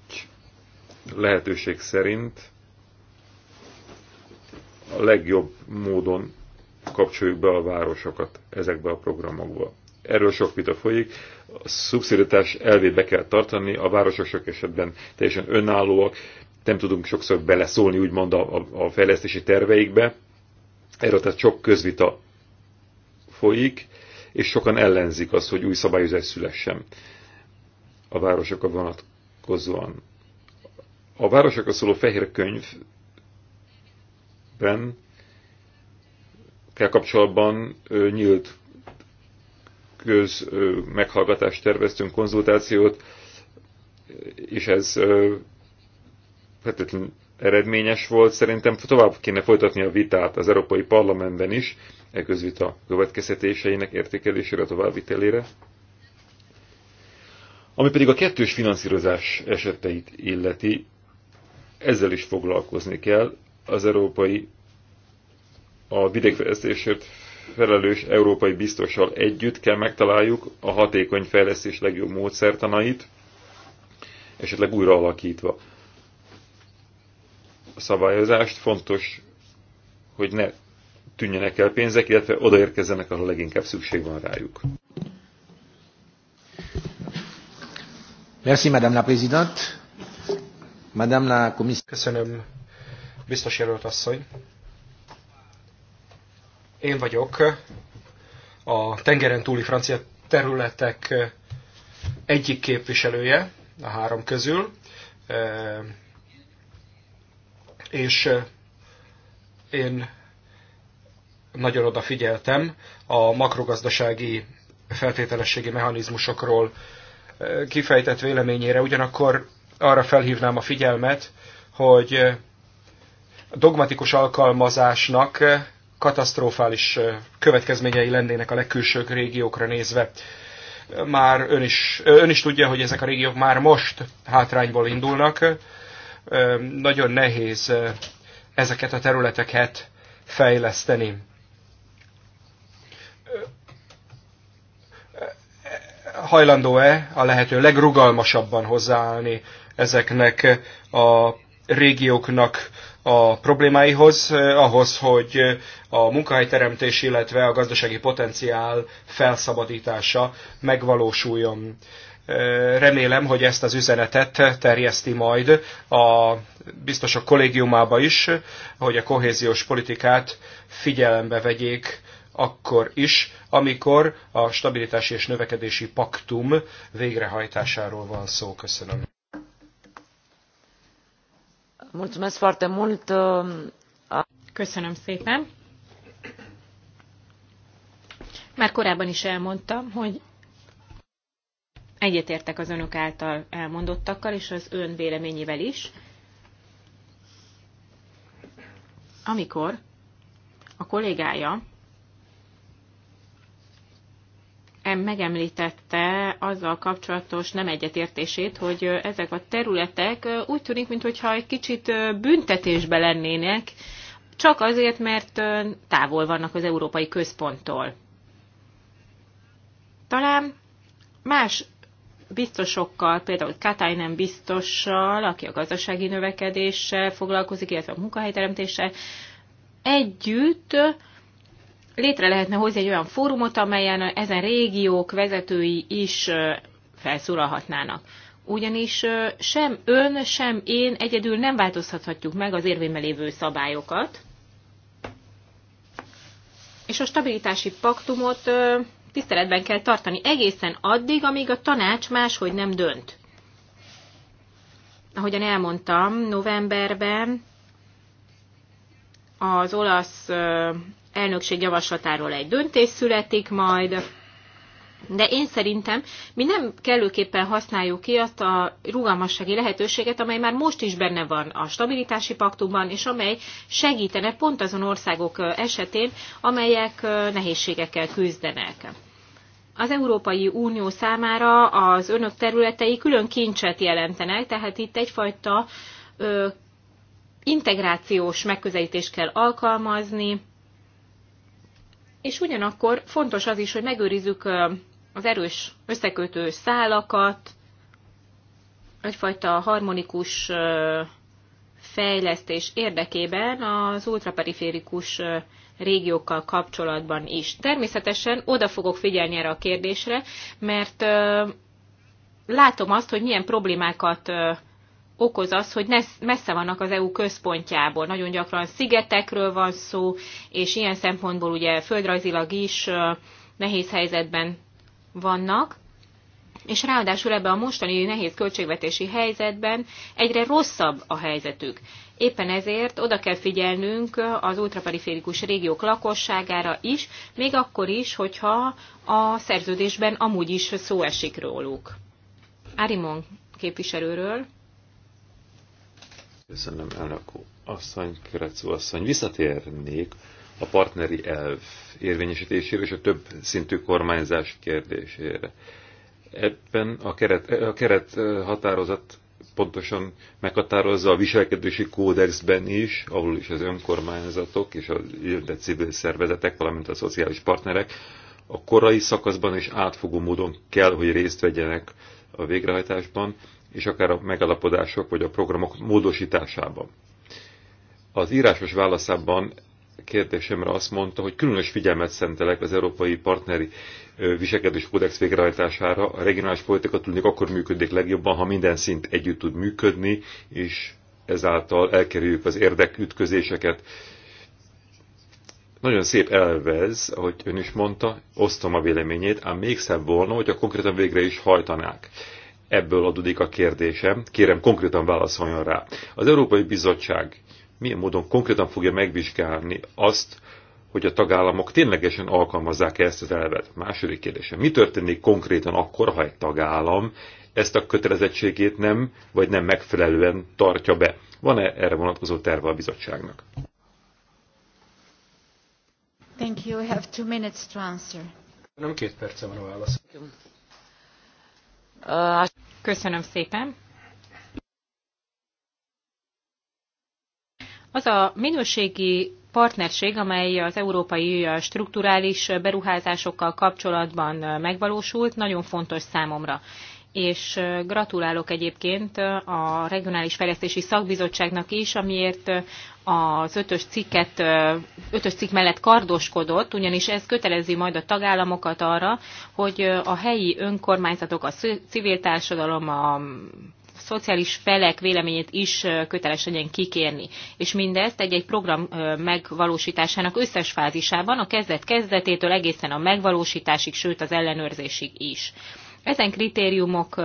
lehetőség szerint a legjobb módon kapcsoljuk be a városokat ezekbe a programokba. Erről sok vita folyik, a szubszidiatás elvét be kell tartani, a városok sok esetben teljesen önállóak, nem tudunk sokszor beleszólni, úgymond a, a, a fejlesztési terveikbe. Erről tehát sok közvita folyik, és sokan ellenzik azt, hogy új szabályozás szülessen a városokra vonatkozóan. A városokra szóló fehér könyvben kell kapcsolatban ő, nyílt köz ő, meghallgatást terveztünk, konzultációt, és ez ő, feltétlenül eredményes volt. Szerintem tovább kéne folytatni a vitát az Európai Parlamentben is, e közvita következtetéseinek értékelésére, továbbvitelére. Ami pedig a kettős finanszírozás eseteit illeti, ezzel is foglalkozni kell. Az Európai a vidékfejlesztésért felelős európai biztossal együtt kell megtaláljuk a hatékony fejlesztés legjobb módszertanait, esetleg újra alakítva szabályozást, fontos, hogy ne tűnjenek el pénzek, illetve odaérkezzenek, ahol leginkább szükség van rájuk. Merci, Madame la Présidente. Madame la Commissaire. Köszönöm, biztos jelölt asszony. Én vagyok a tengeren túli francia területek egyik képviselője a három közül és eh, én nagyon odafigyeltem a makrogazdasági feltételességi mechanizmusokról eh, kifejtett véleményére, ugyanakkor arra felhívnám a figyelmet, hogy eh, dogmatikus alkalmazásnak katasztrofális következményei lennének a legkülső régiókra nézve. Már ön is, ön is tudja, hogy ezek a régiók már most hátrányból indulnak, nagyon nehéz ezeket a területeket fejleszteni. Hajlandó-e a lehető legrugalmasabban hozzáállni ezeknek a régióknak a problémáihoz, ahhoz, hogy a munkahelyteremtés, illetve a gazdasági potenciál felszabadítása megvalósuljon. Remélem, hogy ezt az üzenetet terjeszti majd a biztosok kollégiumába is, hogy a kohéziós politikát figyelembe vegyék akkor is, amikor a stabilitási és növekedési paktum végrehajtásáról van szó. Köszönöm. Mulțumesc foarte mult. Uh, Köszönöm szépen. Már korábban is elmondtam, hogy Egyetértek az önök által elmondottakkal, és az ön véleményével is. Amikor a kollégája megemlítette azzal kapcsolatos nem egyetértését, hogy ezek a területek úgy tűnik, mintha egy kicsit büntetésbe lennének, csak azért, mert távol vannak az európai központtól. Talán más biztosokkal, például Katainen biztossal, aki a gazdasági növekedéssel foglalkozik, illetve a munkahelyteremtéssel, együtt létre lehetne hozni egy olyan fórumot, amelyen ezen régiók vezetői is felszólalhatnának. Ugyanis sem ön, sem én egyedül nem változtathatjuk meg az érvényben lévő szabályokat, és a stabilitási paktumot tiszteletben kell tartani egészen addig, amíg a tanács máshogy nem dönt. Ahogyan elmondtam, novemberben az olasz elnökség javaslatáról egy döntés születik majd, de én szerintem mi nem kellőképpen használjuk ki azt a rugalmassági lehetőséget, amely már most is benne van a stabilitási paktumban, és amely segítene pont azon országok esetén, amelyek nehézségekkel küzdenek. Az Európai Unió számára az önök területei külön kincset jelentenek, tehát itt egyfajta ö, integrációs megközelítést kell alkalmazni, és ugyanakkor fontos az is, hogy megőrizzük az erős összekötő szálakat, egyfajta harmonikus fejlesztés érdekében az ultraperiférikus régiókkal kapcsolatban is. Természetesen oda fogok figyelni erre a kérdésre, mert látom azt, hogy milyen problémákat okoz az, hogy messze vannak az EU központjából. Nagyon gyakran szigetekről van szó, és ilyen szempontból ugye földrajzilag is nehéz helyzetben vannak, és ráadásul ebben a mostani nehéz költségvetési helyzetben egyre rosszabb a helyzetük. Éppen ezért oda kell figyelnünk az ultraperiférikus régiók lakosságára is, még akkor is, hogyha a szerződésben amúgy is szó esik róluk. Árimon képviselőről. Köszönöm, elnök asszony, Krecu asszony. Visszatérnék a partneri elv érvényesítésére és a több szintű kormányzás kérdésére. Ebben a keret, a keret határozat pontosan meghatározza a viselkedési kódexben is, ahol is az önkormányzatok és a civil szervezetek, valamint a szociális partnerek a korai szakaszban is átfogó módon kell, hogy részt vegyenek a végrehajtásban, és akár a megalapodások vagy a programok módosításában. Az írásos válaszában kérdésemre azt mondta, hogy különös figyelmet szentelek az európai partneri viselkedés kódex végrehajtására. A regionális politika tudnék akkor működik legjobban, ha minden szint együtt tud működni, és ezáltal elkerüljük az érdekütközéseket. Nagyon szép elvez, ahogy ön is mondta, osztom a véleményét, ám még szebb volna, hogyha konkrétan végre is hajtanák. Ebből adódik a kérdésem, kérem konkrétan válaszoljon rá. Az Európai Bizottság milyen módon konkrétan fogja megvizsgálni azt, hogy a tagállamok ténylegesen alkalmazzák -e ezt az elvet. Második kérdése. mi történik konkrétan akkor, ha egy tagállam ezt a kötelezettségét nem, vagy nem megfelelően tartja be? Van-e erre vonatkozó terve a bizottságnak? Thank you. We have two minutes to answer. Nem két perce van a válasz. Köszönöm szépen. Az a minőségi partnerség, amely az európai strukturális beruházásokkal kapcsolatban megvalósult, nagyon fontos számomra. És gratulálok egyébként a Regionális Fejlesztési Szakbizottságnak is, amiért az ötös, cikket, ötös cikk mellett kardoskodott, ugyanis ez kötelezi majd a tagállamokat arra, hogy a helyi önkormányzatok, a civil társadalom, a szociális felek véleményét is köteles legyen kikérni. És mindezt egy-egy program megvalósításának összes fázisában, a kezdet-kezdetétől egészen a megvalósításig, sőt az ellenőrzésig is. Ezen kritériumok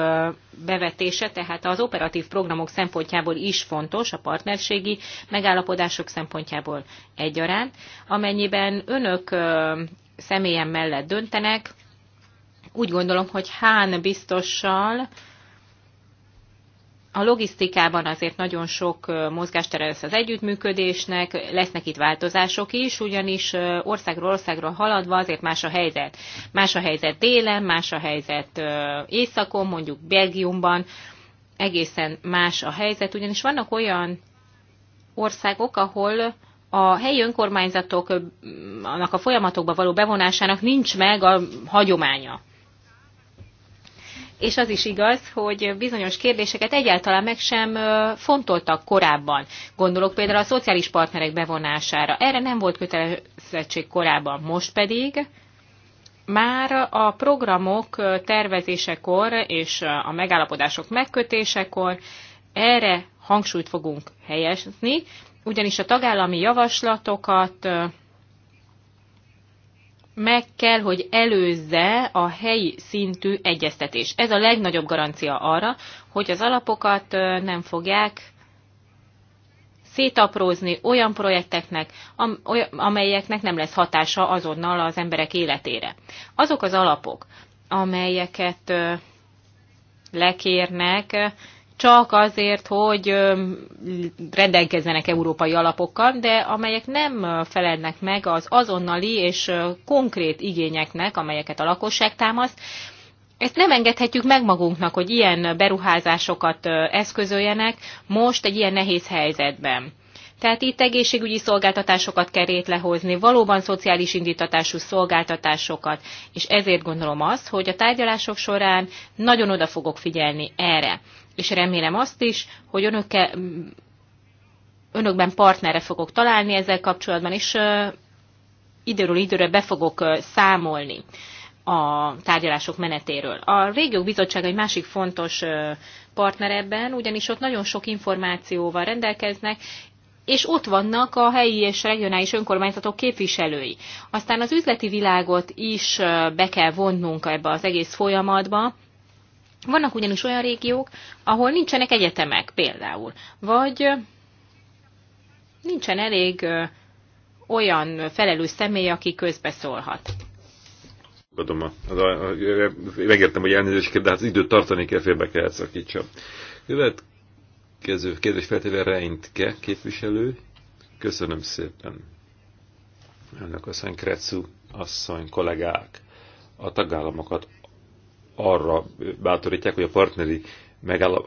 bevetése tehát az operatív programok szempontjából is fontos, a partnerségi megállapodások szempontjából egyaránt. Amennyiben önök személyen mellett döntenek, úgy gondolom, hogy Hán biztossal a logisztikában azért nagyon sok mozgástere lesz az együttműködésnek, lesznek itt változások is, ugyanis országról országra haladva azért más a helyzet. Más a helyzet délen, más a helyzet északon, mondjuk Belgiumban, egészen más a helyzet, ugyanis vannak olyan országok, ahol a helyi önkormányzatoknak a folyamatokba való bevonásának nincs meg a hagyománya és az is igaz, hogy bizonyos kérdéseket egyáltalán meg sem fontoltak korábban. Gondolok például a szociális partnerek bevonására. Erre nem volt kötelezettség korábban, most pedig már a programok tervezésekor és a megállapodások megkötésekor erre hangsúlyt fogunk helyezni, ugyanis a tagállami javaslatokat meg kell, hogy előzze a helyi szintű egyeztetés. Ez a legnagyobb garancia arra, hogy az alapokat nem fogják szétaprózni olyan projekteknek, amelyeknek nem lesz hatása azonnal az emberek életére. Azok az alapok, amelyeket lekérnek, csak azért, hogy rendelkezzenek európai alapokkal, de amelyek nem felelnek meg az azonnali és konkrét igényeknek, amelyeket a lakosság támaszt, ezt nem engedhetjük meg magunknak, hogy ilyen beruházásokat eszközöljenek most egy ilyen nehéz helyzetben. Tehát itt egészségügyi szolgáltatásokat kell lehozni, valóban szociális indítatású szolgáltatásokat, és ezért gondolom azt, hogy a tárgyalások során nagyon oda fogok figyelni erre és remélem azt is, hogy önökkel, önökben partnerre fogok találni ezzel kapcsolatban, és időről időre be fogok számolni a tárgyalások menetéről. A Régiók Bizottság egy másik fontos partner ebben, ugyanis ott nagyon sok információval rendelkeznek, és ott vannak a helyi és regionális önkormányzatok képviselői. Aztán az üzleti világot is be kell vonnunk ebbe az egész folyamatba, vannak ugyanis olyan régiók, ahol nincsenek egyetemek például, vagy nincsen elég olyan felelős személy, aki közbeszólhat. Adom a, az a, a, megértem, hogy elnézést kér, de hát az időt tartani kell, félbe kell szakítsa. Következő kérdés feltéve Reintke képviselő. Köszönöm szépen. Önök a Krecu asszony kollégák a tagállamokat arra bátorítják, hogy a partneri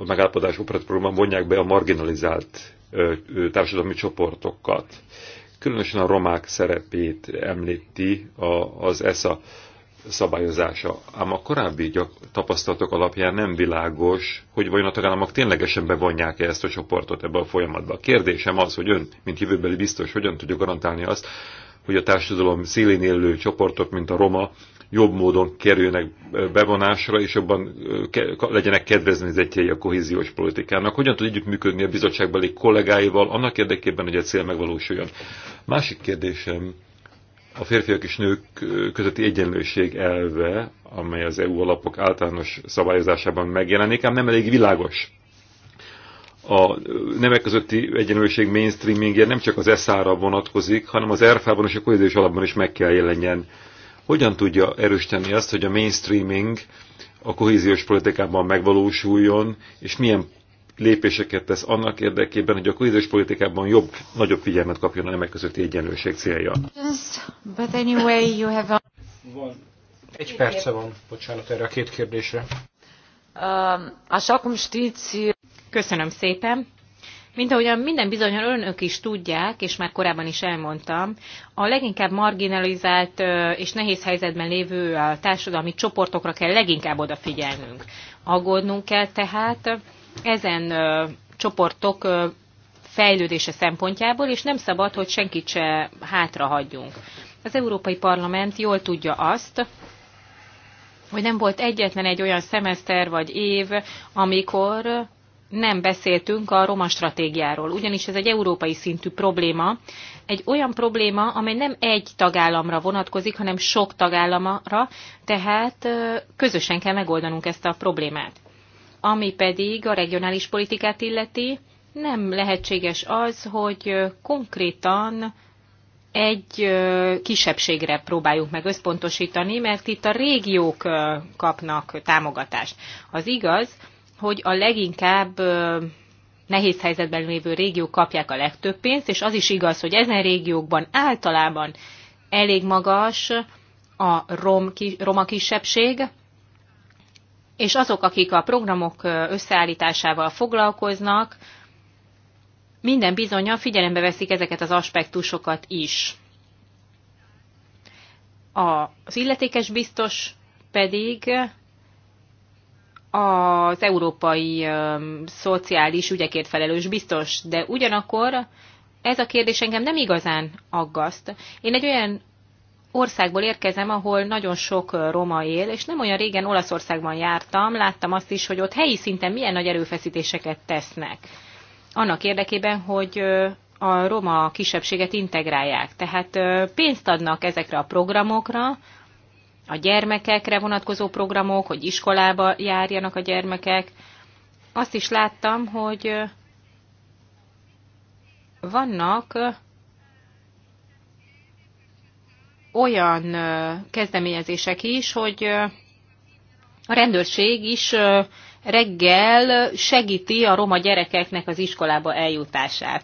megállapodás operatprogramban vonják be a marginalizált társadalmi csoportokat. Különösen a romák szerepét említi az ESA szabályozása. Ám a korábbi gyak, tapasztalatok alapján nem világos, hogy vajon a tagállamok ténylegesen bevonják-e ezt a csoportot ebbe a folyamatba. A kérdésem az, hogy ön, mint jövőbeli biztos, hogyan tudja garantálni azt, hogy a társadalom szélén élő csoportok, mint a roma, jobb módon kerülnek bevonásra, és jobban legyenek kedvezményezettjei a kohéziós politikának. Hogyan tud együttműködni a bizottságbeli kollégáival annak érdekében, hogy a cél megvalósuljon? Másik kérdésem a férfiak és nők közötti egyenlőség elve, amely az EU alapok általános szabályozásában megjelenik, ám nem elég világos a nemek közötti egyenlőség mainstreamingje nem csak az SZ-ra vonatkozik, hanem az RFA-ban és a kohéziós alapban is meg kell jelenjen hogyan tudja erősíteni azt, hogy a mainstreaming a kohéziós politikában megvalósuljon, és milyen lépéseket tesz annak érdekében, hogy a kohéziós politikában jobb, nagyobb figyelmet kapjon a nemek közötti egyenlőség célja. But anyway, you have a... Van. Egy perce van, bocsánat, erre a két kérdésre. Um, așa Köszönöm szépen. Mint ahogyan minden bizonyal önök is tudják, és már korábban is elmondtam, a leginkább marginalizált és nehéz helyzetben lévő társadalmi csoportokra kell leginkább odafigyelnünk. Aggódnunk kell tehát ezen csoportok fejlődése szempontjából, és nem szabad, hogy senkit se hátrahagyjunk. Az Európai Parlament jól tudja azt, hogy nem volt egyetlen egy olyan szemeszter vagy év, amikor nem beszéltünk a roma stratégiáról, ugyanis ez egy európai szintű probléma, egy olyan probléma, amely nem egy tagállamra vonatkozik, hanem sok tagállamra, tehát közösen kell megoldanunk ezt a problémát. Ami pedig a regionális politikát illeti, nem lehetséges az, hogy konkrétan egy kisebbségre próbáljuk meg összpontosítani, mert itt a régiók kapnak támogatást. Az igaz, hogy a leginkább nehéz helyzetben lévő régiók kapják a legtöbb pénzt, és az is igaz, hogy ezen régiókban általában elég magas a rom, roma kisebbség, és azok, akik a programok összeállításával foglalkoznak, minden bizonyal figyelembe veszik ezeket az aspektusokat is. Az illetékes biztos pedig az európai szociális ügyekért felelős biztos, de ugyanakkor ez a kérdés engem nem igazán aggaszt. Én egy olyan országból érkezem, ahol nagyon sok roma él, és nem olyan régen Olaszországban jártam, láttam azt is, hogy ott helyi szinten milyen nagy erőfeszítéseket tesznek. Annak érdekében, hogy a roma kisebbséget integrálják. Tehát pénzt adnak ezekre a programokra, a gyermekekre vonatkozó programok, hogy iskolába járjanak a gyermekek. Azt is láttam, hogy vannak olyan kezdeményezések is, hogy a rendőrség is reggel segíti a roma gyerekeknek az iskolába eljutását.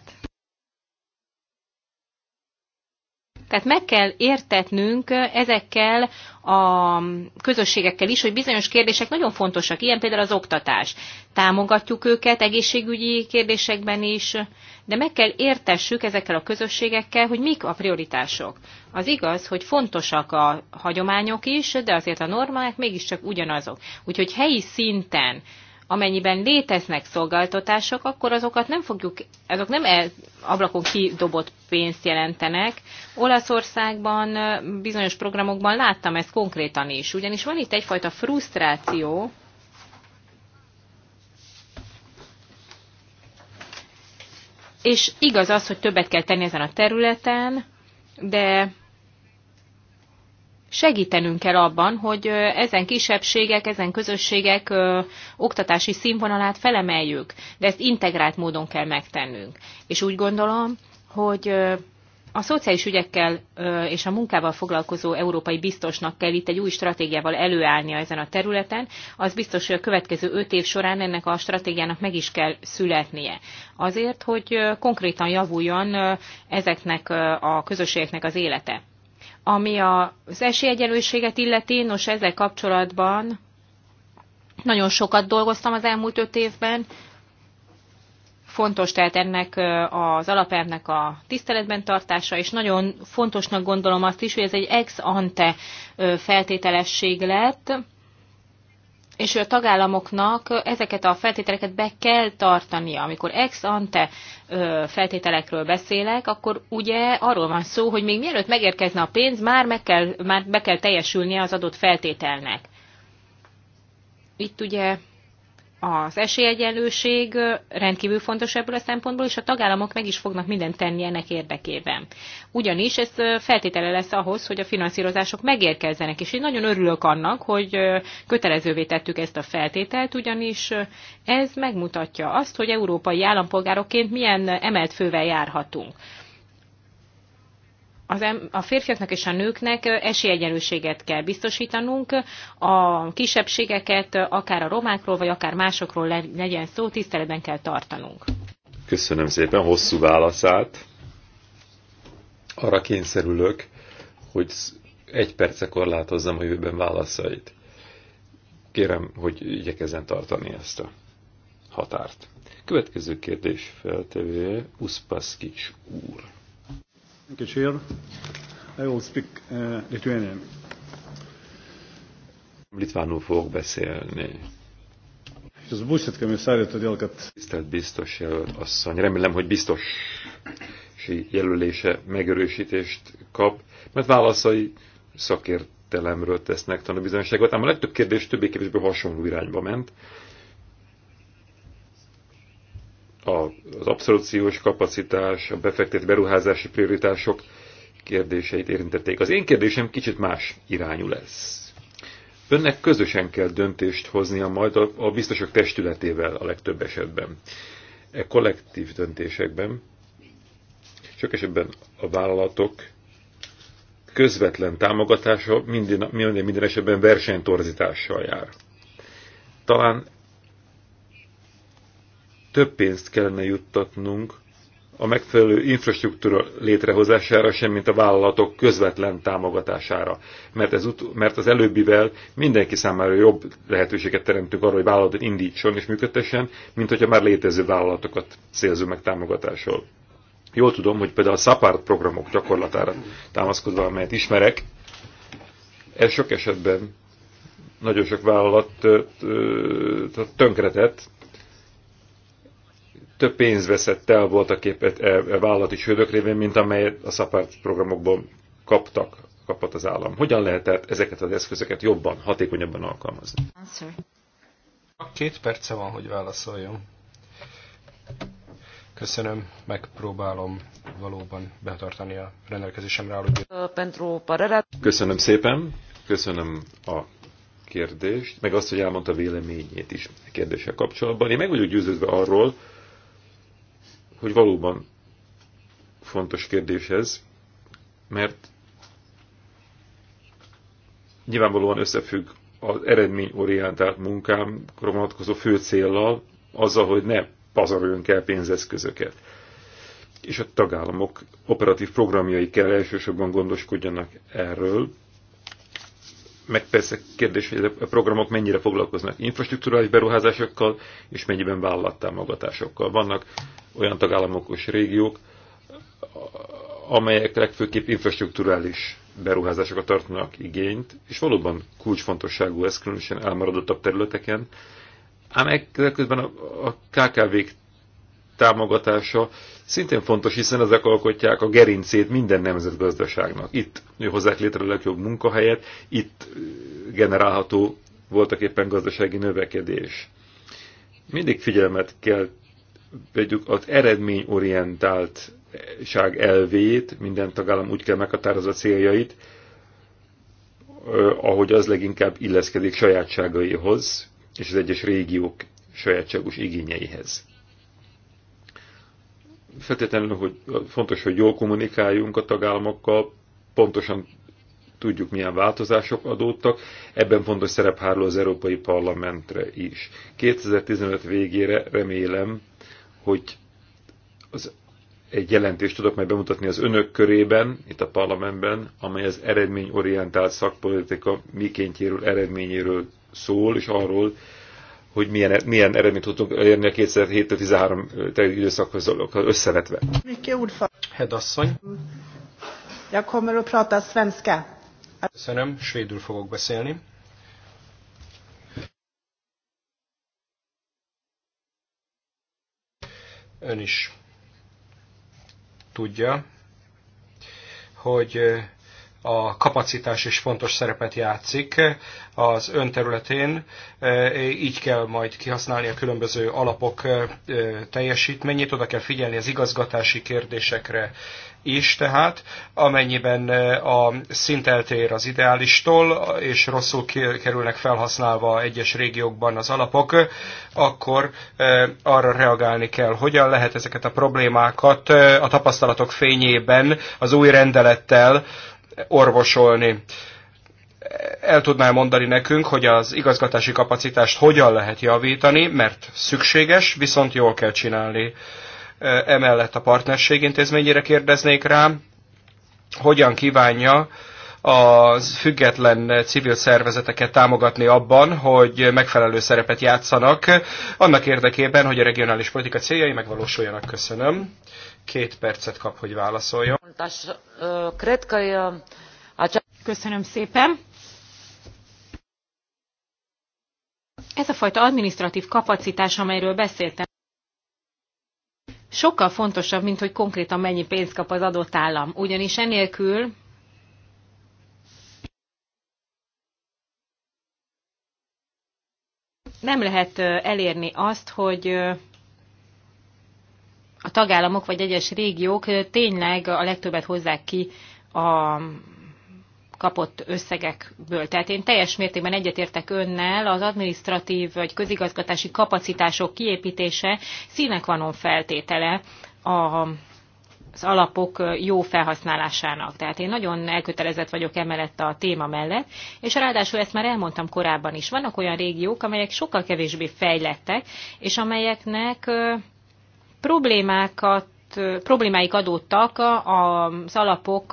Tehát meg kell értetnünk ezekkel a közösségekkel is, hogy bizonyos kérdések nagyon fontosak, ilyen például az oktatás. Támogatjuk őket egészségügyi kérdésekben is, de meg kell értessük ezekkel a közösségekkel, hogy mik a prioritások. Az igaz, hogy fontosak a hagyományok is, de azért a normák mégiscsak ugyanazok. Úgyhogy helyi szinten amennyiben léteznek szolgáltatások, akkor azokat nem fogjuk, azok nem el, ablakon kidobott pénzt jelentenek. Olaszországban bizonyos programokban láttam ezt konkrétan is, ugyanis van itt egyfajta frusztráció, és igaz az, hogy többet kell tenni ezen a területen, de segítenünk kell abban, hogy ezen kisebbségek, ezen közösségek ö, oktatási színvonalát felemeljük, de ezt integrált módon kell megtennünk. És úgy gondolom, hogy ö, a szociális ügyekkel ö, és a munkával foglalkozó európai biztosnak kell itt egy új stratégiával előállnia ezen a területen. Az biztos, hogy a következő öt év során ennek a stratégiának meg is kell születnie. Azért, hogy konkrétan javuljon ezeknek a közösségeknek az élete. Ami az esélyegyenlőséget illeti, nos ezzel kapcsolatban nagyon sokat dolgoztam az elmúlt öt évben. Fontos tehát ennek az alapelvnek a tiszteletben tartása, és nagyon fontosnak gondolom azt is, hogy ez egy ex-ante feltételesség lett, és a tagállamoknak ezeket a feltételeket be kell tartania. Amikor ex ante feltételekről beszélek, akkor ugye arról van szó, hogy még mielőtt megérkezne a pénz, már, meg kell, már be kell teljesülnie az adott feltételnek. Itt ugye az esélyegyenlőség rendkívül fontos ebből a szempontból, és a tagállamok meg is fognak mindent tenni ennek érdekében. Ugyanis ez feltétele lesz ahhoz, hogy a finanszírozások megérkezzenek, és én nagyon örülök annak, hogy kötelezővé tettük ezt a feltételt, ugyanis ez megmutatja azt, hogy európai állampolgárokként milyen emelt fővel járhatunk az a férfiaknak és a nőknek esélyegyenlőséget kell biztosítanunk, a kisebbségeket, akár a romákról, vagy akár másokról legyen szó, tiszteletben kell tartanunk. Köszönöm szépen hosszú válaszát. Arra kényszerülök, hogy egy perce korlátozzam a jövőben válaszait. Kérem, hogy igyekezzen tartani ezt a határt. Következő kérdés feltevője Uszpaszkics úr. Thank you, Chair. I will speak uh, Lithuanian. Litvánul fogok beszélni. Jūs būsit komisarė, todėl Tisztelt biztos jelölt asszony, remélem, hogy biztos jelölése megerősítést kap, mert válaszai szakértelemről tesznek tanúbizonyságot, ám a legtöbb kérdés többé-kevésbé hasonló irányba ment az abszorpciós kapacitás, a befektet beruházási prioritások kérdéseit érintették. Az én kérdésem kicsit más irányú lesz. Önnek közösen kell döntést hoznia majd a, a biztosok testületével a legtöbb esetben. E kollektív döntésekben sok esetben a vállalatok közvetlen támogatása minden, minden, minden esetben versenytorzítással jár. Talán több pénzt kellene juttatnunk a megfelelő infrastruktúra létrehozására, semmint a vállalatok közvetlen támogatására. Mert, ez ut- mert az előbbivel mindenki számára jobb lehetőséget teremtünk arra, hogy vállalatot indítson és működtessen, mint hogyha már létező vállalatokat célzunk meg támogatással. Jól tudom, hogy például a SAPART programok gyakorlatára támaszkodva, amelyet ismerek, ez sok esetben nagyon sok vállalat tönkretett, több pénz veszett el volt a képet, e, e, vállalati csődök révén, mint amelyet a szapárt programokból kaptak, kapott az állam. Hogyan lehetett ezeket az eszközöket jobban, hatékonyabban alkalmazni? Két perce van, hogy válaszoljon. Köszönöm, megpróbálom valóban betartani a rendelkezésemre álló Köszönöm szépen, köszönöm a kérdést, meg azt, hogy elmondta véleményét is a kérdéssel kapcsolatban. Én meg vagyok győződve arról, hogy valóban fontos kérdés ez, mert nyilvánvalóan összefügg az eredményorientált munkámra vonatkozó fő céllal, azzal, hogy ne pazaroljunk el pénzeszközöket. És a tagállamok operatív programjai kell elsősorban gondoskodjanak erről, meg persze kérdés, hogy a programok mennyire foglalkoznak infrastruktúrális beruházásokkal, és mennyiben vállalattámogatásokkal. Vannak olyan tagállamok és régiók, amelyek legfőképp infrastruktúrális beruházásokat tartanak igényt, és valóban kulcsfontosságú ez, különösen elmaradottabb területeken, ám ekközben a KKV-k támogatása szintén fontos, hiszen ezek alkotják a gerincét minden nemzetgazdaságnak. Itt hozzák létre a legjobb munkahelyet, itt generálható voltak éppen gazdasági növekedés. Mindig figyelmet kell vegyük az eredményorientáltság elvét, minden tagállam úgy kell meghatározza céljait, ahogy az leginkább illeszkedik sajátságaihoz és az egyes régiók sajátságos igényeihez feltétlenül hogy fontos, hogy jól kommunikáljunk a tagállamokkal, pontosan tudjuk, milyen változások adódtak, ebben fontos szerep hárul az Európai Parlamentre is. 2015 végére remélem, hogy az egy jelentést tudok majd bemutatni az önök körében, itt a parlamentben, amely az eredményorientált szakpolitika mikéntjéről, eredményéről szól, és arról, hogy milyen, milyen eredményt tudtunk elérni a 2007-13 időszakhoz összevetve. Hedasszony. Jag kommer att prata svenska. Köszönöm, svédül fogok beszélni. Ön is tudja, hogy a kapacitás is fontos szerepet játszik az önterületén, e, így kell majd kihasználni a különböző alapok e, teljesítményét, oda kell figyelni az igazgatási kérdésekre is, tehát amennyiben e, a szint eltér az ideálistól, és rosszul kerülnek felhasználva egyes régiókban az alapok, akkor arra reagálni kell, hogyan lehet ezeket a problémákat a tapasztalatok fényében az új rendelettel orvosolni. El tudná mondani nekünk, hogy az igazgatási kapacitást hogyan lehet javítani, mert szükséges, viszont jól kell csinálni. Emellett a partnerség intézményére kérdeznék rá, hogyan kívánja a független civil szervezeteket támogatni abban, hogy megfelelő szerepet játszanak, annak érdekében, hogy a regionális politika céljai megvalósuljanak. Köszönöm két percet kap, hogy válaszoljon. Köszönöm szépen. Ez a fajta administratív kapacitás, amelyről beszéltem, sokkal fontosabb, mint hogy konkrétan mennyi pénzt kap az adott állam. Ugyanis enélkül nem lehet elérni azt, hogy a tagállamok vagy egyes régiók tényleg a legtöbbet hozzák ki a kapott összegekből. Tehát én teljes mértékben egyetértek önnel, az administratív vagy közigazgatási kapacitások kiépítése színek vanon feltétele a az alapok jó felhasználásának. Tehát én nagyon elkötelezett vagyok emellett a téma mellett, és ráadásul ezt már elmondtam korábban is. Vannak olyan régiók, amelyek sokkal kevésbé fejlettek, és amelyeknek problémákat problémáik adódtak az alapok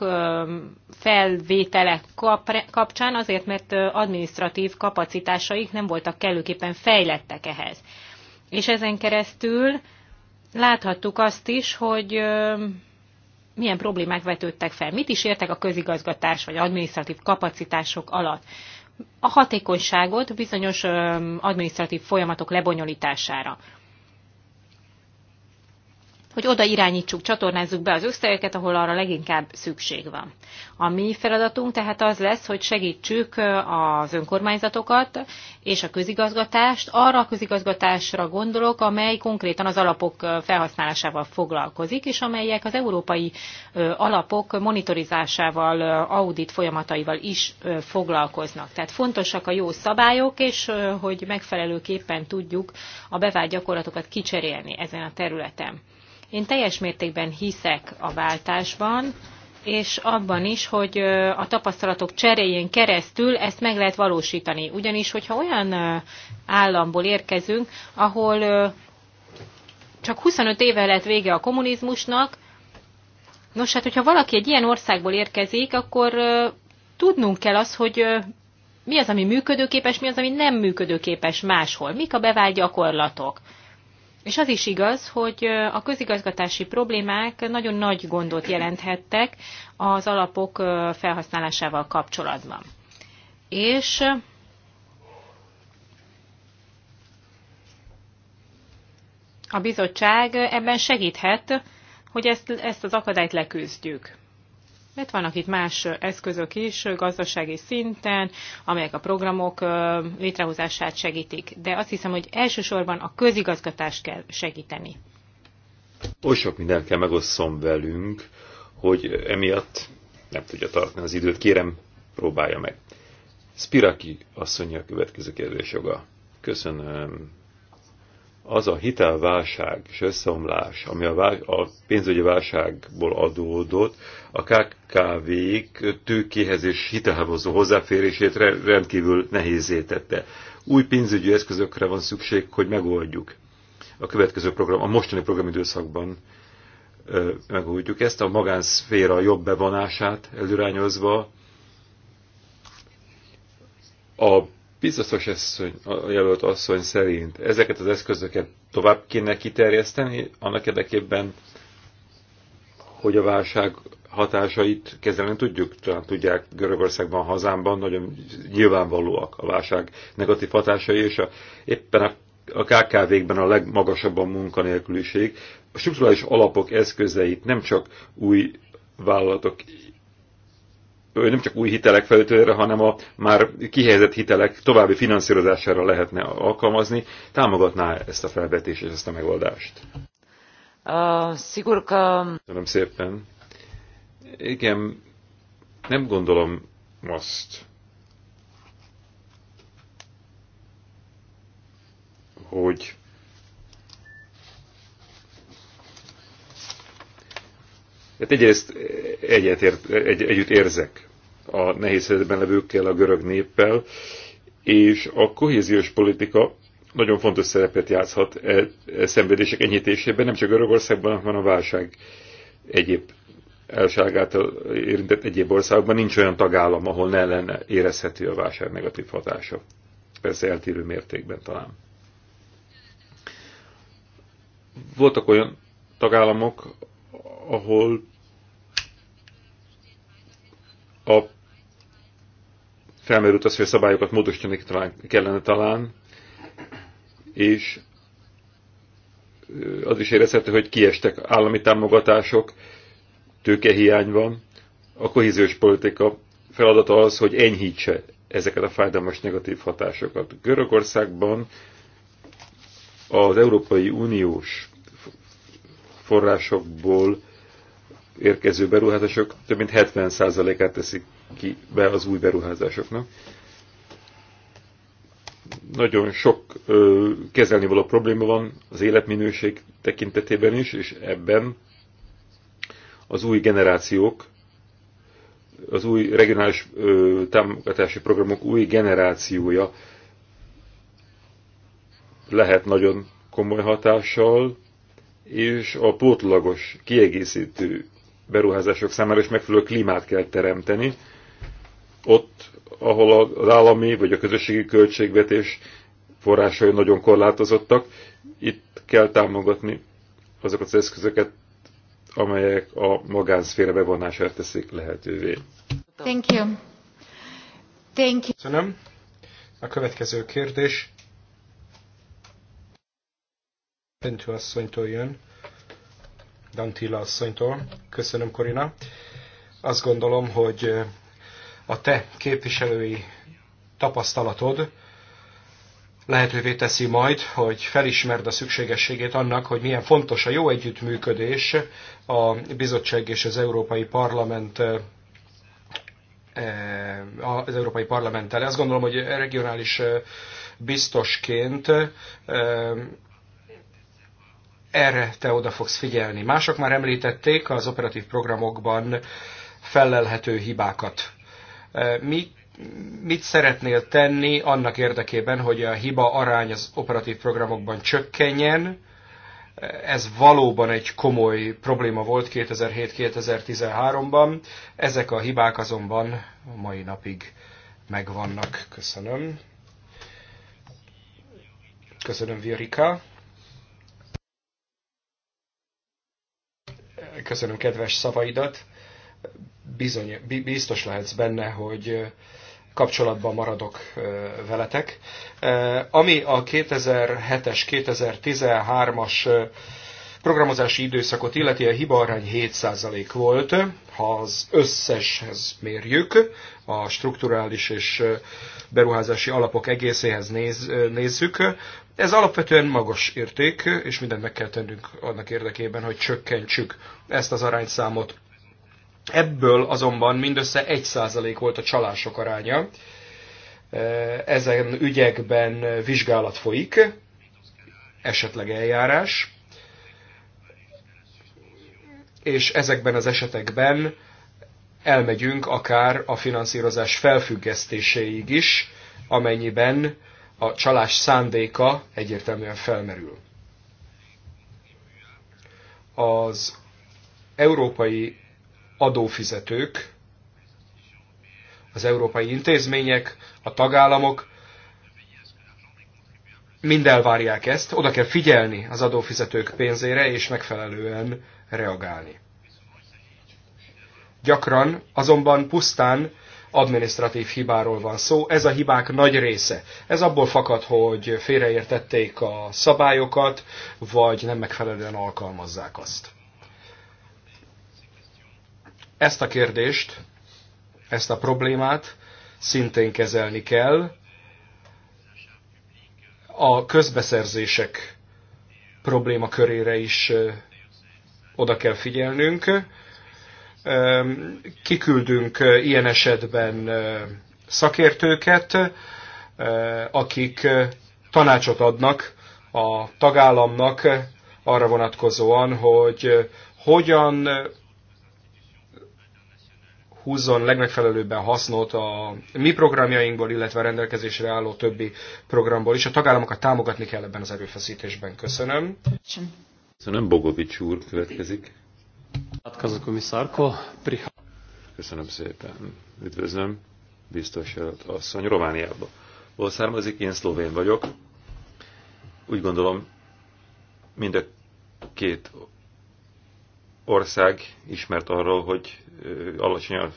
felvétele kapcsán, azért mert administratív kapacitásaik nem voltak kellőképpen fejlettek ehhez. És ezen keresztül láthattuk azt is, hogy milyen problémák vetődtek fel, mit is értek a közigazgatás vagy administratív kapacitások alatt. A hatékonyságot bizonyos administratív folyamatok lebonyolítására hogy oda irányítsuk, csatornázzuk be az összegeket, ahol arra leginkább szükség van. A mi feladatunk tehát az lesz, hogy segítsük az önkormányzatokat és a közigazgatást. Arra a közigazgatásra gondolok, amely konkrétan az alapok felhasználásával foglalkozik, és amelyek az európai alapok monitorizásával, audit folyamataival is foglalkoznak. Tehát fontosak a jó szabályok, és hogy megfelelőképpen tudjuk a bevált gyakorlatokat kicserélni ezen a területen. Én teljes mértékben hiszek a váltásban, és abban is, hogy a tapasztalatok cseréjén keresztül ezt meg lehet valósítani. Ugyanis, hogyha olyan államból érkezünk, ahol csak 25 éve lett vége a kommunizmusnak, nos hát, hogyha valaki egy ilyen országból érkezik, akkor tudnunk kell az, hogy mi az, ami működőképes, mi az, ami nem működőképes máshol. Mik a bevált gyakorlatok? És az is igaz, hogy a közigazgatási problémák nagyon nagy gondot jelenthettek az alapok felhasználásával kapcsolatban. És a bizottság ebben segíthet, hogy ezt, ezt az akadályt leküzdjük mert vannak itt más eszközök is gazdasági szinten, amelyek a programok létrehozását segítik. De azt hiszem, hogy elsősorban a közigazgatást kell segíteni. Oly sok mindent kell megosszom velünk, hogy emiatt nem tudja tartani az időt. Kérem, próbálja meg. Spiraki asszonyja a következő kérdés joga. Köszönöm, az a hitelválság és összeomlás, ami a, vál, a pénzügyi válságból adódott, a KKV-k tőkéhez és hitelhavozó hozzáférését rendkívül nehézé tette. Új pénzügyi eszközökre van szükség, hogy megoldjuk. A következő program, a mostani programidőszakban ö, megoldjuk ezt, a magánszféra jobb bevonását előrányozva, a Biztos asszony, a jelölt asszony szerint ezeket az eszközöket tovább kéne kiterjeszteni, annak érdekében, hogy a válság hatásait kezelni tudjuk. Talán tudják, Görögországban, hazámban nagyon nyilvánvalóak a válság negatív hatásai, és a, éppen a, a KKV-kben a legmagasabb a munkanélküliség. A strukturális alapok eszközeit nem csak új vállalatok nem csak új hitelek felültőre, hanem a már kihelyezett hitelek további finanszírozására lehetne alkalmazni, támogatná ezt a felvetést és ezt a megoldást. Uh, sigur Köszönöm szépen. Igen, nem gondolom azt, hogy Hát egyrészt egyet ért, egy, együtt érzek a nehéz helyzetben levőkkel, a görög néppel, és a kohéziós politika nagyon fontos szerepet játszhat e, e szenvedések enyhítésében, nem csak Görögországban, hanem a válság egyéb elságát érintett egyéb országban nincs olyan tagállam, ahol ne lenne érezhető a válság negatív hatása. Persze eltérő mértékben talán. Voltak olyan tagállamok, ahol a felmerült az, hogy a szabályokat módosítani kellene talán, és az is érezhető, hogy kiestek állami támogatások, tőkehiány van, a kohéziós politika feladata az, hogy enyhítse ezeket a fájdalmas negatív hatásokat. Görögországban az Európai Uniós forrásokból érkező beruházások több mint 70%-át teszik ki be az új beruházásoknak. Nagyon sok ö, kezelni való probléma van az életminőség tekintetében is, és ebben az új generációk, az új regionális ö, támogatási programok új generációja lehet nagyon komoly hatással, és a pótlagos, kiegészítő beruházások számára is megfelelő klímát kell teremteni, ott, ahol az állami vagy a közösségi költségvetés forrásai nagyon korlátozottak, itt kell támogatni azokat az eszközöket, amelyek a magánszféra bevonását teszik lehetővé. Thank you. Thank you. Köszönöm. A következő kérdés Pentő asszonytól jön, Dantilla asszonytól. Köszönöm, Korina. Azt gondolom, hogy a te képviselői tapasztalatod lehetővé teszi majd, hogy felismerd a szükségességét annak, hogy milyen fontos a jó együttműködés a bizottság és az Európai Parlament az Európai Parlamenttel. Azt gondolom, hogy regionális biztosként erre te oda fogsz figyelni. Mások már említették az operatív programokban fellelhető hibákat. E, mi mit szeretnél tenni annak érdekében, hogy a hiba arány az operatív programokban csökkenjen. E, ez valóban egy komoly probléma volt 2007-2013-ban. Ezek a hibák azonban a mai napig megvannak. Köszönöm. Köszönöm, Viorika. köszönöm kedves szavaidat. Bizony, biztos lehetsz benne, hogy kapcsolatban maradok veletek. Ami a 2007-es, 2013-as programozási időszakot illeti a hibaarány 7% volt, ha az összeshez mérjük, a strukturális és beruházási alapok egészéhez néz, nézzük. Ez alapvetően magas érték, és mindent meg kell tennünk annak érdekében, hogy csökkentsük ezt az arányszámot. Ebből azonban mindössze 1% volt a csalások aránya. Ezen ügyekben vizsgálat folyik, esetleg eljárás, és ezekben az esetekben elmegyünk akár a finanszírozás felfüggesztéséig is, amennyiben a csalás szándéka egyértelműen felmerül. Az európai adófizetők, az európai intézmények, a tagállamok mind elvárják ezt, oda kell figyelni az adófizetők pénzére, és megfelelően reagálni. Gyakran azonban pusztán administratív hibáról van szó, ez a hibák nagy része. Ez abból fakad, hogy félreértették a szabályokat, vagy nem megfelelően alkalmazzák azt. Ezt a kérdést, ezt a problémát szintén kezelni kell, a közbeszerzések probléma körére is oda kell figyelnünk. Kiküldünk ilyen esetben szakértőket, akik tanácsot adnak a tagállamnak arra vonatkozóan, hogy hogyan húzzon legmegfelelőbben hasznot a mi programjainkból, illetve a rendelkezésre álló többi programból is. A tagállamokat támogatni kell ebben az erőfeszítésben. Köszönöm. Köszönöm, Bogovics úr következik. Köszönöm szépen. Üdvözlöm, biztos asszony Romániába. Hol származik, én szlovén vagyok. Úgy gondolom, mind a két ország ismert arról, hogy alacsony a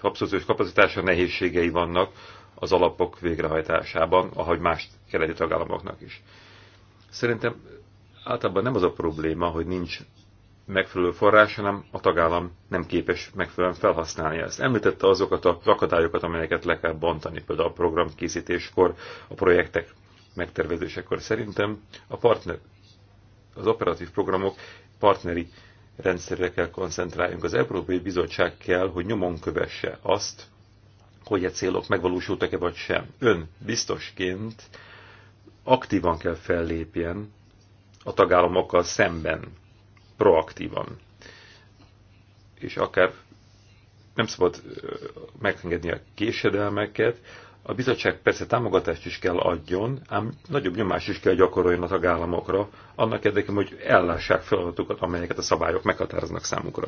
abszolút kapacitása nehézségei vannak az alapok végrehajtásában, ahogy más keleti tagállamoknak is. Szerintem általában nem az a probléma, hogy nincs megfelelő forrás, hanem a tagállam nem képes megfelelően felhasználni ezt. Említette azokat az akadályokat, amelyeket le kell bontani, például a programkészítéskor, a projektek megtervezésekor. Szerintem a partner, az operatív programok partneri rendszerre kell koncentráljunk. Az Európai Bizottság kell, hogy nyomon kövesse azt, hogy a célok megvalósultak-e vagy sem. Ön biztosként aktívan kell fellépjen a tagállamokkal szemben, proaktívan. És akár nem szabad megengedni a késedelmeket, a bizottság persze támogatást is kell adjon, ám nagyobb nyomást is kell gyakoroljon a tagállamokra, annak érdekében, hogy ellássák feladatokat, amelyeket a szabályok meghatároznak számukra.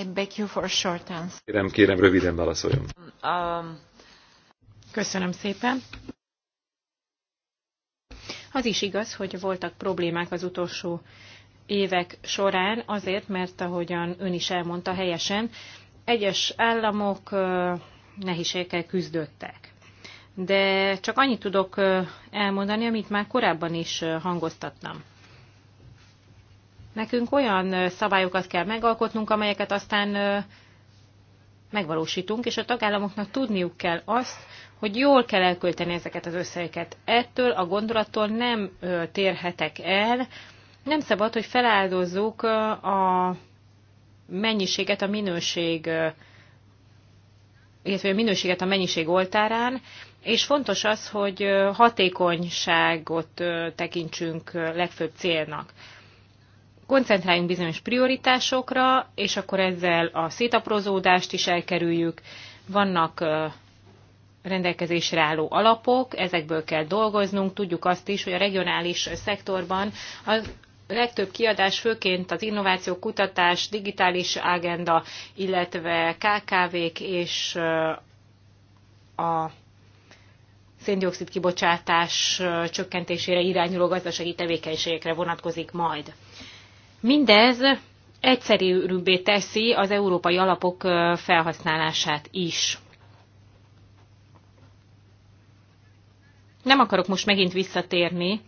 I beg you for a short answer. Kérem, kérem, röviden válaszoljon. Um, köszönöm szépen. Az is igaz, hogy voltak problémák az utolsó évek során, azért, mert ahogyan ön is elmondta helyesen, egyes államok nehézségekkel küzdöttek. De csak annyit tudok elmondani, amit már korábban is hangoztattam. Nekünk olyan szabályokat kell megalkotnunk, amelyeket aztán megvalósítunk, és a tagállamoknak tudniuk kell azt, hogy jól kell elkölteni ezeket az összegeket. Ettől a gondolattól nem térhetek el, nem szabad, hogy feláldozzuk a mennyiséget a minőség illetve a minőséget a mennyiség oltárán, és fontos az, hogy hatékonyságot tekintsünk legfőbb célnak. Koncentráljunk bizonyos prioritásokra, és akkor ezzel a szétaprózódást is elkerüljük. Vannak rendelkezésre álló alapok, ezekből kell dolgoznunk. Tudjuk azt is, hogy a regionális szektorban az legtöbb kiadás főként az innováció, kutatás, digitális agenda, illetve KKV-k és a széndiokszid kibocsátás csökkentésére irányuló gazdasági tevékenységekre vonatkozik majd. Mindez egyszerűbbé teszi az európai alapok felhasználását is. Nem akarok most megint visszatérni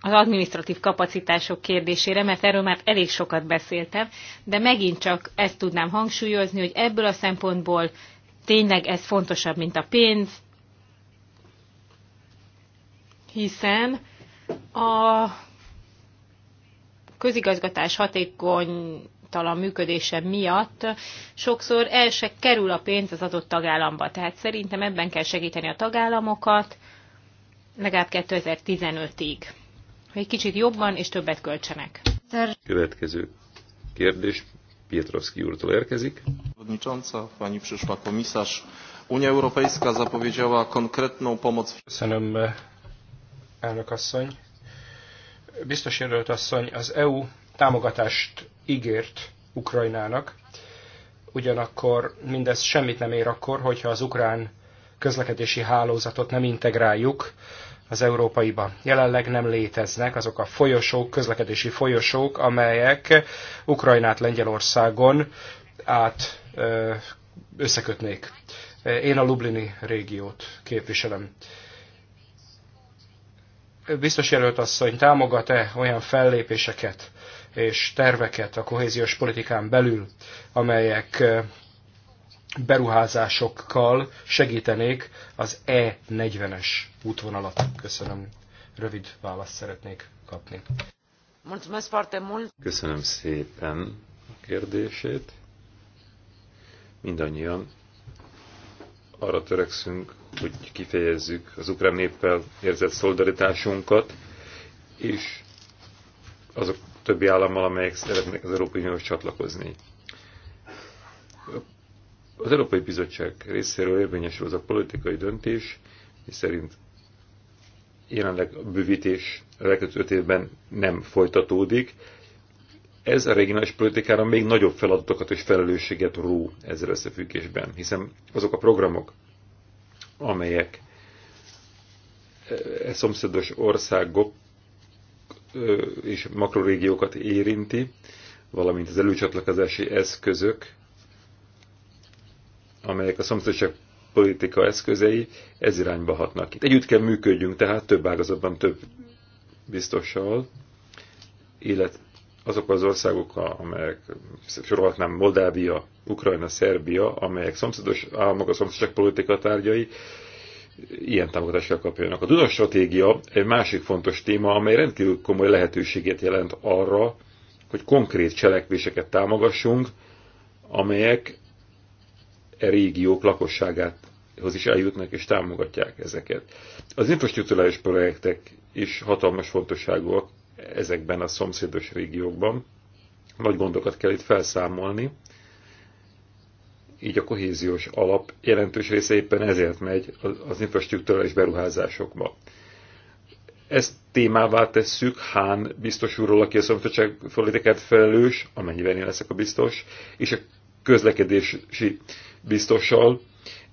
az administratív kapacitások kérdésére, mert erről már elég sokat beszéltem, de megint csak ezt tudnám hangsúlyozni, hogy ebből a szempontból tényleg ez fontosabb, mint a pénz, hiszen a közigazgatás hatékony talan működése miatt sokszor el se kerül a pénz az adott tagállamba. Tehát szerintem ebben kell segíteni a tagállamokat, legalább 2015-ig még kicsit jobban és többet költsenek. Következő kérdés Pietrowski úrtól érkezik. Przewodnicząca, pani przyszła komisarz. Unia Europejska zapowiedziała konkretną pomoc. Köszönöm, elnök asszony. Biztos jelölt asszony, az EU támogatást ígért Ukrajnának, ugyanakkor mindez semmit nem ér akkor, hogyha az ukrán közlekedési hálózatot nem integráljuk az európaiba. Jelenleg nem léteznek azok a folyosók, közlekedési folyosók, amelyek Ukrajnát Lengyelországon át összekötnék. Én a Lublini régiót képviselem. Biztos jelölt asszony, támogat-e olyan fellépéseket és terveket a kohéziós politikán belül, amelyek beruházásokkal segítenék az E40-es útvonalat. Köszönöm. Rövid választ szeretnék kapni. Köszönöm szépen a kérdését. Mindannyian arra törekszünk, hogy kifejezzük az ukrán néppel érzett szolidaritásunkat, és azok többi állammal, amelyek szeretnek az Európai Unióhoz csatlakozni. Az Európai Bizottság részéről érvényesül az a politikai döntés, és szerint jelenleg a bővítés a legkötő öt évben nem folytatódik. Ez a regionális politikára még nagyobb feladatokat és felelősséget ró ezzel összefüggésben, hiszen azok a programok, amelyek eh, e szomszédos országok és makrorégiókat érinti, valamint az előcsatlakozási eszközök amelyek a szomszédság politika eszközei ez irányba hatnak. Itt együtt kell működjünk, tehát több ágazatban több biztossal, illetve azok az országok, amelyek sorolhatnám Moldávia, Ukrajna, Szerbia, amelyek szomszédos államok, a szomszédság politika tárgyai, ilyen támogatással kapjanak. A Duna stratégia egy másik fontos téma, amely rendkívül komoly lehetőséget jelent arra, hogy konkrét cselekvéseket támogassunk, amelyek e régiók lakosságához is eljutnak és támogatják ezeket. Az infrastruktúrális projektek is hatalmas fontosságúak ezekben a szomszédos régiókban. Nagy gondokat kell itt felszámolni, így a kohéziós alap jelentős része éppen ezért megy az infrastruktúrális beruházásokba. Ezt témává tesszük Hán biztos úrról, aki a szomszédság felelős, amennyiben én leszek a biztos, és a közlekedési biztossal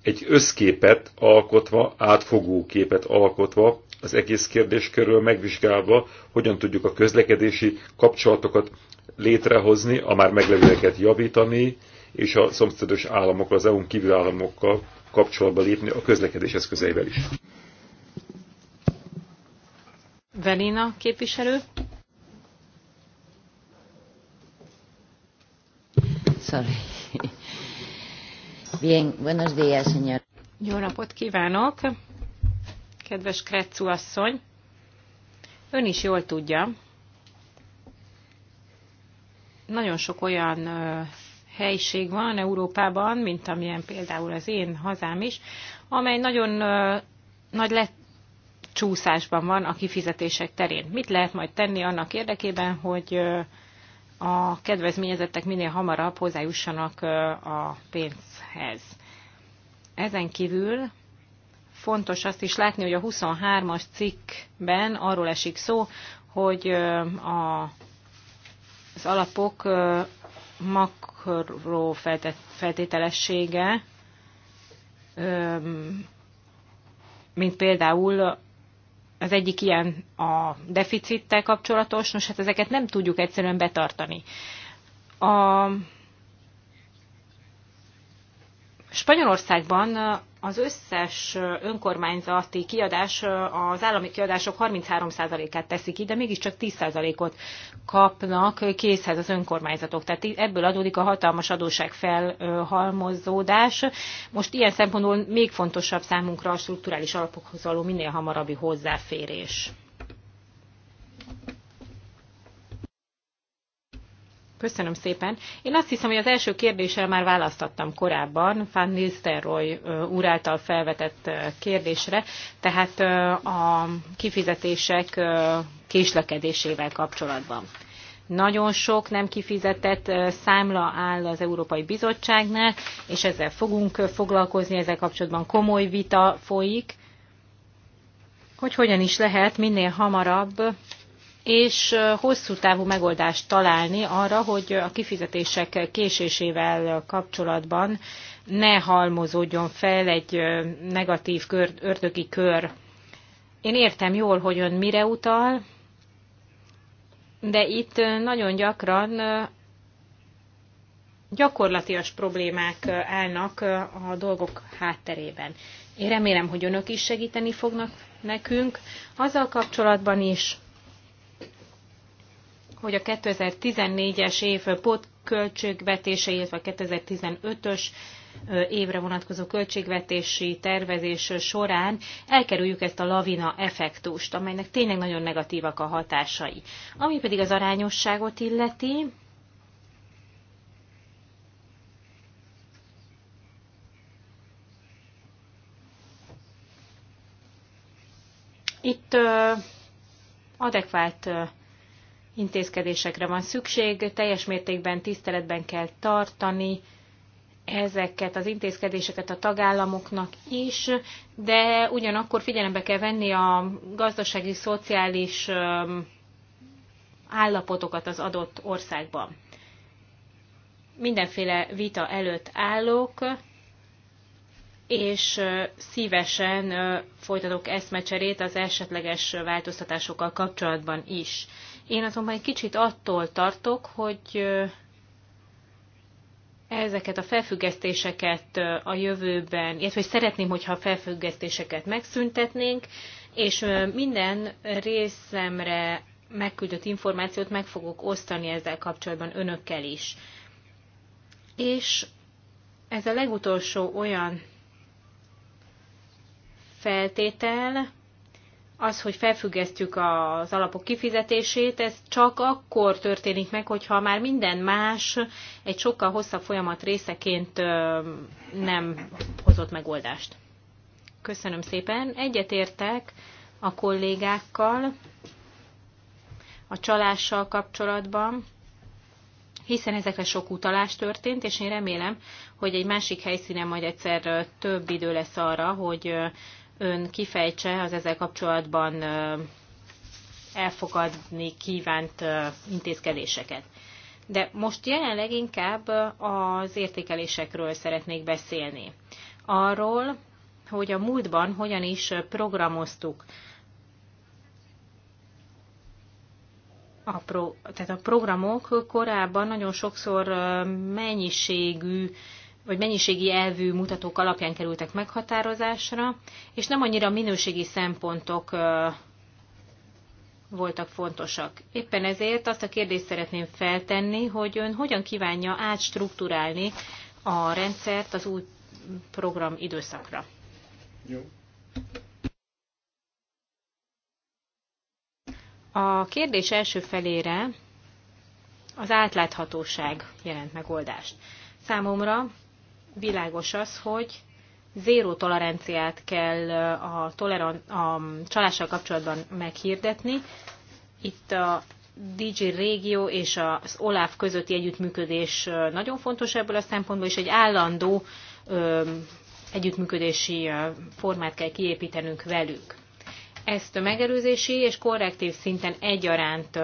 egy összképet alkotva, átfogó képet alkotva, az egész körül megvizsgálva, hogyan tudjuk a közlekedési kapcsolatokat létrehozni, a már meglevőeket javítani, és a szomszédos államokkal, az EU-n kívül államokkal kapcsolatba lépni a közlekedés eszközeivel is. Velina képviselő. Sorry. Bien, buenos días, señor. Jó napot kívánok, kedves Kretszú asszony. Ön is jól tudja, nagyon sok olyan helység van Európában, mint amilyen például az én hazám is, amely nagyon nagy lett csúszásban van a kifizetések terén. Mit lehet majd tenni annak érdekében, hogy a kedvezményezettek minél hamarabb hozzájussanak a pénz ez. Ezen kívül fontos azt is látni, hogy a 23-as cikkben arról esik szó, hogy a, az alapok makró feltételessége, mint például az egyik ilyen a deficittel kapcsolatos, nos hát ezeket nem tudjuk egyszerűen betartani. A Spanyolországban uh, az összes uh, önkormányzati kiadás uh, az állami kiadások 33%-át teszi ki, de mégiscsak 10%-ot kapnak készhez az önkormányzatok. Tehát ebből adódik a hatalmas adóság felhalmozódás. Most ilyen szempontból még fontosabb számunkra a strukturális alapokhoz való minél hamarabbi hozzáférés. Köszönöm szépen. Én azt hiszem, hogy az első kérdésre már választattam korábban, Van Nistelrooy úr által felvetett kérdésre, tehát a kifizetések késlekedésével kapcsolatban. Nagyon sok nem kifizetett számla áll az Európai Bizottságnál, és ezzel fogunk foglalkozni, ezzel kapcsolatban komoly vita folyik, hogy hogyan is lehet minél hamarabb és hosszú távú megoldást találni arra, hogy a kifizetések késésével kapcsolatban ne halmozódjon fel egy negatív kör, ördögi kör. Én értem jól, hogy ön mire utal, de itt nagyon gyakran gyakorlatias problémák állnak a dolgok hátterében. Én remélem, hogy önök is segíteni fognak nekünk azzal kapcsolatban is, hogy a 2014-es év pótköltségvetése, illetve a 2015-ös évre vonatkozó költségvetési tervezés során elkerüljük ezt a lavina effektust, amelynek tényleg nagyon negatívak a hatásai. Ami pedig az arányosságot illeti, itt adekvált intézkedésekre van szükség, teljes mértékben tiszteletben kell tartani ezeket az intézkedéseket a tagállamoknak is, de ugyanakkor figyelembe kell venni a gazdasági, szociális állapotokat az adott országban. Mindenféle vita előtt állok, és szívesen folytatok eszmecserét az esetleges változtatásokkal kapcsolatban is. Én azonban egy kicsit attól tartok, hogy ezeket a felfüggesztéseket a jövőben, illetve hogy szeretném, hogyha a felfüggesztéseket megszüntetnénk, és minden részemre megküldött információt meg fogok osztani ezzel kapcsolatban önökkel is. És ez a legutolsó olyan feltétel, az, hogy felfüggesztjük az alapok kifizetését, ez csak akkor történik meg, hogyha már minden más egy sokkal hosszabb folyamat részeként nem hozott megoldást. Köszönöm szépen. Egyetértek a kollégákkal a csalással kapcsolatban, hiszen ezekre sok utalás történt, és én remélem, hogy egy másik helyszínen majd egyszer több idő lesz arra, hogy ön kifejtse az ezzel kapcsolatban elfogadni kívánt intézkedéseket. De most jelenleg inkább az értékelésekről szeretnék beszélni. Arról, hogy a múltban hogyan is programoztuk a pro, tehát a programok korábban nagyon sokszor mennyiségű vagy mennyiségi elvű mutatók alapján kerültek meghatározásra, és nem annyira minőségi szempontok voltak fontosak. Éppen ezért azt a kérdést szeretném feltenni, hogy ön hogyan kívánja átstruktúrálni a rendszert az új program időszakra. Jó. A kérdés első felére az átláthatóság jelent megoldást. Számomra világos az, hogy zéró toleranciát kell a, toleran- a csalással kapcsolatban meghirdetni. Itt a DG régió és az OLAF közötti együttműködés nagyon fontos ebből a szempontból, és egy állandó együttműködési formát kell kiépítenünk velük. Ezt a megelőzési és korrektív szinten egyaránt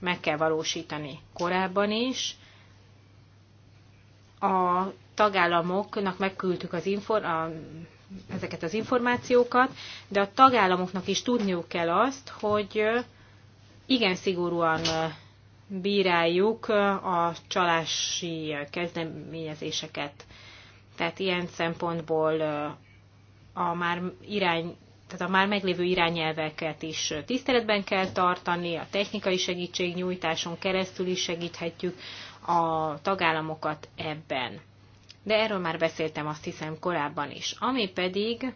meg kell valósítani korábban is. A tagállamoknak megküldtük az a, ezeket az információkat, de a tagállamoknak is tudniuk kell azt, hogy igen szigorúan bíráljuk a csalási kezdeményezéseket. Tehát ilyen szempontból a már irány, tehát a már meglévő irányelveket is tiszteletben kell tartani, a technikai segítségnyújtáson keresztül is segíthetjük a tagállamokat ebben de erről már beszéltem azt hiszem korábban is. Ami pedig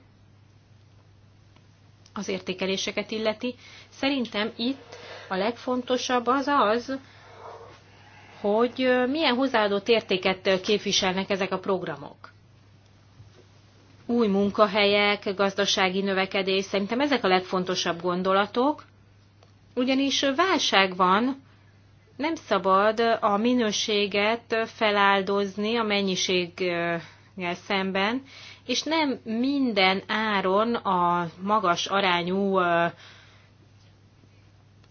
az értékeléseket illeti, szerintem itt a legfontosabb az az, hogy milyen hozzáadott értéket képviselnek ezek a programok. Új munkahelyek, gazdasági növekedés, szerintem ezek a legfontosabb gondolatok, ugyanis válság van, nem szabad a minőséget feláldozni a mennyiséggel szemben, és nem minden áron a magas arányú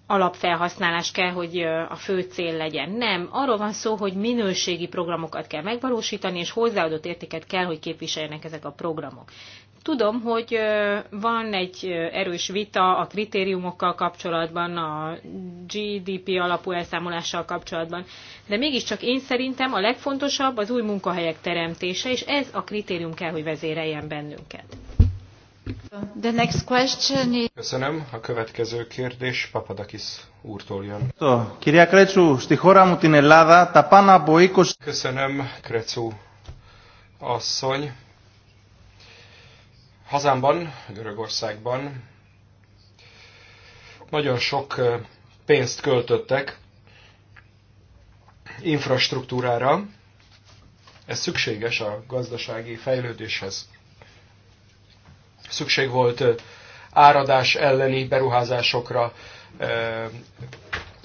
alapfelhasználás kell, hogy a fő cél legyen. Nem, arról van szó, hogy minőségi programokat kell megvalósítani, és hozzáadott értéket kell, hogy képviseljenek ezek a programok. Tudom, hogy van egy erős vita a kritériumokkal kapcsolatban, a GDP alapú elszámolással kapcsolatban, de mégiscsak én szerintem a legfontosabb az új munkahelyek teremtése, és ez a kritérium kell, hogy vezéreljen bennünket. The next question is... Köszönöm. A következő kérdés Papadakis úrtól jön. Köszönöm, Krecu asszony. Hazámban, Görögországban nagyon sok pénzt költöttek infrastruktúrára. Ez szükséges a gazdasági fejlődéshez. Szükség volt áradás elleni beruházásokra,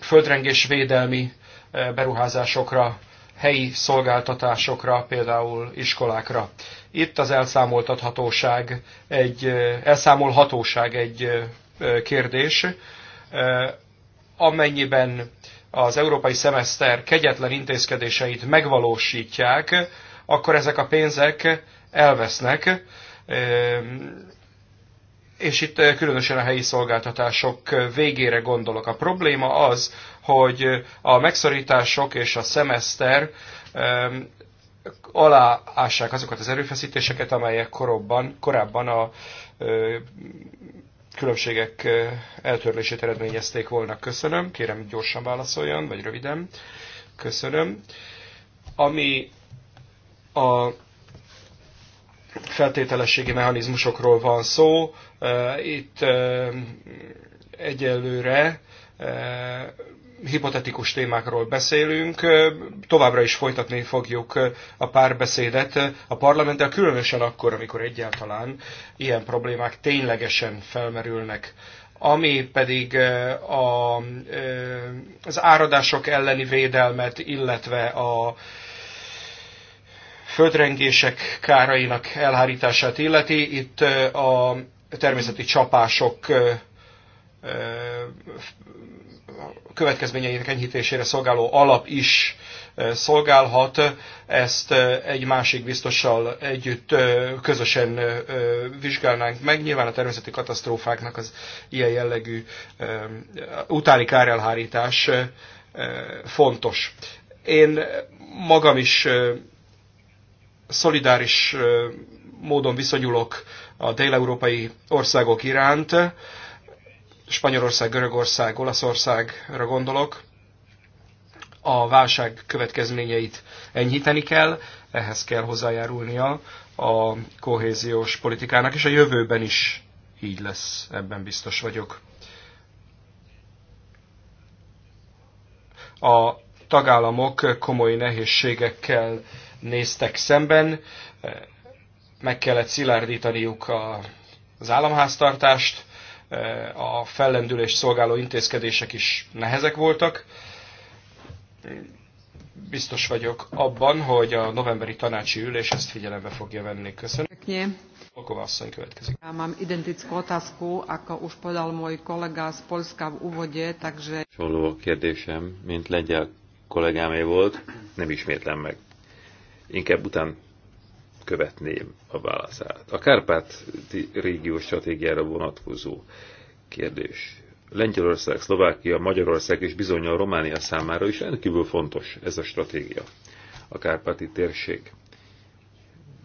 földrengés védelmi beruházásokra, helyi szolgáltatásokra, például iskolákra. Itt az elszámoltathatóság egy, elszámolhatóság egy kérdés, amennyiben az európai szemeszter kegyetlen intézkedéseit megvalósítják, akkor ezek a pénzek elvesznek, és itt különösen a helyi szolgáltatások végére gondolok. A probléma az, hogy a megszorítások és a szemeszter aláássák azokat az erőfeszítéseket, amelyek korobban, korábban a ö, különbségek eltörlését eredményezték volna. Köszönöm, kérem gyorsan válaszoljon, vagy röviden. Köszönöm. Ami a feltételességi mechanizmusokról van szó, itt egyelőre hipotetikus témákról beszélünk, továbbra is folytatni fogjuk a párbeszédet a parlamenttel, különösen akkor, amikor egyáltalán ilyen problémák ténylegesen felmerülnek ami pedig a, az áradások elleni védelmet, illetve a földrengések kárainak elhárítását illeti. Itt a természeti csapások következményeinek enyhítésére szolgáló alap is szolgálhat. Ezt egy másik biztossal együtt közösen vizsgálnánk meg. Nyilván a természeti katasztrófáknak az ilyen jellegű utáni kárelhárítás fontos. Én magam is szolidáris módon viszonyulok a dél-európai országok iránt Spanyolország, Görögország, Olaszországra gondolok, a válság következményeit enyhíteni kell, ehhez kell hozzájárulnia a kohéziós politikának, és a jövőben is így lesz, ebben biztos vagyok. A tagállamok komoly nehézségekkel néztek szemben, meg kellett szilárdítaniuk az államháztartást, a fellendülést szolgáló intézkedések is nehezek voltak. Biztos vagyok abban, hogy a novemberi tanácsi ülés ezt figyelembe fogja venni. Köszönöm. Okova asszony következik. Ja mám identickú otázku, ako už podal môj kolega z Polska v úvode, takže... Hasonló kérdésem, mint lengyel kollégámé volt, nem ismétlem meg. Inkább után követném a válaszát. A Kárpát régió stratégiára vonatkozó kérdés. Lengyelország, Szlovákia, Magyarország és bizony a Románia számára is rendkívül fontos ez a stratégia, a kárpáti térség.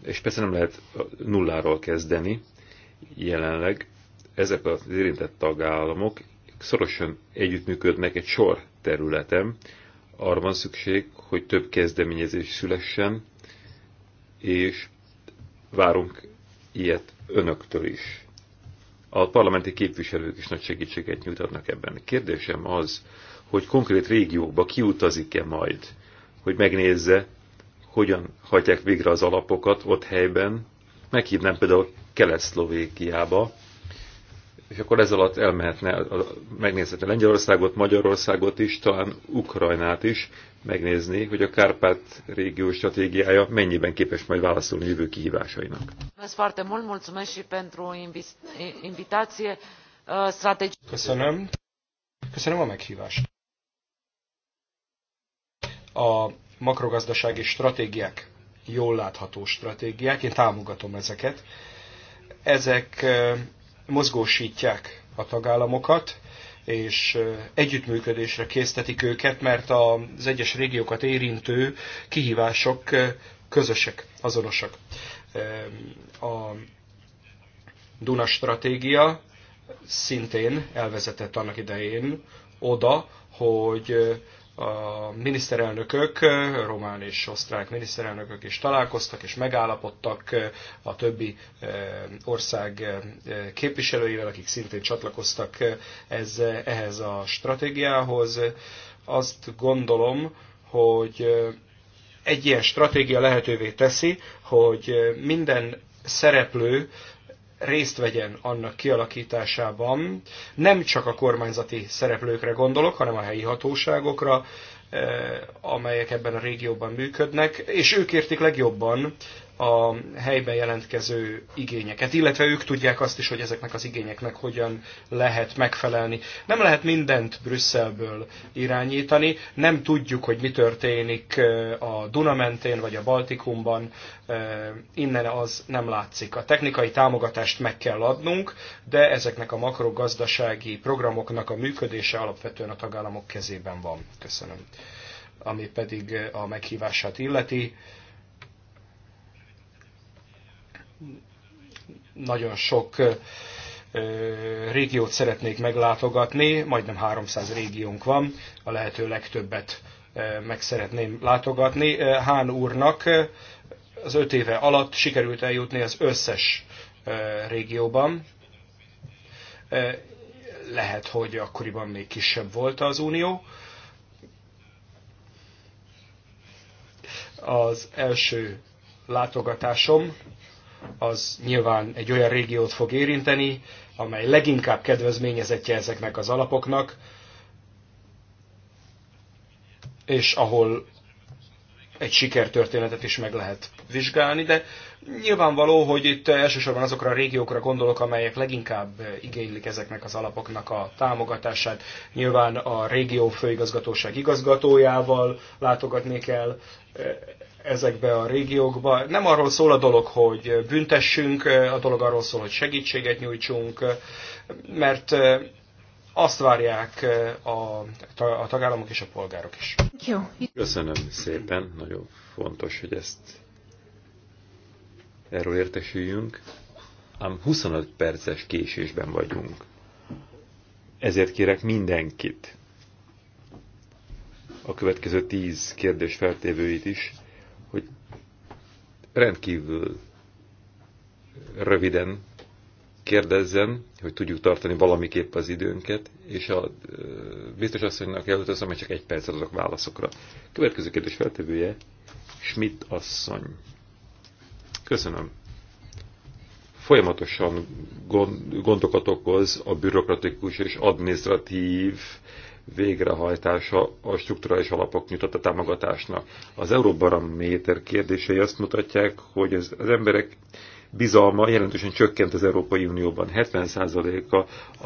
És persze nem lehet nulláról kezdeni, jelenleg ezek az érintett tagállamok szorosan együttműködnek egy sor területen, arra van szükség, hogy több kezdeményezés szülessen, és várunk ilyet önöktől is. A parlamenti képviselők is nagy segítséget nyújtatnak ebben. Kérdésem az, hogy konkrét régióba kiutazik-e majd, hogy megnézze, hogyan hagyják végre az alapokat ott helyben. Meghívnám például Kelet-Szlovékiába, és akkor ez alatt elmehetne, megnézhetne Lengyelországot, Magyarországot is, talán Ukrajnát is, megnézni, hogy a Kárpát régió stratégiája mennyiben képes majd válaszolni jövő kihívásainak. Köszönöm. Köszönöm a meghívást. A makrogazdasági stratégiák, jól látható stratégiák, én támogatom ezeket. Ezek hm, mozgósítják a tagállamokat, és együttműködésre késztetik őket, mert az egyes régiókat érintő kihívások közösek, azonosak. A Duna stratégia szintén elvezetett annak idején oda, hogy a miniszterelnökök, román és osztrák miniszterelnökök is találkoztak és megállapodtak eh, a többi eh, ország eh, képviselőivel, akik szintén csatlakoztak ez, ehhez a stratégiához. Azt gondolom, hogy egy ilyen stratégia lehetővé teszi, hogy minden szereplő részt vegyen annak kialakításában. Nem csak a kormányzati szereplőkre gondolok, hanem a helyi hatóságokra, eh, amelyek ebben a régióban működnek, és ők értik legjobban a helyben jelentkező igényeket, illetve ők tudják azt is, hogy ezeknek az igényeknek hogyan lehet megfelelni. Nem lehet mindent Brüsszelből irányítani, nem tudjuk, hogy mi történik a Duna mentén vagy a Baltikumban, innen az nem látszik. A technikai támogatást meg kell adnunk, de ezeknek a makrogazdasági programoknak a működése alapvetően a tagállamok kezében van. Köszönöm. Ami pedig a meghívását illeti, nagyon sok régiót szeretnék meglátogatni, majdnem 300 régiónk van, a lehető legtöbbet meg szeretném látogatni. Hán úrnak az öt éve alatt sikerült eljutni az összes régióban. Lehet, hogy akkoriban még kisebb volt az unió. Az első látogatásom az nyilván egy olyan régiót fog érinteni, amely leginkább kedvezményezettje ezeknek az alapoknak, és ahol egy sikertörténetet is meg lehet vizsgálni, de nyilvánvaló, hogy itt elsősorban azokra a régiókra gondolok, amelyek leginkább igénylik ezeknek az alapoknak a támogatását. Nyilván a régió főigazgatóság igazgatójával látogatnék el ezekbe a régiókba. Nem arról szól a dolog, hogy büntessünk, a dolog arról szól, hogy segítséget nyújtsunk, mert azt várják a, a tagállamok és a polgárok is. Jó. Köszönöm szépen, nagyon fontos, hogy ezt erről értesüljünk. Ám 25 perces késésben vagyunk. Ezért kérek mindenkit, a következő 10 kérdés feltévőit is, hogy rendkívül röviden kérdezzen, hogy tudjuk tartani valamiképp az időnket, és a biztos asszonynak elutazom, hogy csak egy percet adok válaszokra. Következő kérdés feltevője, Schmidt asszony. Köszönöm. Folyamatosan gond, gondokat okoz a bürokratikus és administratív végrehajtása a strukturális alapok a támogatásnak. Az Euróbarométer kérdései azt mutatják, hogy az, az emberek bizalma jelentősen csökkent az Európai Unióban. 70%-a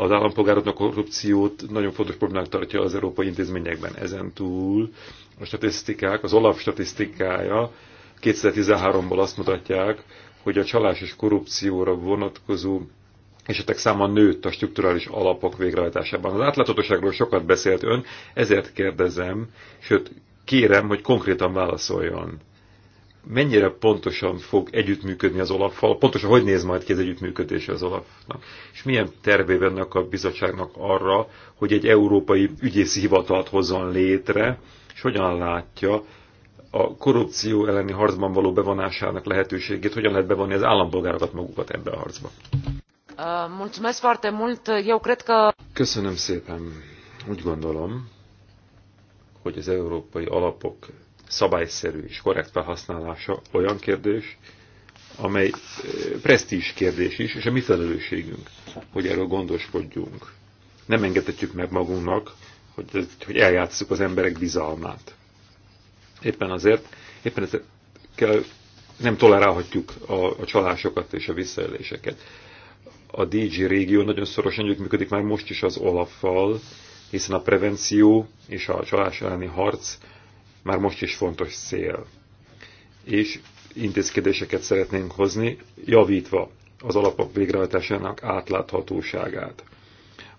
az állampolgároknak korrupciót nagyon fontos problémák tartja az európai intézményekben. Ezen túl a statisztikák, az OLAF statisztikája 2013-ból azt mutatják, hogy a csalás és korrupcióra vonatkozó esetek száma nőtt a strukturális alapok végrehajtásában. Az átláthatóságról sokat beszélt ön, ezért kérdezem, sőt kérem, hogy konkrétan válaszoljon. Mennyire pontosan fog együttműködni az olaf pontosan hogy néz majd ki az együttműködése az olafnak, és milyen tervé vannak a bizottságnak arra, hogy egy európai ügyészi hivatalt hozzon létre, és hogyan látja a korrupció elleni harcban való bevonásának lehetőségét, hogyan lehet bevonni az állampolgárokat magukat ebbe a harcba. Uh, mulțumesc foarte mult. Eu cred că... Köszönöm szépen. Úgy gondolom, hogy az európai alapok szabályszerű és korrekt felhasználása olyan kérdés, amely eh, presztízs kérdés is, és a mi felelősségünk, hogy erről gondoskodjunk. Nem engedhetjük meg magunknak, hogy, hogy eljátszzuk az emberek bizalmát. Éppen azért, éppen ezért kell, nem tolerálhatjuk a, a csalásokat és a visszaéléseket a DG régió nagyon szorosan működik már most is az Olaffal, hiszen a prevenció és a csalás elleni harc már most is fontos cél. És intézkedéseket szeretnénk hozni, javítva az alapok végrehajtásának átláthatóságát.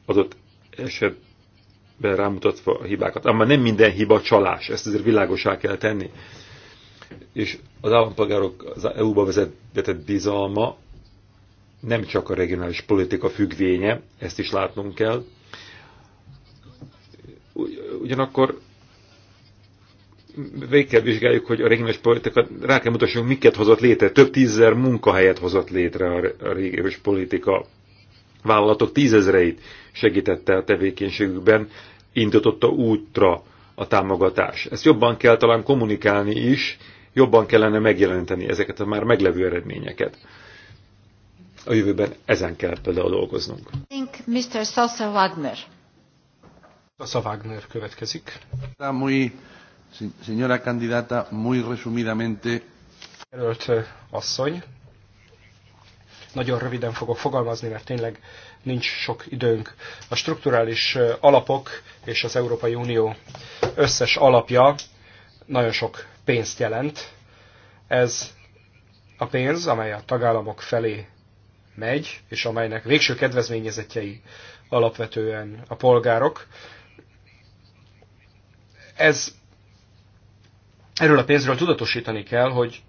Adott esetben rámutatva a hibákat. Ám nem minden hiba csalás, ezt azért világosá kell tenni. És az állampolgárok az EU-ba vezetett bizalma nem csak a regionális politika függvénye, ezt is látnunk kell. Ugyanakkor végig kell vizsgáljuk, hogy a regionális politika, rá kell mutassunk, miket hozott létre. Több tízezer munkahelyet hozott létre a régiós politika. Vállalatok tízezreit segítette a tevékenységükben, indította útra a támogatás. Ezt jobban kell talán kommunikálni is, jobban kellene megjelenteni ezeket a már meglevő eredményeket a jövőben ezen kell például dolgoznunk. Think Mr. Sosa Wagner. Sosa Wagner következik. Muy, señora candidata, muy resumidamente. Jelölt eh, asszony. Nagyon röviden fogok fogalmazni, mert tényleg nincs sok időnk. A strukturális eh, alapok és az Európai Unió összes alapja nagyon sok pénzt jelent. Ez a pénz, amely a tagállamok felé megy, és amelynek végső kedvezményezetjei alapvetően a polgárok. Ez, erről a pénzről tudatosítani kell, hogy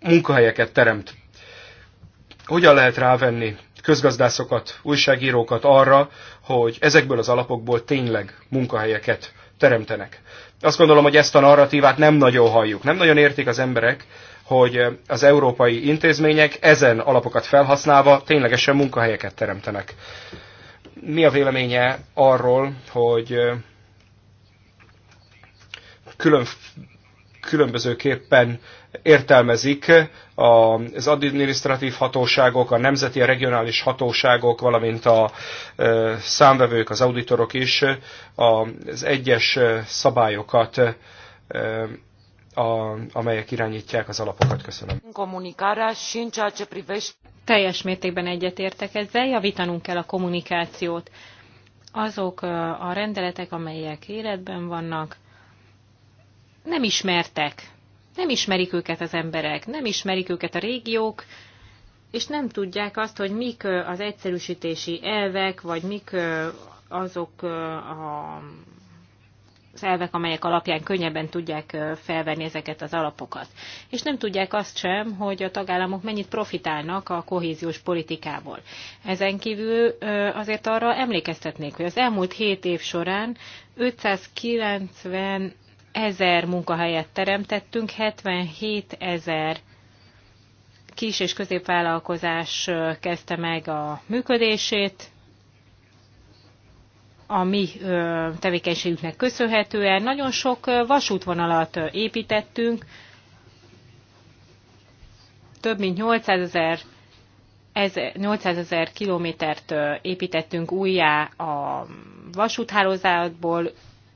munkahelyeket teremt. Hogyan lehet rávenni közgazdászokat, újságírókat arra, hogy ezekből az alapokból tényleg munkahelyeket teremtenek. Azt gondolom, hogy ezt a narratívát nem nagyon halljuk. Nem nagyon értik az emberek, hogy az európai intézmények ezen alapokat felhasználva ténylegesen munkahelyeket teremtenek. Mi a véleménye arról, hogy különbözőképpen értelmezik az adminisztratív hatóságok, a nemzeti, a regionális hatóságok, valamint a számvevők, az auditorok is az egyes szabályokat, amelyek irányítják az alapokat. Köszönöm. Teljes mértékben egyetértek ezzel, javítanunk kell a kommunikációt. Azok a rendeletek, amelyek életben vannak, nem ismertek nem ismerik őket az emberek, nem ismerik őket a régiók, és nem tudják azt, hogy mik az egyszerűsítési elvek, vagy mik azok az elvek, amelyek alapján könnyebben tudják felvenni ezeket az alapokat. És nem tudják azt sem, hogy a tagállamok mennyit profitálnak a kohéziós politikából. Ezen kívül azért arra emlékeztetnék, hogy az elmúlt 7 év során 590 ezer munkahelyet teremtettünk, 77 ezer kis és középvállalkozás kezdte meg a működését, a mi tevékenységünknek köszönhetően. Nagyon sok vasútvonalat építettünk, több mint 800 ezer 800 ezer kilométert építettünk újjá a vasúthálózatból,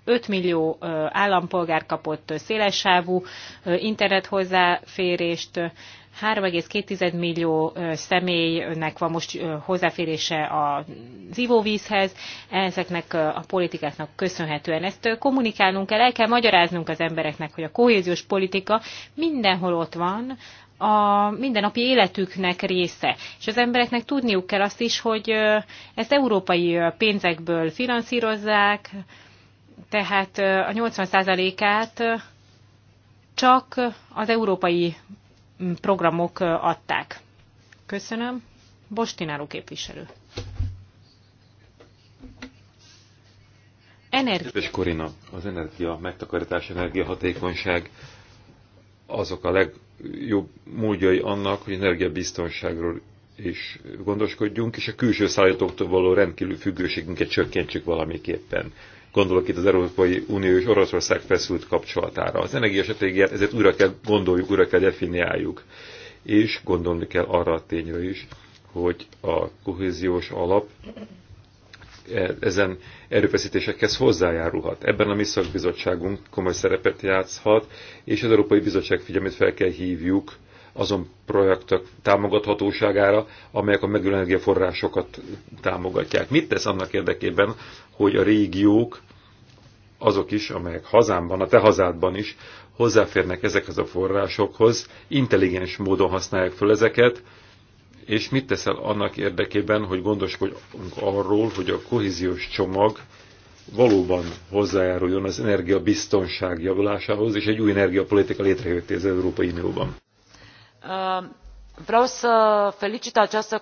5 millió állampolgár kapott szélessávú internet hozzáférést, 3,2 millió személynek van most hozzáférése a zivóvízhez. ezeknek a politikáknak köszönhetően. Ezt kommunikálnunk kell, el kell magyaráznunk az embereknek, hogy a kohéziós politika mindenhol ott van, a mindennapi életüknek része. És az embereknek tudniuk kell azt is, hogy ezt európai pénzekből finanszírozzák, tehát a 80%-át csak az európai programok adták. Köszönöm. Bostináró képviselő. Energia. Kedves Korina, az energia, megtakarítás, energiahatékonyság azok a legjobb módjai annak, hogy energiabiztonságról is gondoskodjunk, és a külső szállítóktól való rendkívül függőségünket csökkentsük valamiképpen. Gondolok itt az Európai Unió és Oroszország feszült kapcsolatára. Az energiastratégiát ezért újra kell gondoljuk, újra kell definiáljuk. És gondolni kell arra a tényre is, hogy a kohéziós alap e, ezen erőfeszítésekhez hozzájárulhat. Ebben a mi szakbizottságunk komoly szerepet játszhat, és az Európai Bizottság figyelmét fel kell hívjuk azon projektek támogathatóságára, amelyek a megújuló energiaforrásokat támogatják. Mit tesz annak érdekében, hogy a régiók, azok is, amelyek hazámban, a te hazádban is hozzáférnek ezekhez a forrásokhoz, intelligens módon használják fel ezeket, és mit teszel annak érdekében, hogy gondoskodjunk arról, hogy a kohéziós csomag valóban hozzájáruljon az energiabiztonság javulásához és egy új energiapolitika létrejött az Európai Unióban. Ehm, vreau să felicit această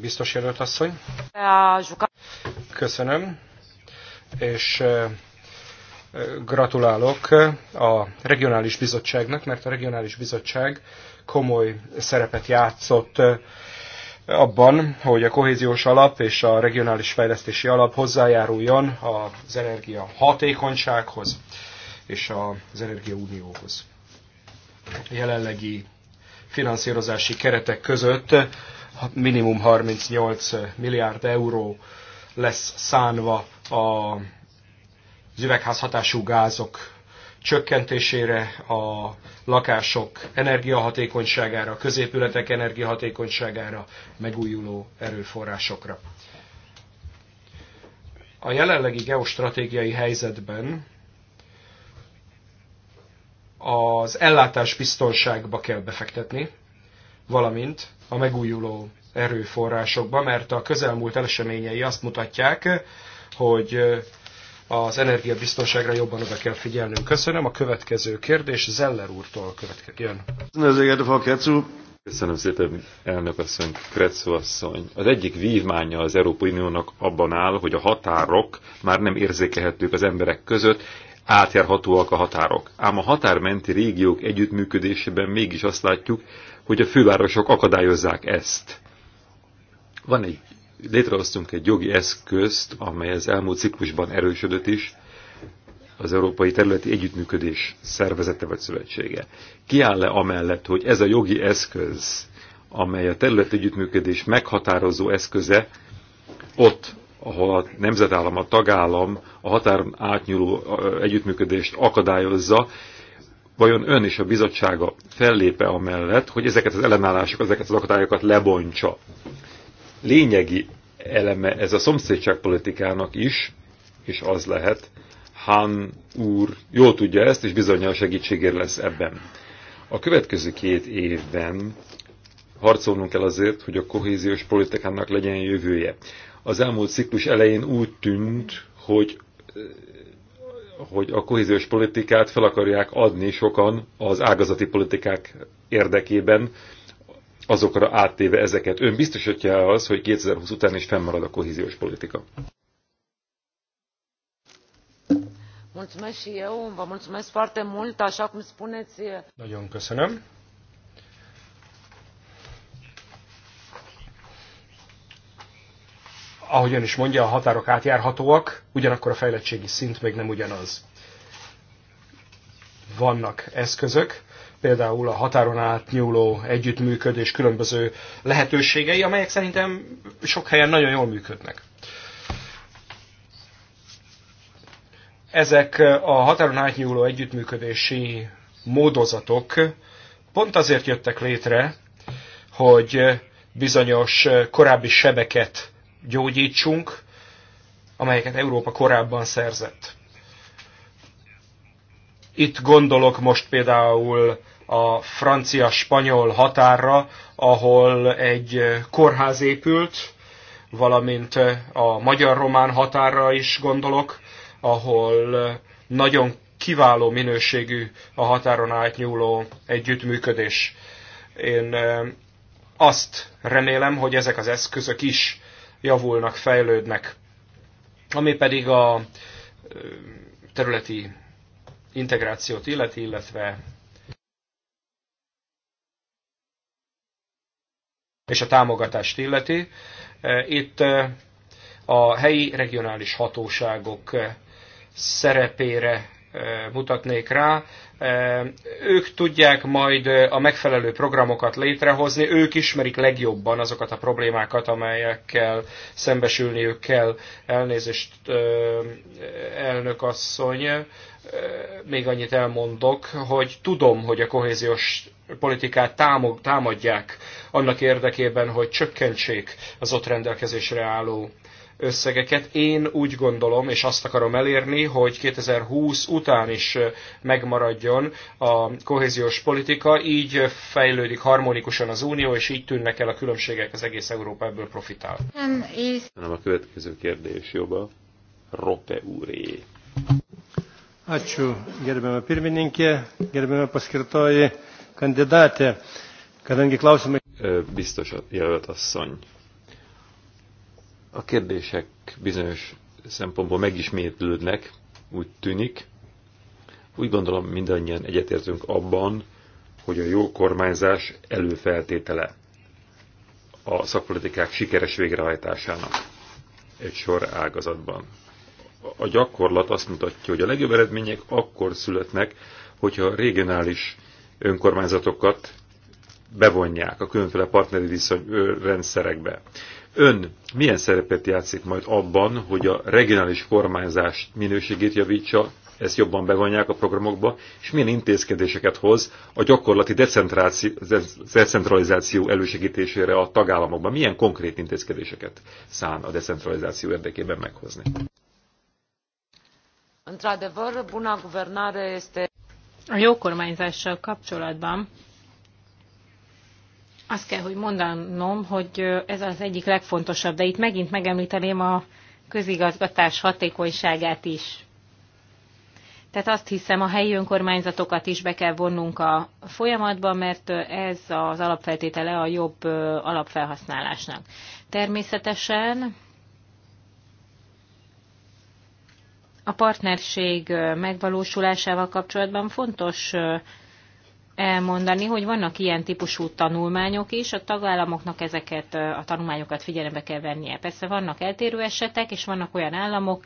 Biztos jelölt asszony. A jucat. Köszönöm, és eh, gratulálok a regionális bizottságnak, mert a regionális bizottság komoly szerepet játszott eh, abban, hogy a kohéziós alap és a regionális fejlesztési alap hozzájáruljon az energia hatékonysághoz és az energiaunióhoz. Jelenlegi finanszírozási keretek között minimum 38 milliárd euró lesz szánva az üvegházhatású gázok csökkentésére, a lakások energiahatékonyságára, a középületek energiahatékonyságára, megújuló erőforrásokra. A jelenlegi geostratégiai helyzetben az ellátás biztonságba kell befektetni, valamint a megújuló erőforrásokba, mert a közelmúlt eseményei azt mutatják, hogy az energiabiztonságra jobban oda kell figyelnünk. Köszönöm. A következő kérdés Zeller úrtól következően. Köszönöm szépen, elnök asszony, Kretszó asszony. Az egyik vívmánya az Európai Uniónak abban áll, hogy a határok már nem érzékelhetők az emberek között, átjárhatóak a határok. Ám a határmenti régiók együttműködésében mégis azt látjuk, hogy a fővárosok akadályozzák ezt. Van egy, létrehoztunk egy jogi eszközt, amely az elmúlt ciklusban erősödött is, az Európai Területi Együttműködés Szervezete vagy Szövetsége. Kiáll le amellett, hogy ez a jogi eszköz, amely a területi együttműködés meghatározó eszköze, ott ahol a nemzetállam, a tagállam a határon átnyúló együttműködést akadályozza, vajon ön és a bizottsága fellépe amellett, hogy ezeket az ellenállásokat, ezeket az akadályokat lebontsa. Lényegi eleme ez a szomszédságpolitikának is, és az lehet, han úr jól tudja ezt, és bizonyal segítségért lesz ebben. A következő két évben harcolnunk kell azért, hogy a kohéziós politikának legyen jövője az elmúlt ciklus elején úgy tűnt, hogy, hogy a kohéziós politikát fel akarják adni sokan az ágazati politikák érdekében, azokra áttéve ezeket. Ön biztosítja -e az, hogy 2020 után is fennmarad a kohéziós politika? Nagyon köszönöm. ahogyan is mondja, a határok átjárhatóak, ugyanakkor a fejlettségi szint még nem ugyanaz. Vannak eszközök, például a határon átnyúló együttműködés különböző lehetőségei, amelyek szerintem sok helyen nagyon jól működnek. Ezek a határon átnyúló együttműködési módozatok pont azért jöttek létre, hogy bizonyos korábbi sebeket gyógyítsunk, amelyeket Európa korábban szerzett. Itt gondolok most például a francia-spanyol határra, ahol egy kórház épült, valamint a magyar-román határra is gondolok, ahol nagyon kiváló minőségű a határon átnyúló együttműködés. Én azt remélem, hogy ezek az eszközök is javulnak, fejlődnek. Ami pedig a területi integrációt illeti, illetve és a támogatást illeti. Itt a helyi regionális hatóságok szerepére mutatnék rá. Ők tudják majd a megfelelő programokat létrehozni, ők ismerik legjobban azokat a problémákat, amelyekkel szembesülniük kell. Elnézést, elnök asszony, még annyit elmondok, hogy tudom, hogy a kohéziós politikát támadják annak érdekében, hogy csökkentsék az ott rendelkezésre álló összegeket. Én úgy gondolom, és azt akarom elérni, hogy 2020 után is megmaradjon a kohéziós politika, így fejlődik harmonikusan az unió, és így tűnnek el a különbségek, az egész Európa ebből profitál. Nem, és... Nem a következő kérdés jobba. Rope úré. Ačiū, gerbiamą pirmininkė, gerbiamą paskirtoji kandidatė, kadangi klausimai... Biztos jelölt asszony. A kérdések bizonyos szempontból megismétlődnek, úgy tűnik. Úgy gondolom mindannyian egyetértünk abban, hogy a jó kormányzás előfeltétele a szakpolitikák sikeres végrehajtásának egy sor ágazatban. A gyakorlat azt mutatja, hogy a legjobb eredmények akkor születnek, hogyha a regionális önkormányzatokat bevonják a különféle partneri viszony rendszerekbe. Ön milyen szerepet játszik majd abban, hogy a regionális kormányzás minőségét javítsa, ezt jobban bevonják a programokba, és milyen intézkedéseket hoz a gyakorlati decentralizáció elősegítésére a tagállamokban? Milyen konkrét intézkedéseket szán a decentralizáció érdekében meghozni? A jó kormányzással kapcsolatban azt kell, hogy mondanom, hogy ez az egyik legfontosabb, de itt megint megemlíteném a közigazgatás hatékonyságát is. Tehát azt hiszem, a helyi önkormányzatokat is be kell vonnunk a folyamatba, mert ez az alapfeltétele a jobb alapfelhasználásnak. Természetesen a partnerség megvalósulásával kapcsolatban fontos elmondani, hogy vannak ilyen típusú tanulmányok is, a tagállamoknak ezeket a tanulmányokat figyelembe kell vennie. Persze vannak eltérő esetek, és vannak olyan államok,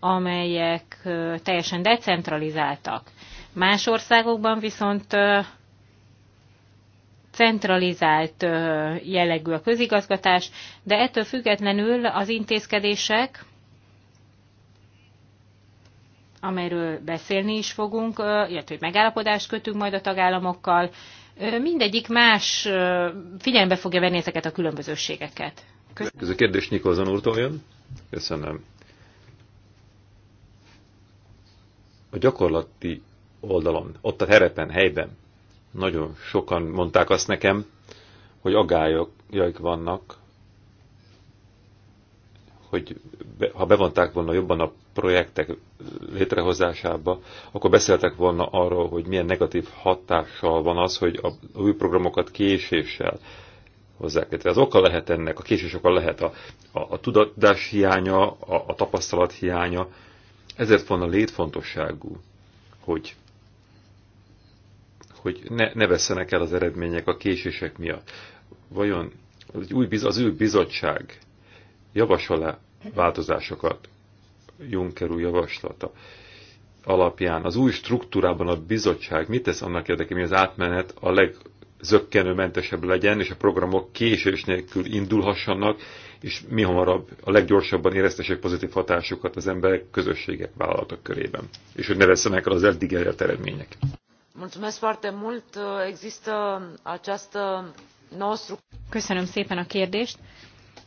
amelyek teljesen decentralizáltak. Más országokban viszont centralizált jellegű a közigazgatás, de ettől függetlenül az intézkedések amelyről beszélni is fogunk, illetve hogy megállapodást kötünk majd a tagállamokkal. Mindegyik más figyelembe fogja venni ezeket a különbözőségeket. Köszönöm. Ez a kérdés Nikolzan úrtól jön. Köszönöm. A gyakorlati oldalon, ott a terepen, helyben nagyon sokan mondták azt nekem, hogy agályok vannak, hogy be, ha bevonták volna jobban a projektek létrehozásába, akkor beszéltek volna arról, hogy milyen negatív hatással van az, hogy a új programokat késéssel hozzák létre. Az oka lehet ennek, a késés oka lehet a, a, a tudatás hiánya, a, a tapasztalat hiánya. Ezért van a létfontosságú, hogy hogy ne, ne vesszenek el az eredmények a késések miatt. Vajon az az új bizottság javasol-e változásokat Juncker új javaslata alapján az új struktúrában a bizottság mit tesz annak érdekében, hogy az átmenet a legzökkenőmentesebb legyen, és a programok késés nélkül indulhassanak, és mi hamarabb, a leggyorsabban éreztessék pozitív hatásukat az emberek, közösségek, vállalatok körében, és hogy ne veszenek el az eddig elért eredmények. Mulțumesc foarte mult. Există această nouă Köszönöm szépen a kérdést.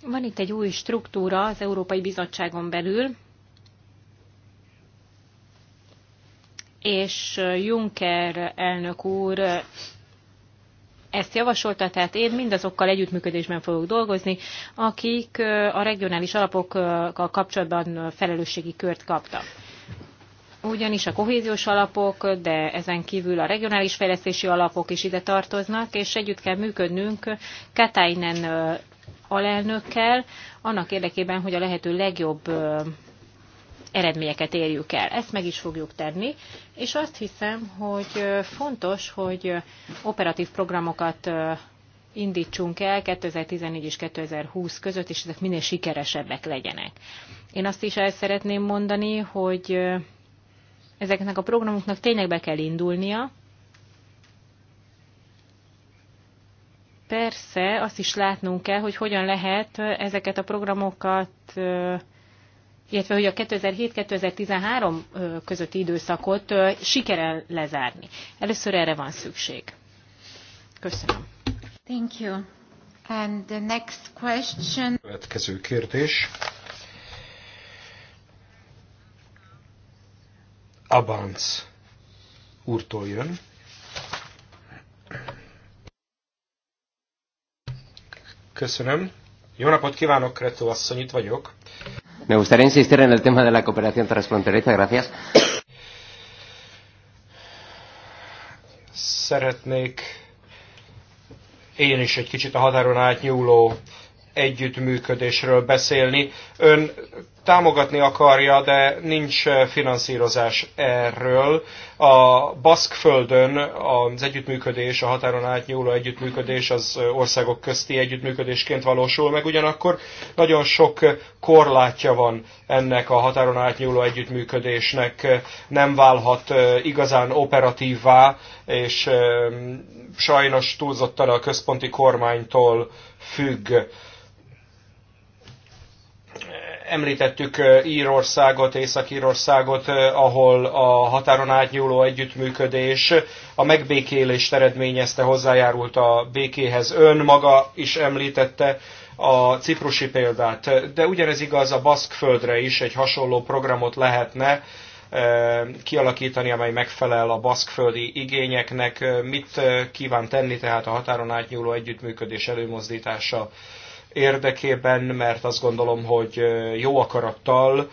Van itt egy új struktúra az Európai Bizottságon belül, és Juncker elnök úr ezt javasolta, tehát én mindazokkal együttműködésben fogok dolgozni, akik a regionális alapokkal kapcsolatban felelősségi kört kaptak. Ugyanis a kohéziós alapok, de ezen kívül a regionális fejlesztési alapok is ide tartoznak, és együtt kell működnünk Katainen alelnökkel, annak érdekében, hogy a lehető legjobb eredményeket érjük el. Ezt meg is fogjuk tenni, és azt hiszem, hogy fontos, hogy operatív programokat indítsunk el 2014 és 2020 között, és ezek minél sikeresebbek legyenek. Én azt is el szeretném mondani, hogy ezeknek a programoknak tényleg be kell indulnia. Persze, azt is látnunk kell, hogy hogyan lehet ezeket a programokat illetve hogy a 2007-2013 közötti időszakot sikerel lezárni. Először erre van szükség. Köszönöm. Thank you. And the next question. Következő kérdés. Abans úrtól jön. Köszönöm. Jó napot kívánok, Kretó asszony, itt vagyok. Me gustaría insistir en el tema de la cooperación transfronteriza. Gracias. Szeretnék én is egy kicsit a határon átnyúló együttműködésről beszélni. Ön támogatni akarja, de nincs eh, finanszírozás erről. A Baszkföldön az együttműködés, a határon átnyúló együttműködés az eh, országok közti együttműködésként valósul meg, ugyanakkor nagyon sok eh, korlátja van ennek a határon átnyúló együttműködésnek, nem válhat igazán operatívvá, és sajnos túlzottan a központi kormánytól függ. Említettük Írországot, Észak-Írországot, ahol a határon átnyúló együttműködés a megbékélést eredményezte, hozzájárult a békéhez. Ön maga is említette a ciprusi példát, de ugyanez igaz a baszk földre is, egy hasonló programot lehetne kialakítani, amely megfelel a baszkföldi igényeknek. Mit kíván tenni tehát a határon átnyúló együttműködés előmozdítása érdekében, mert azt gondolom, hogy jó akarattal,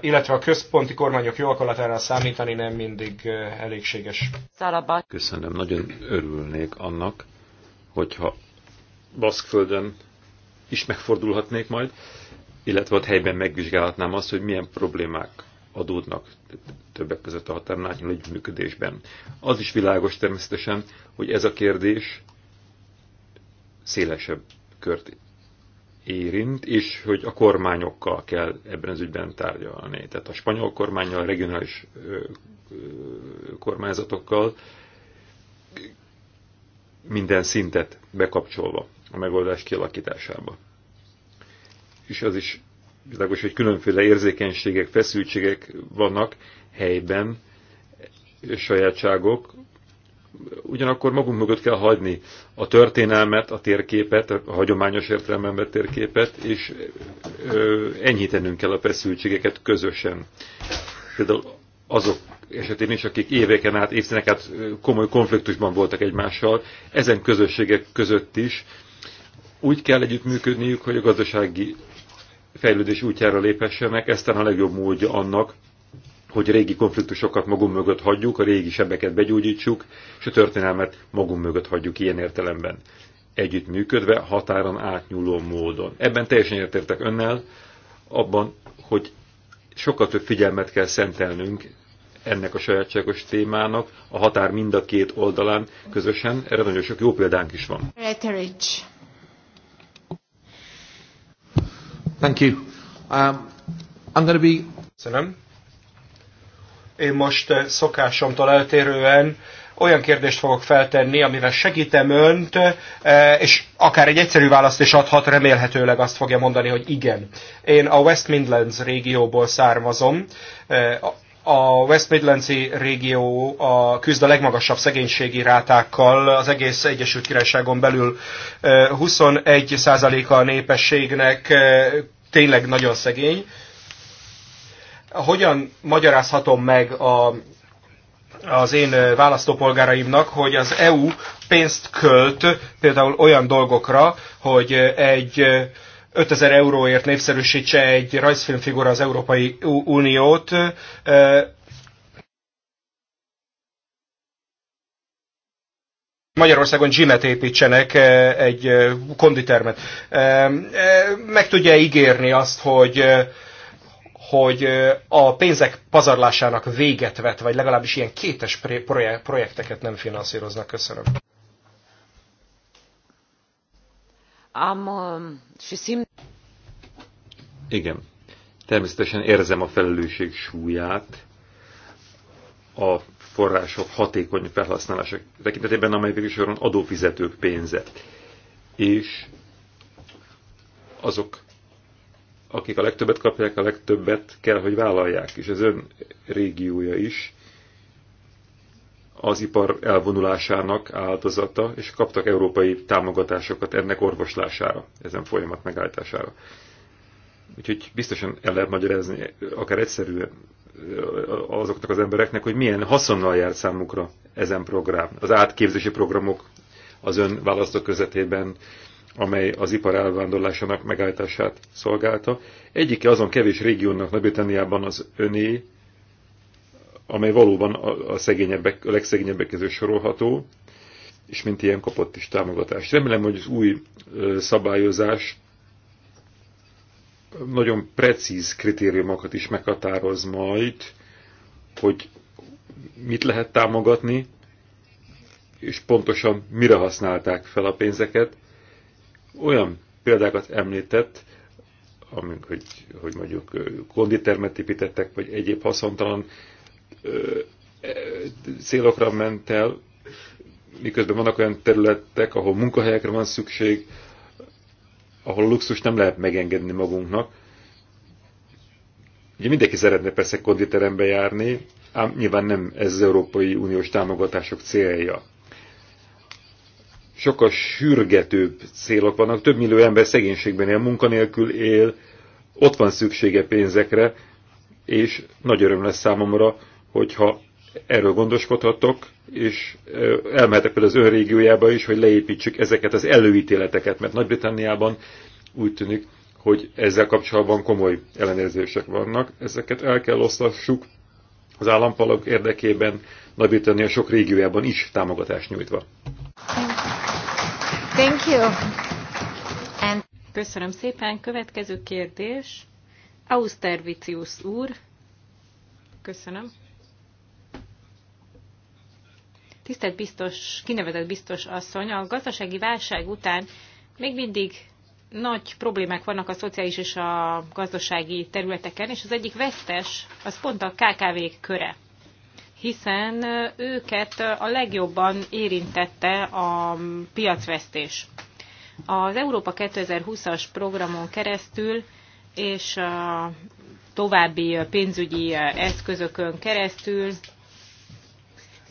illetve a központi kormányok jó akaratára számítani nem mindig elégséges. Szalaba. Köszönöm, nagyon örülnék annak, hogyha Baszkföldön is megfordulhatnék majd, illetve ott helyben megvizsgálhatnám azt, hogy milyen problémák adódnak többek között a határnál működésben. Az is világos természetesen, hogy ez a kérdés szélesebb kört érint, és hogy a kormányokkal kell ebben az ügyben tárgyalni. Tehát a spanyol kormányjal, a regionális kormányzatokkal minden szintet bekapcsolva a megoldás kialakításába. És az is világos, hogy különféle érzékenységek, feszültségek vannak helyben, sajátságok, ugyanakkor magunk mögött kell hagyni a történelmet, a térképet, a hagyományos értelemben vett térképet, és ö, enyhítenünk kell a feszültségeket közösen. Például azok esetén is, akik éveken át, évszínek át komoly konfliktusban voltak egymással, ezen közösségek között is úgy kell együttműködniük, hogy a gazdasági fejlődés útjára léphessenek, eztán a legjobb módja annak, hogy a régi konfliktusokat magunk mögött hagyjuk, a régi sebeket begyógyítsuk, és a történelmet magunk mögött hagyjuk ilyen értelemben. Együttműködve, határon átnyúló módon. Ebben teljesen értértek önnel, abban, hogy sokkal több figyelmet kell szentelnünk ennek a sajátságos témának, a határ mind a két oldalán közösen. Erre nagyon sok jó példánk is van. Thank you. Um, I'm going to be... Köszönöm én most eh, szokásomtól eltérően olyan kérdést fogok feltenni, amivel segítem önt, eh, és akár egy egyszerű választ is adhat, remélhetőleg azt fogja mondani, hogy igen. Én a West Midlands régióból származom. Eh, a West Midlands régió a küzd a legmagasabb szegénységi rátákkal az egész Egyesült Királyságon belül 21%-a a népességnek tényleg nagyon szegény, hogyan magyarázhatom meg a, az én választópolgáraimnak, hogy az EU pénzt költ például olyan dolgokra, hogy egy 5000 euróért népszerűsítse egy rajzfilmfigura az Európai Uniót, Magyarországon gymet építsenek egy konditermet. Meg tudja ígérni azt, hogy hogy a pénzek pazarlásának véget vet, vagy legalábbis ilyen kétes projekteket nem finanszíroznak. Köszönöm. Igen. Természetesen érzem a felelősség súlyát a források hatékony felhasználása tekintetében, amely végül soron adófizetők pénze. És azok akik a legtöbbet kapják, a legtöbbet kell, hogy vállalják, és az ön régiója is az ipar elvonulásának áldozata, és kaptak európai támogatásokat ennek orvoslására, ezen folyamat megállítására. Úgyhogy biztosan el lehet magyarázni, akár egyszerűen eh, azoknak az embereknek, hogy milyen haszonnal jár számukra ezen program. Az átképzési programok az ön választó közvetében amely az ipar elvándorlásának megállítását szolgálta. Egyike azon kevés régiónak Nagy-Britanniában az öné, amely valóban a, szegényebbek, a legszegényebbek közül sorolható, és mint ilyen kapott is támogatást. Remélem, hogy az új szabályozás nagyon precíz kritériumokat is meghatároz majd, hogy mit lehet támogatni, és pontosan mire használták fel a pénzeket, olyan példákat említett, amik hogy, hogy mondjuk konditermet építettek, vagy egyéb haszontalan e, célokra ment el, miközben vannak olyan területek, ahol munkahelyekre van szükség, ahol a luxus nem lehet megengedni magunknak. Ugye mindenki szeretne persze konditerembe járni, ám nyilván nem ez az Európai Uniós támogatások célja sokkal sürgetőbb célok vannak. Több millió ember szegénységben él, munkanélkül él, ott van szüksége pénzekre, és nagy öröm lesz számomra, hogyha erről gondoskodhatok, és elmehetek például az ön régiójába is, hogy leépítsük ezeket az előítéleteket, mert Nagy-Britanniában úgy tűnik, hogy ezzel kapcsolatban komoly ellenérzések vannak. Ezeket el kell osztassuk az állampalok érdekében, Nagy-Britannia sok régiójában is támogatást nyújtva. Thank you. Thank you. And... Köszönöm szépen. Következő kérdés. Austervicius úr. Köszönöm. Tisztelt biztos, kinevezett biztos asszony, a gazdasági válság után még mindig nagy problémák vannak a szociális és a gazdasági területeken, és az egyik vesztes az pont a KKV-k köre hiszen őket a legjobban érintette a piacvesztés. Az Európa 2020-as programon keresztül és a további pénzügyi eszközökön keresztül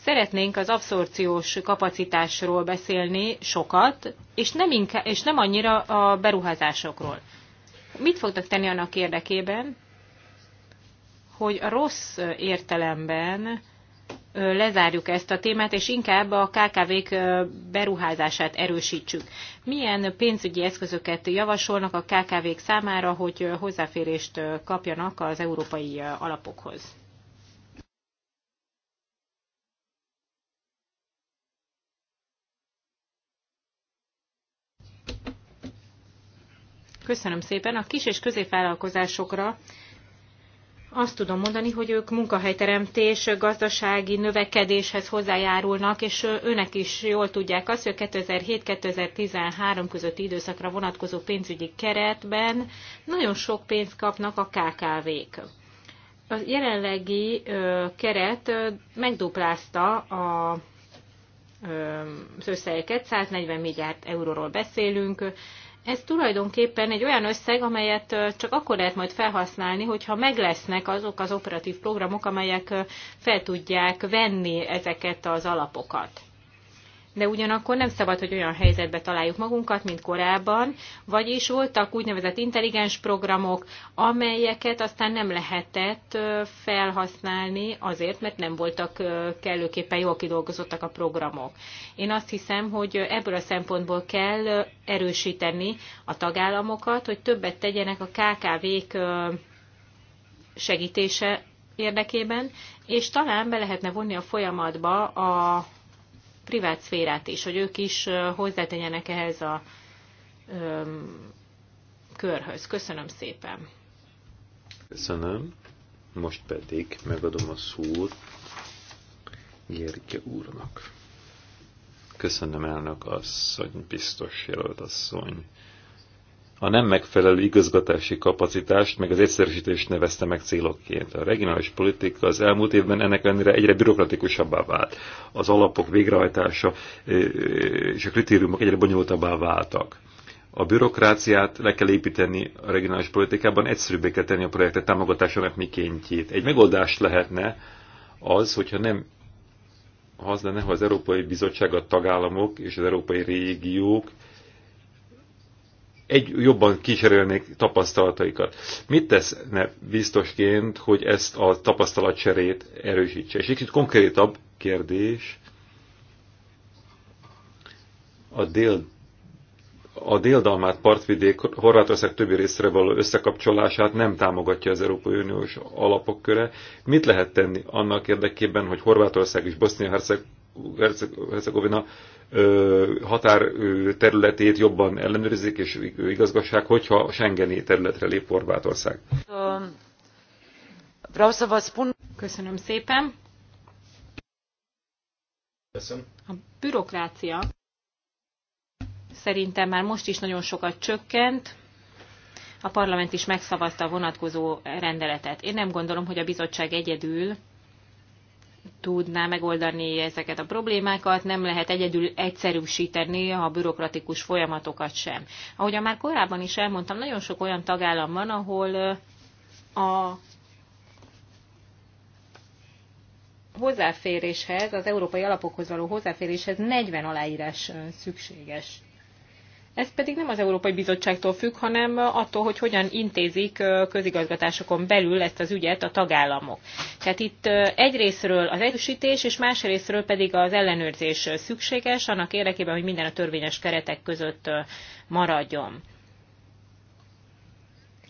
szeretnénk az abszorciós kapacitásról beszélni sokat, és nem, inkább, és nem annyira a beruházásokról. Mit fogtak tenni annak érdekében, hogy a rossz értelemben lezárjuk ezt a témát, és inkább a KKV-k beruházását erősítsük. Milyen pénzügyi eszközöket javasolnak a KKV-k számára, hogy hozzáférést kapjanak az európai alapokhoz? Köszönöm szépen. A kis és középvállalkozásokra azt tudom mondani, hogy ők munkahelyteremtés, gazdasági növekedéshez hozzájárulnak, és őnek is jól tudják azt, hogy 2007-2013 közötti időszakra vonatkozó pénzügyi keretben nagyon sok pénzt kapnak a KKV-k. A jelenlegi keret megduplázta a, az összegeket, 140 milliárd euróról beszélünk, ez tulajdonképpen egy olyan összeg, amelyet csak akkor lehet majd felhasználni, hogyha meglesznek azok az operatív programok, amelyek fel tudják venni ezeket az alapokat de ugyanakkor nem szabad, hogy olyan helyzetbe találjuk magunkat, mint korábban, vagyis voltak úgynevezett intelligens programok, amelyeket aztán nem lehetett felhasználni azért, mert nem voltak kellőképpen jól kidolgozottak a programok. Én azt hiszem, hogy ebből a szempontból kell erősíteni a tagállamokat, hogy többet tegyenek a KKV-k segítése érdekében, és talán be lehetne vonni a folyamatba a privát szférát is, hogy ők is hozzátegyenek ehhez a öm, körhöz. Köszönöm szépen. Köszönöm. Most pedig megadom a szót Gerke úrnak. Köszönöm elnök asszony, biztos jelölt asszony a nem megfelelő igazgatási kapacitást, meg az egyszerűsítést nevezte meg célokként. A regionális politika az elmúlt évben ennek ellenére egyre bürokratikusabbá vált. Az alapok végrehajtása és a kritériumok egyre bonyolultabbá váltak. A bürokráciát le kell építeni a regionális politikában, egyszerűbbé kell tenni a projektet támogatásának mikéntjét. Egy megoldást lehetne az, hogyha nem az lenne, ha az Európai Bizottság, a tagállamok és az európai régiók egy jobban kicserélnék tapasztalataikat. Mit teszne biztosként, hogy ezt a tapasztalatcserét erősítse? És egy kicsit konkrétabb kérdés. A dél a déldalmát partvidék Horvátország többi részre való összekapcsolását nem támogatja az Európai Uniós alapok köre. Mit lehet tenni annak érdekében, hogy Horvátország és Bosznia-Hercegovina területét jobban ellenőrizik és igazgassák, hogyha a Schengeni területre lép Horvátország. Köszönöm szépen. A bürokrácia szerintem már most is nagyon sokat csökkent. A parlament is megszavazta a vonatkozó rendeletet. Én nem gondolom, hogy a bizottság egyedül tudná megoldani ezeket a problémákat, nem lehet egyedül egyszerűsíteni a bürokratikus folyamatokat sem. Ahogyan már korábban is elmondtam, nagyon sok olyan tagállam van, ahol a hozzáféréshez, az európai alapokhoz való hozzáféréshez 40 aláírás szükséges. Ez pedig nem az Európai Bizottságtól függ, hanem attól, hogy hogyan intézik közigazgatásokon belül ezt az ügyet a tagállamok. Tehát itt egyrésztről az erősítés, és másrésztről pedig az ellenőrzés szükséges, annak érdekében, hogy minden a törvényes keretek között maradjon.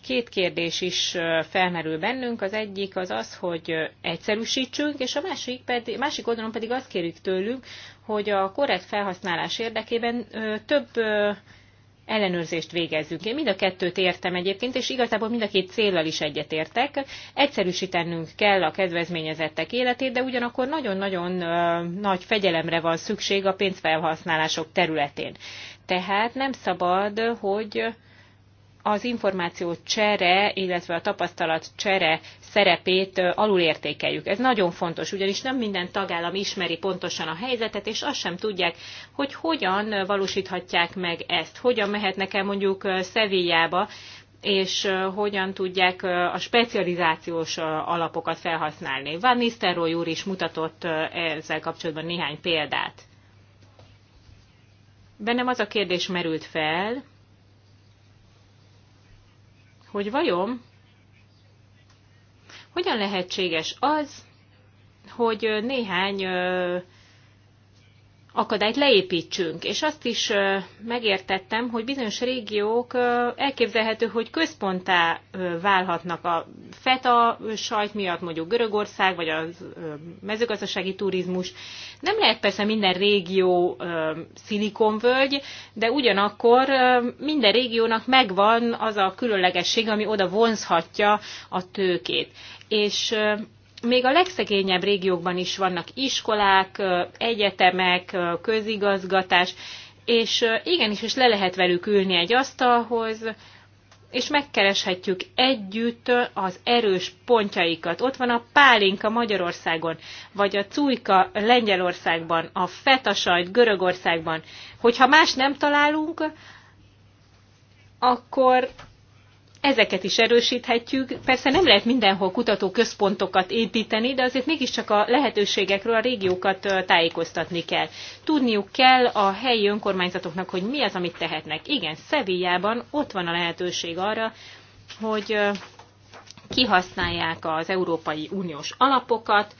Két kérdés is felmerül bennünk. Az egyik az az, hogy egyszerűsítsünk, és a másik, pedig, másik oldalon pedig azt kérjük tőlünk, hogy a korrekt felhasználás érdekében több ellenőrzést végezzünk. Én mind a kettőt értem egyébként, és igazából mind a két célral is egyetértek. Egyszerűsítenünk kell a kedvezményezettek életét, de ugyanakkor nagyon-nagyon nagy fegyelemre van szükség a pénzfelhasználások területén. Tehát nem szabad, hogy az információ csere, illetve a tapasztalat csere szerepét alulértékeljük. Ez nagyon fontos, ugyanis nem minden tagállam ismeri pontosan a helyzetet, és azt sem tudják, hogy hogyan valósíthatják meg ezt, hogyan mehetnek el mondjuk Szevillába, és hogyan tudják a specializációs alapokat felhasználni. Van Nisztelrooy úr is mutatott ezzel kapcsolatban néhány példát. Bennem az a kérdés merült fel, hogy vajon hogyan lehetséges az, hogy néhány akadályt leépítsünk. És azt is megértettem, hogy bizonyos régiók elképzelhető, hogy központá válhatnak a feta sajt miatt, mondjuk Görögország, vagy a mezőgazdasági turizmus. Nem lehet persze minden régió szilikonvölgy, de ugyanakkor minden régiónak megvan az a különlegesség, ami oda vonzhatja a tőkét. És még a legszegényebb régiókban is vannak iskolák, egyetemek, közigazgatás, és igenis, és le lehet velük ülni egy asztalhoz, és megkereshetjük együtt az erős pontjaikat. Ott van a pálinka Magyarországon, vagy a cújka Lengyelországban, a fetasajt Görögországban. Hogyha más nem találunk, akkor ezeket is erősíthetjük. Persze nem lehet mindenhol kutatóközpontokat építeni, de azért mégiscsak a lehetőségekről a régiókat tájékoztatni kell. Tudniuk kell a helyi önkormányzatoknak, hogy mi az, amit tehetnek. Igen, Szevíjában ott van a lehetőség arra, hogy kihasználják az Európai Uniós alapokat,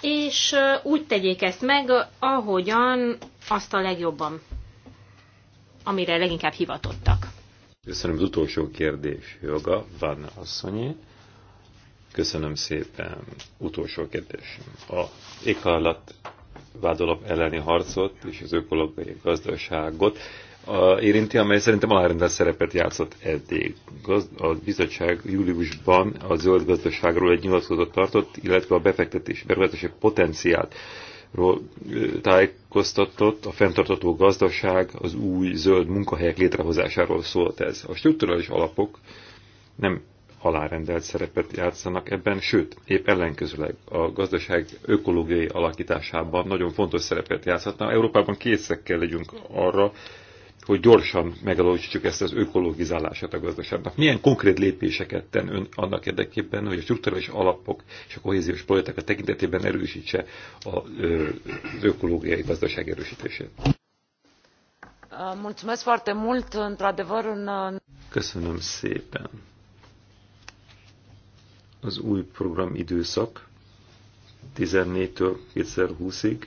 és úgy tegyék ezt meg, ahogyan azt a legjobban, amire leginkább hivatottak. Köszönöm az utolsó kérdés, Joga, Vanna asszonyi. Köszönöm szépen. Utolsó kérdés. A éghajlat vádolap elleni harcot és az ökológiai gazdaságot a, érinti, amely szerintem alárendelt szerepet játszott eddig. A bizottság júliusban a zöld gazdaságról egy nyilatkozatot tartott, illetve a befektetés befektetési potenciált tájékoztatott, a fenntartató gazdaság, az új zöld munkahelyek létrehozásáról szólt ez. A struktúrális alapok nem alárendelt szerepet játszanak ebben, sőt, épp ellenkezőleg a gazdaság ökológiai alakításában nagyon fontos szerepet játszhatna. Európában készek kell legyünk arra, hogy gyorsan megalósítsuk ezt az ökologizálását a gazdaságnak. Milyen konkrét lépéseket ten ön annak érdekében, hogy a struktúrális alapok és a kohéziós politika tekintetében erősítse az ökológiai gazdaság erősítését? Uh, mulțumesc foarte mult, într-adevăr, în... Köszönöm szépen. Az új program időszak 14-től 2020-ig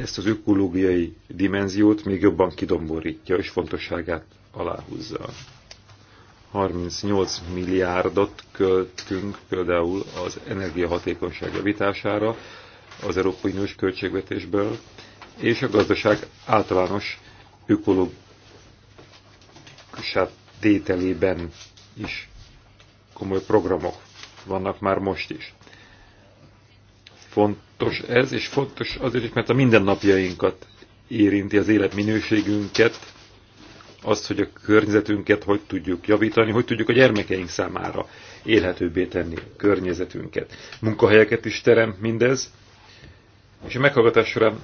ezt az ökológiai dimenziót még jobban kidomborítja és fontosságát aláhúzza. 38 milliárdot költünk például az energiahatékonyság javítására az Európai Uniós költségvetésből, és a gazdaság általános ökológusát tételében is komoly programok vannak már most is. Fontos ez, és fontos azért is, mert a mindennapjainkat érinti az életminőségünket, azt, hogy a környezetünket hogy tudjuk javítani, hogy tudjuk a gyermekeink számára élhetőbbé tenni a környezetünket. Munkahelyeket is terem mindez, és a meghallgatás során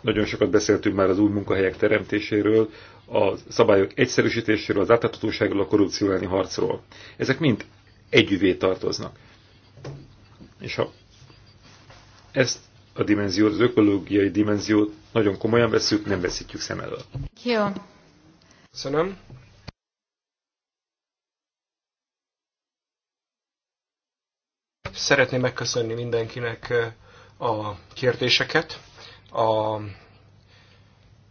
nagyon sokat beszéltünk már az új munkahelyek teremtéséről, a szabályok egyszerűsítéséről, az átláthatóságról, a korrupció elleni harcról. Ezek mind együvé tartoznak. És ha ezt a dimenziót, az ökológiai dimenziót nagyon komolyan veszük, nem veszítjük szem elől. Jó. Köszönöm. Szeretném megköszönni mindenkinek eh, a kérdéseket, a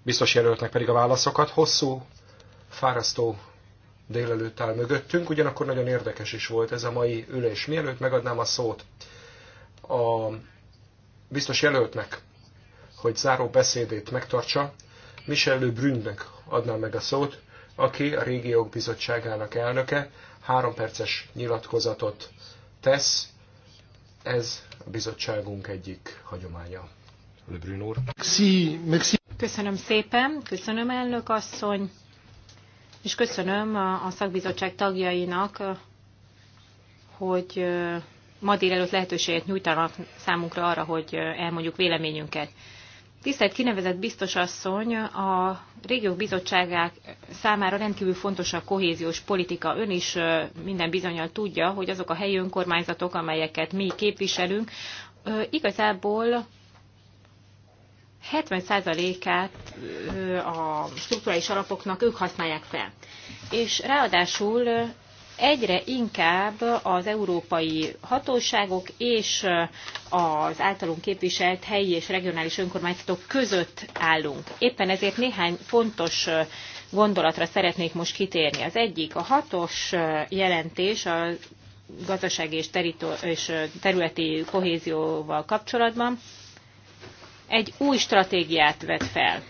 biztos jelöltnek pedig a válaszokat. Hosszú, fárasztó délelőtt áll mögöttünk, ugyanakkor nagyon érdekes is volt ez a mai ülés. Mielőtt megadnám a szót a biztos jelöltnek, hogy záró beszédét megtartsa, Michel Brünnek adná meg a szót, aki a Régiók Bizottságának elnöke, három perces nyilatkozatot tesz. Ez a bizottságunk egyik hagyománya. Lebrun úr. Köszönöm szépen, köszönöm elnök asszony, és köszönöm a szakbizottság tagjainak, hogy ma délelőtt lehetőséget nyújtanak számunkra arra, hogy elmondjuk véleményünket. Tisztelt kinevezett biztos asszony, a régiók bizottságák számára rendkívül fontos a kohéziós politika. Ön is minden bizonyal tudja, hogy azok a helyi önkormányzatok, amelyeket mi képviselünk, igazából 70%-át a strukturális alapoknak ők használják fel. És ráadásul egyre inkább az európai hatóságok és az általunk képviselt helyi és regionális önkormányzatok között állunk. Éppen ezért néhány fontos gondolatra szeretnék most kitérni. Az egyik, a hatos jelentés a gazdasági és, és területi kohézióval kapcsolatban egy új stratégiát vet fel.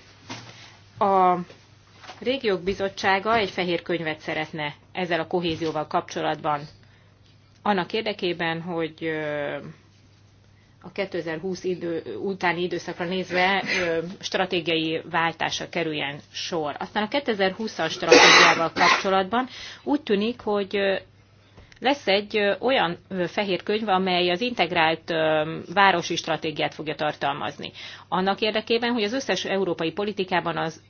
A Régiók Bizottsága egy fehér könyvet szeretne ezzel a kohézióval kapcsolatban. Annak érdekében, hogy a 2020 idő, utáni időszakra nézve stratégiai váltásra kerüljen sor. Aztán a 2020-as stratégiával kapcsolatban úgy tűnik, hogy lesz egy olyan fehér könyv, amely az integrált városi stratégiát fogja tartalmazni. Annak érdekében, hogy az összes európai politikában az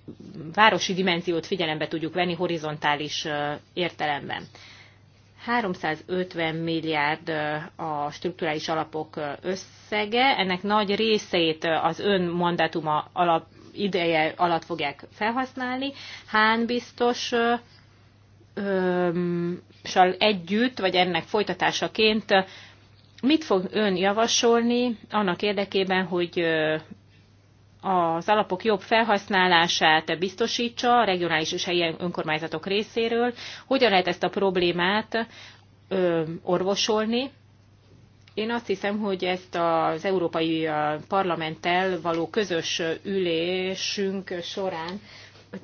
városi dimenziót figyelembe tudjuk venni horizontális értelemben. 350 milliárd a strukturális alapok összege, ennek nagy részét az ön mandátuma alap, ideje alatt fogják felhasználni. Hán biztos együtt, vagy ennek folytatásaként mit fog ön javasolni annak érdekében, hogy az alapok jobb felhasználását biztosítsa a regionális és helyi önkormányzatok részéről, hogyan lehet ezt a problémát orvosolni, én azt hiszem, hogy ezt az Európai Parlamenttel való közös ülésünk során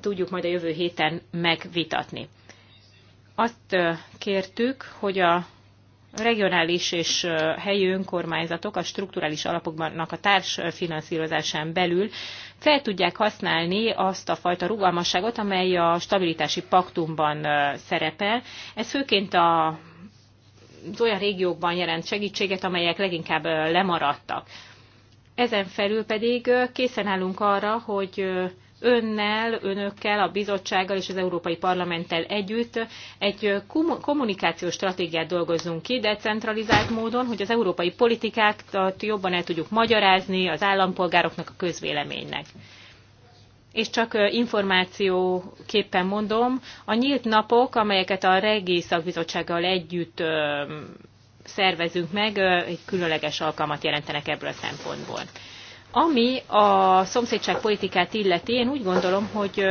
tudjuk majd a jövő héten megvitatni azt kértük, hogy a regionális és helyi önkormányzatok a strukturális alapoknak a társfinanszírozásán belül fel tudják használni azt a fajta rugalmasságot, amely a stabilitási paktumban szerepel. Ez főként a az olyan régiókban jelent segítséget, amelyek leginkább lemaradtak. Ezen felül pedig készen állunk arra, hogy önnel, önökkel, a bizottsággal és az Európai Parlamenttel együtt egy kommunikációs stratégiát dolgozzunk ki, decentralizált módon, hogy az európai politikákat jobban el tudjuk magyarázni az állampolgároknak, a közvéleménynek. És csak információképpen mondom, a nyílt napok, amelyeket a Regi Szakbizottsággal együtt szervezünk meg, egy különleges alkalmat jelentenek ebből a szempontból. Ami a szomszédságpolitikát illeti, én úgy gondolom, hogy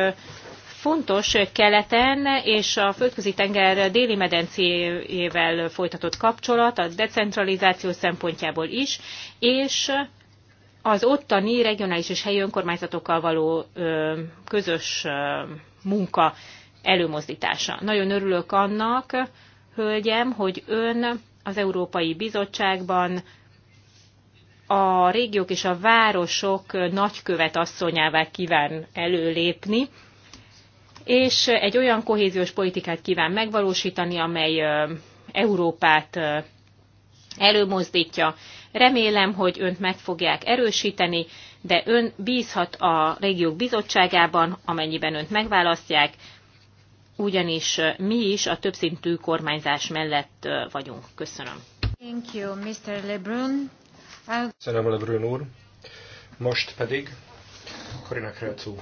fontos keleten és a földközi tenger déli medencéjével folytatott kapcsolat a decentralizáció szempontjából is, és az ottani regionális és helyi önkormányzatokkal való közös munka előmozdítása. Nagyon örülök annak, hölgyem, hogy ön az Európai Bizottságban a régiók és a városok nagykövet asszonyává kíván előlépni, és egy olyan kohéziós politikát kíván megvalósítani, amely Európát előmozdítja. Remélem, hogy önt meg fogják erősíteni, de ön bízhat a régiók bizottságában, amennyiben önt megválasztják, ugyanis mi is a többszintű kormányzás mellett vagyunk. Köszönöm. Thank you, Mr. Lebrun. Köszönöm, Lebrőn úr. Most pedig Karina Krecu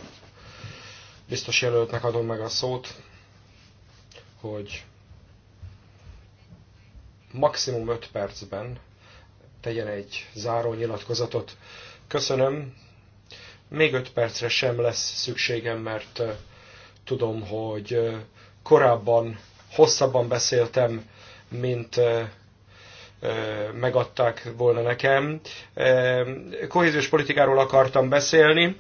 biztos jelöltnek adom meg a szót, hogy maximum 5 percben tegyen egy záró nyilatkozatot. Köszönöm. Még 5 percre sem lesz szükségem, mert tudom, hogy korábban hosszabban beszéltem, mint megadták volna nekem. Kohéziós politikáról akartam beszélni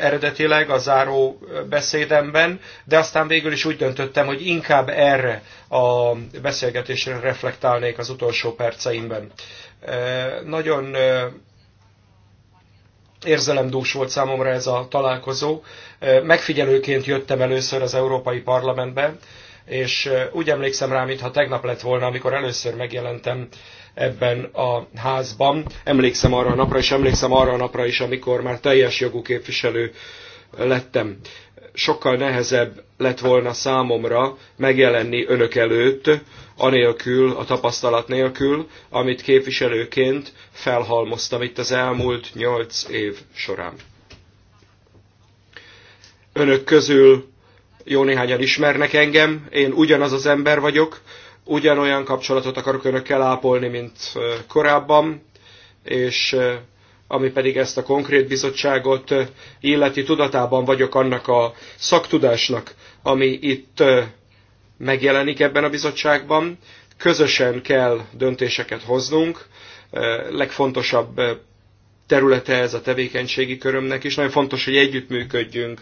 eredetileg a záró beszédemben, de aztán végül is úgy döntöttem, hogy inkább erre a beszélgetésre reflektálnék az utolsó perceimben. Nagyon érzelemdús volt számomra ez a találkozó. Megfigyelőként jöttem először az Európai Parlamentbe, és úgy emlékszem rá, mintha tegnap lett volna, amikor először megjelentem ebben a házban. Emlékszem arra a napra, és emlékszem arra a napra is, amikor már teljes jogú képviselő lettem. Sokkal nehezebb lett volna számomra megjelenni önök előtt, anélkül, a tapasztalat nélkül, amit képviselőként felhalmoztam itt az elmúlt nyolc év során. Önök közül jó néhányan ismernek engem, én ugyanaz az ember vagyok, ugyanolyan kapcsolatot akarok önökkel ápolni, mint korábban, és ami pedig ezt a konkrét bizottságot illeti tudatában vagyok annak a szaktudásnak, ami itt megjelenik ebben a bizottságban. Közösen kell döntéseket hoznunk, legfontosabb területe ez a tevékenységi körömnek, és nagyon fontos, hogy együttműködjünk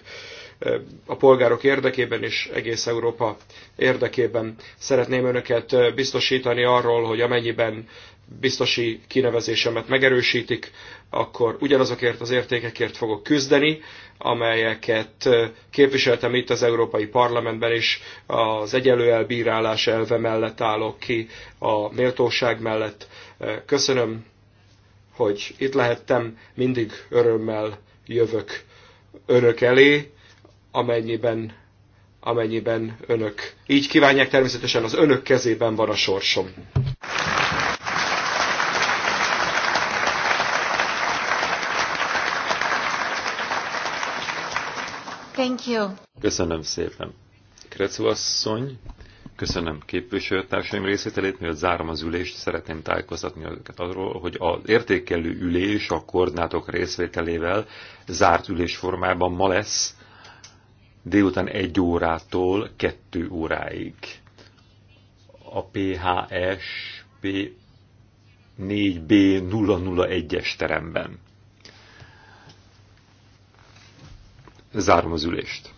a polgárok érdekében és egész Európa érdekében. Szeretném önöket biztosítani arról, hogy amennyiben biztosi kinevezésemet megerősítik, akkor ugyanazokért az értékekért fogok küzdeni, amelyeket képviseltem itt az Európai Parlamentben is, az egyenlő elbírálás elve mellett állok ki, a méltóság mellett. Köszönöm, hogy itt lehettem, mindig örömmel jövök önök elé, amennyiben, amennyiben önök így kívánják, természetesen az önök kezében van a sorsom. Thank you. Köszönöm szépen. Krecu asszony, köszönöm képviselőtársaim részvételét, mielőtt zárom az ülést, szeretném tájékoztatni őket arról, hogy az értékelő ülés a koordinátok részvételével zárt ülésformában ma lesz délután egy órától kettő óráig. A PHS p 4B001-es teremben. Zárom az ülést.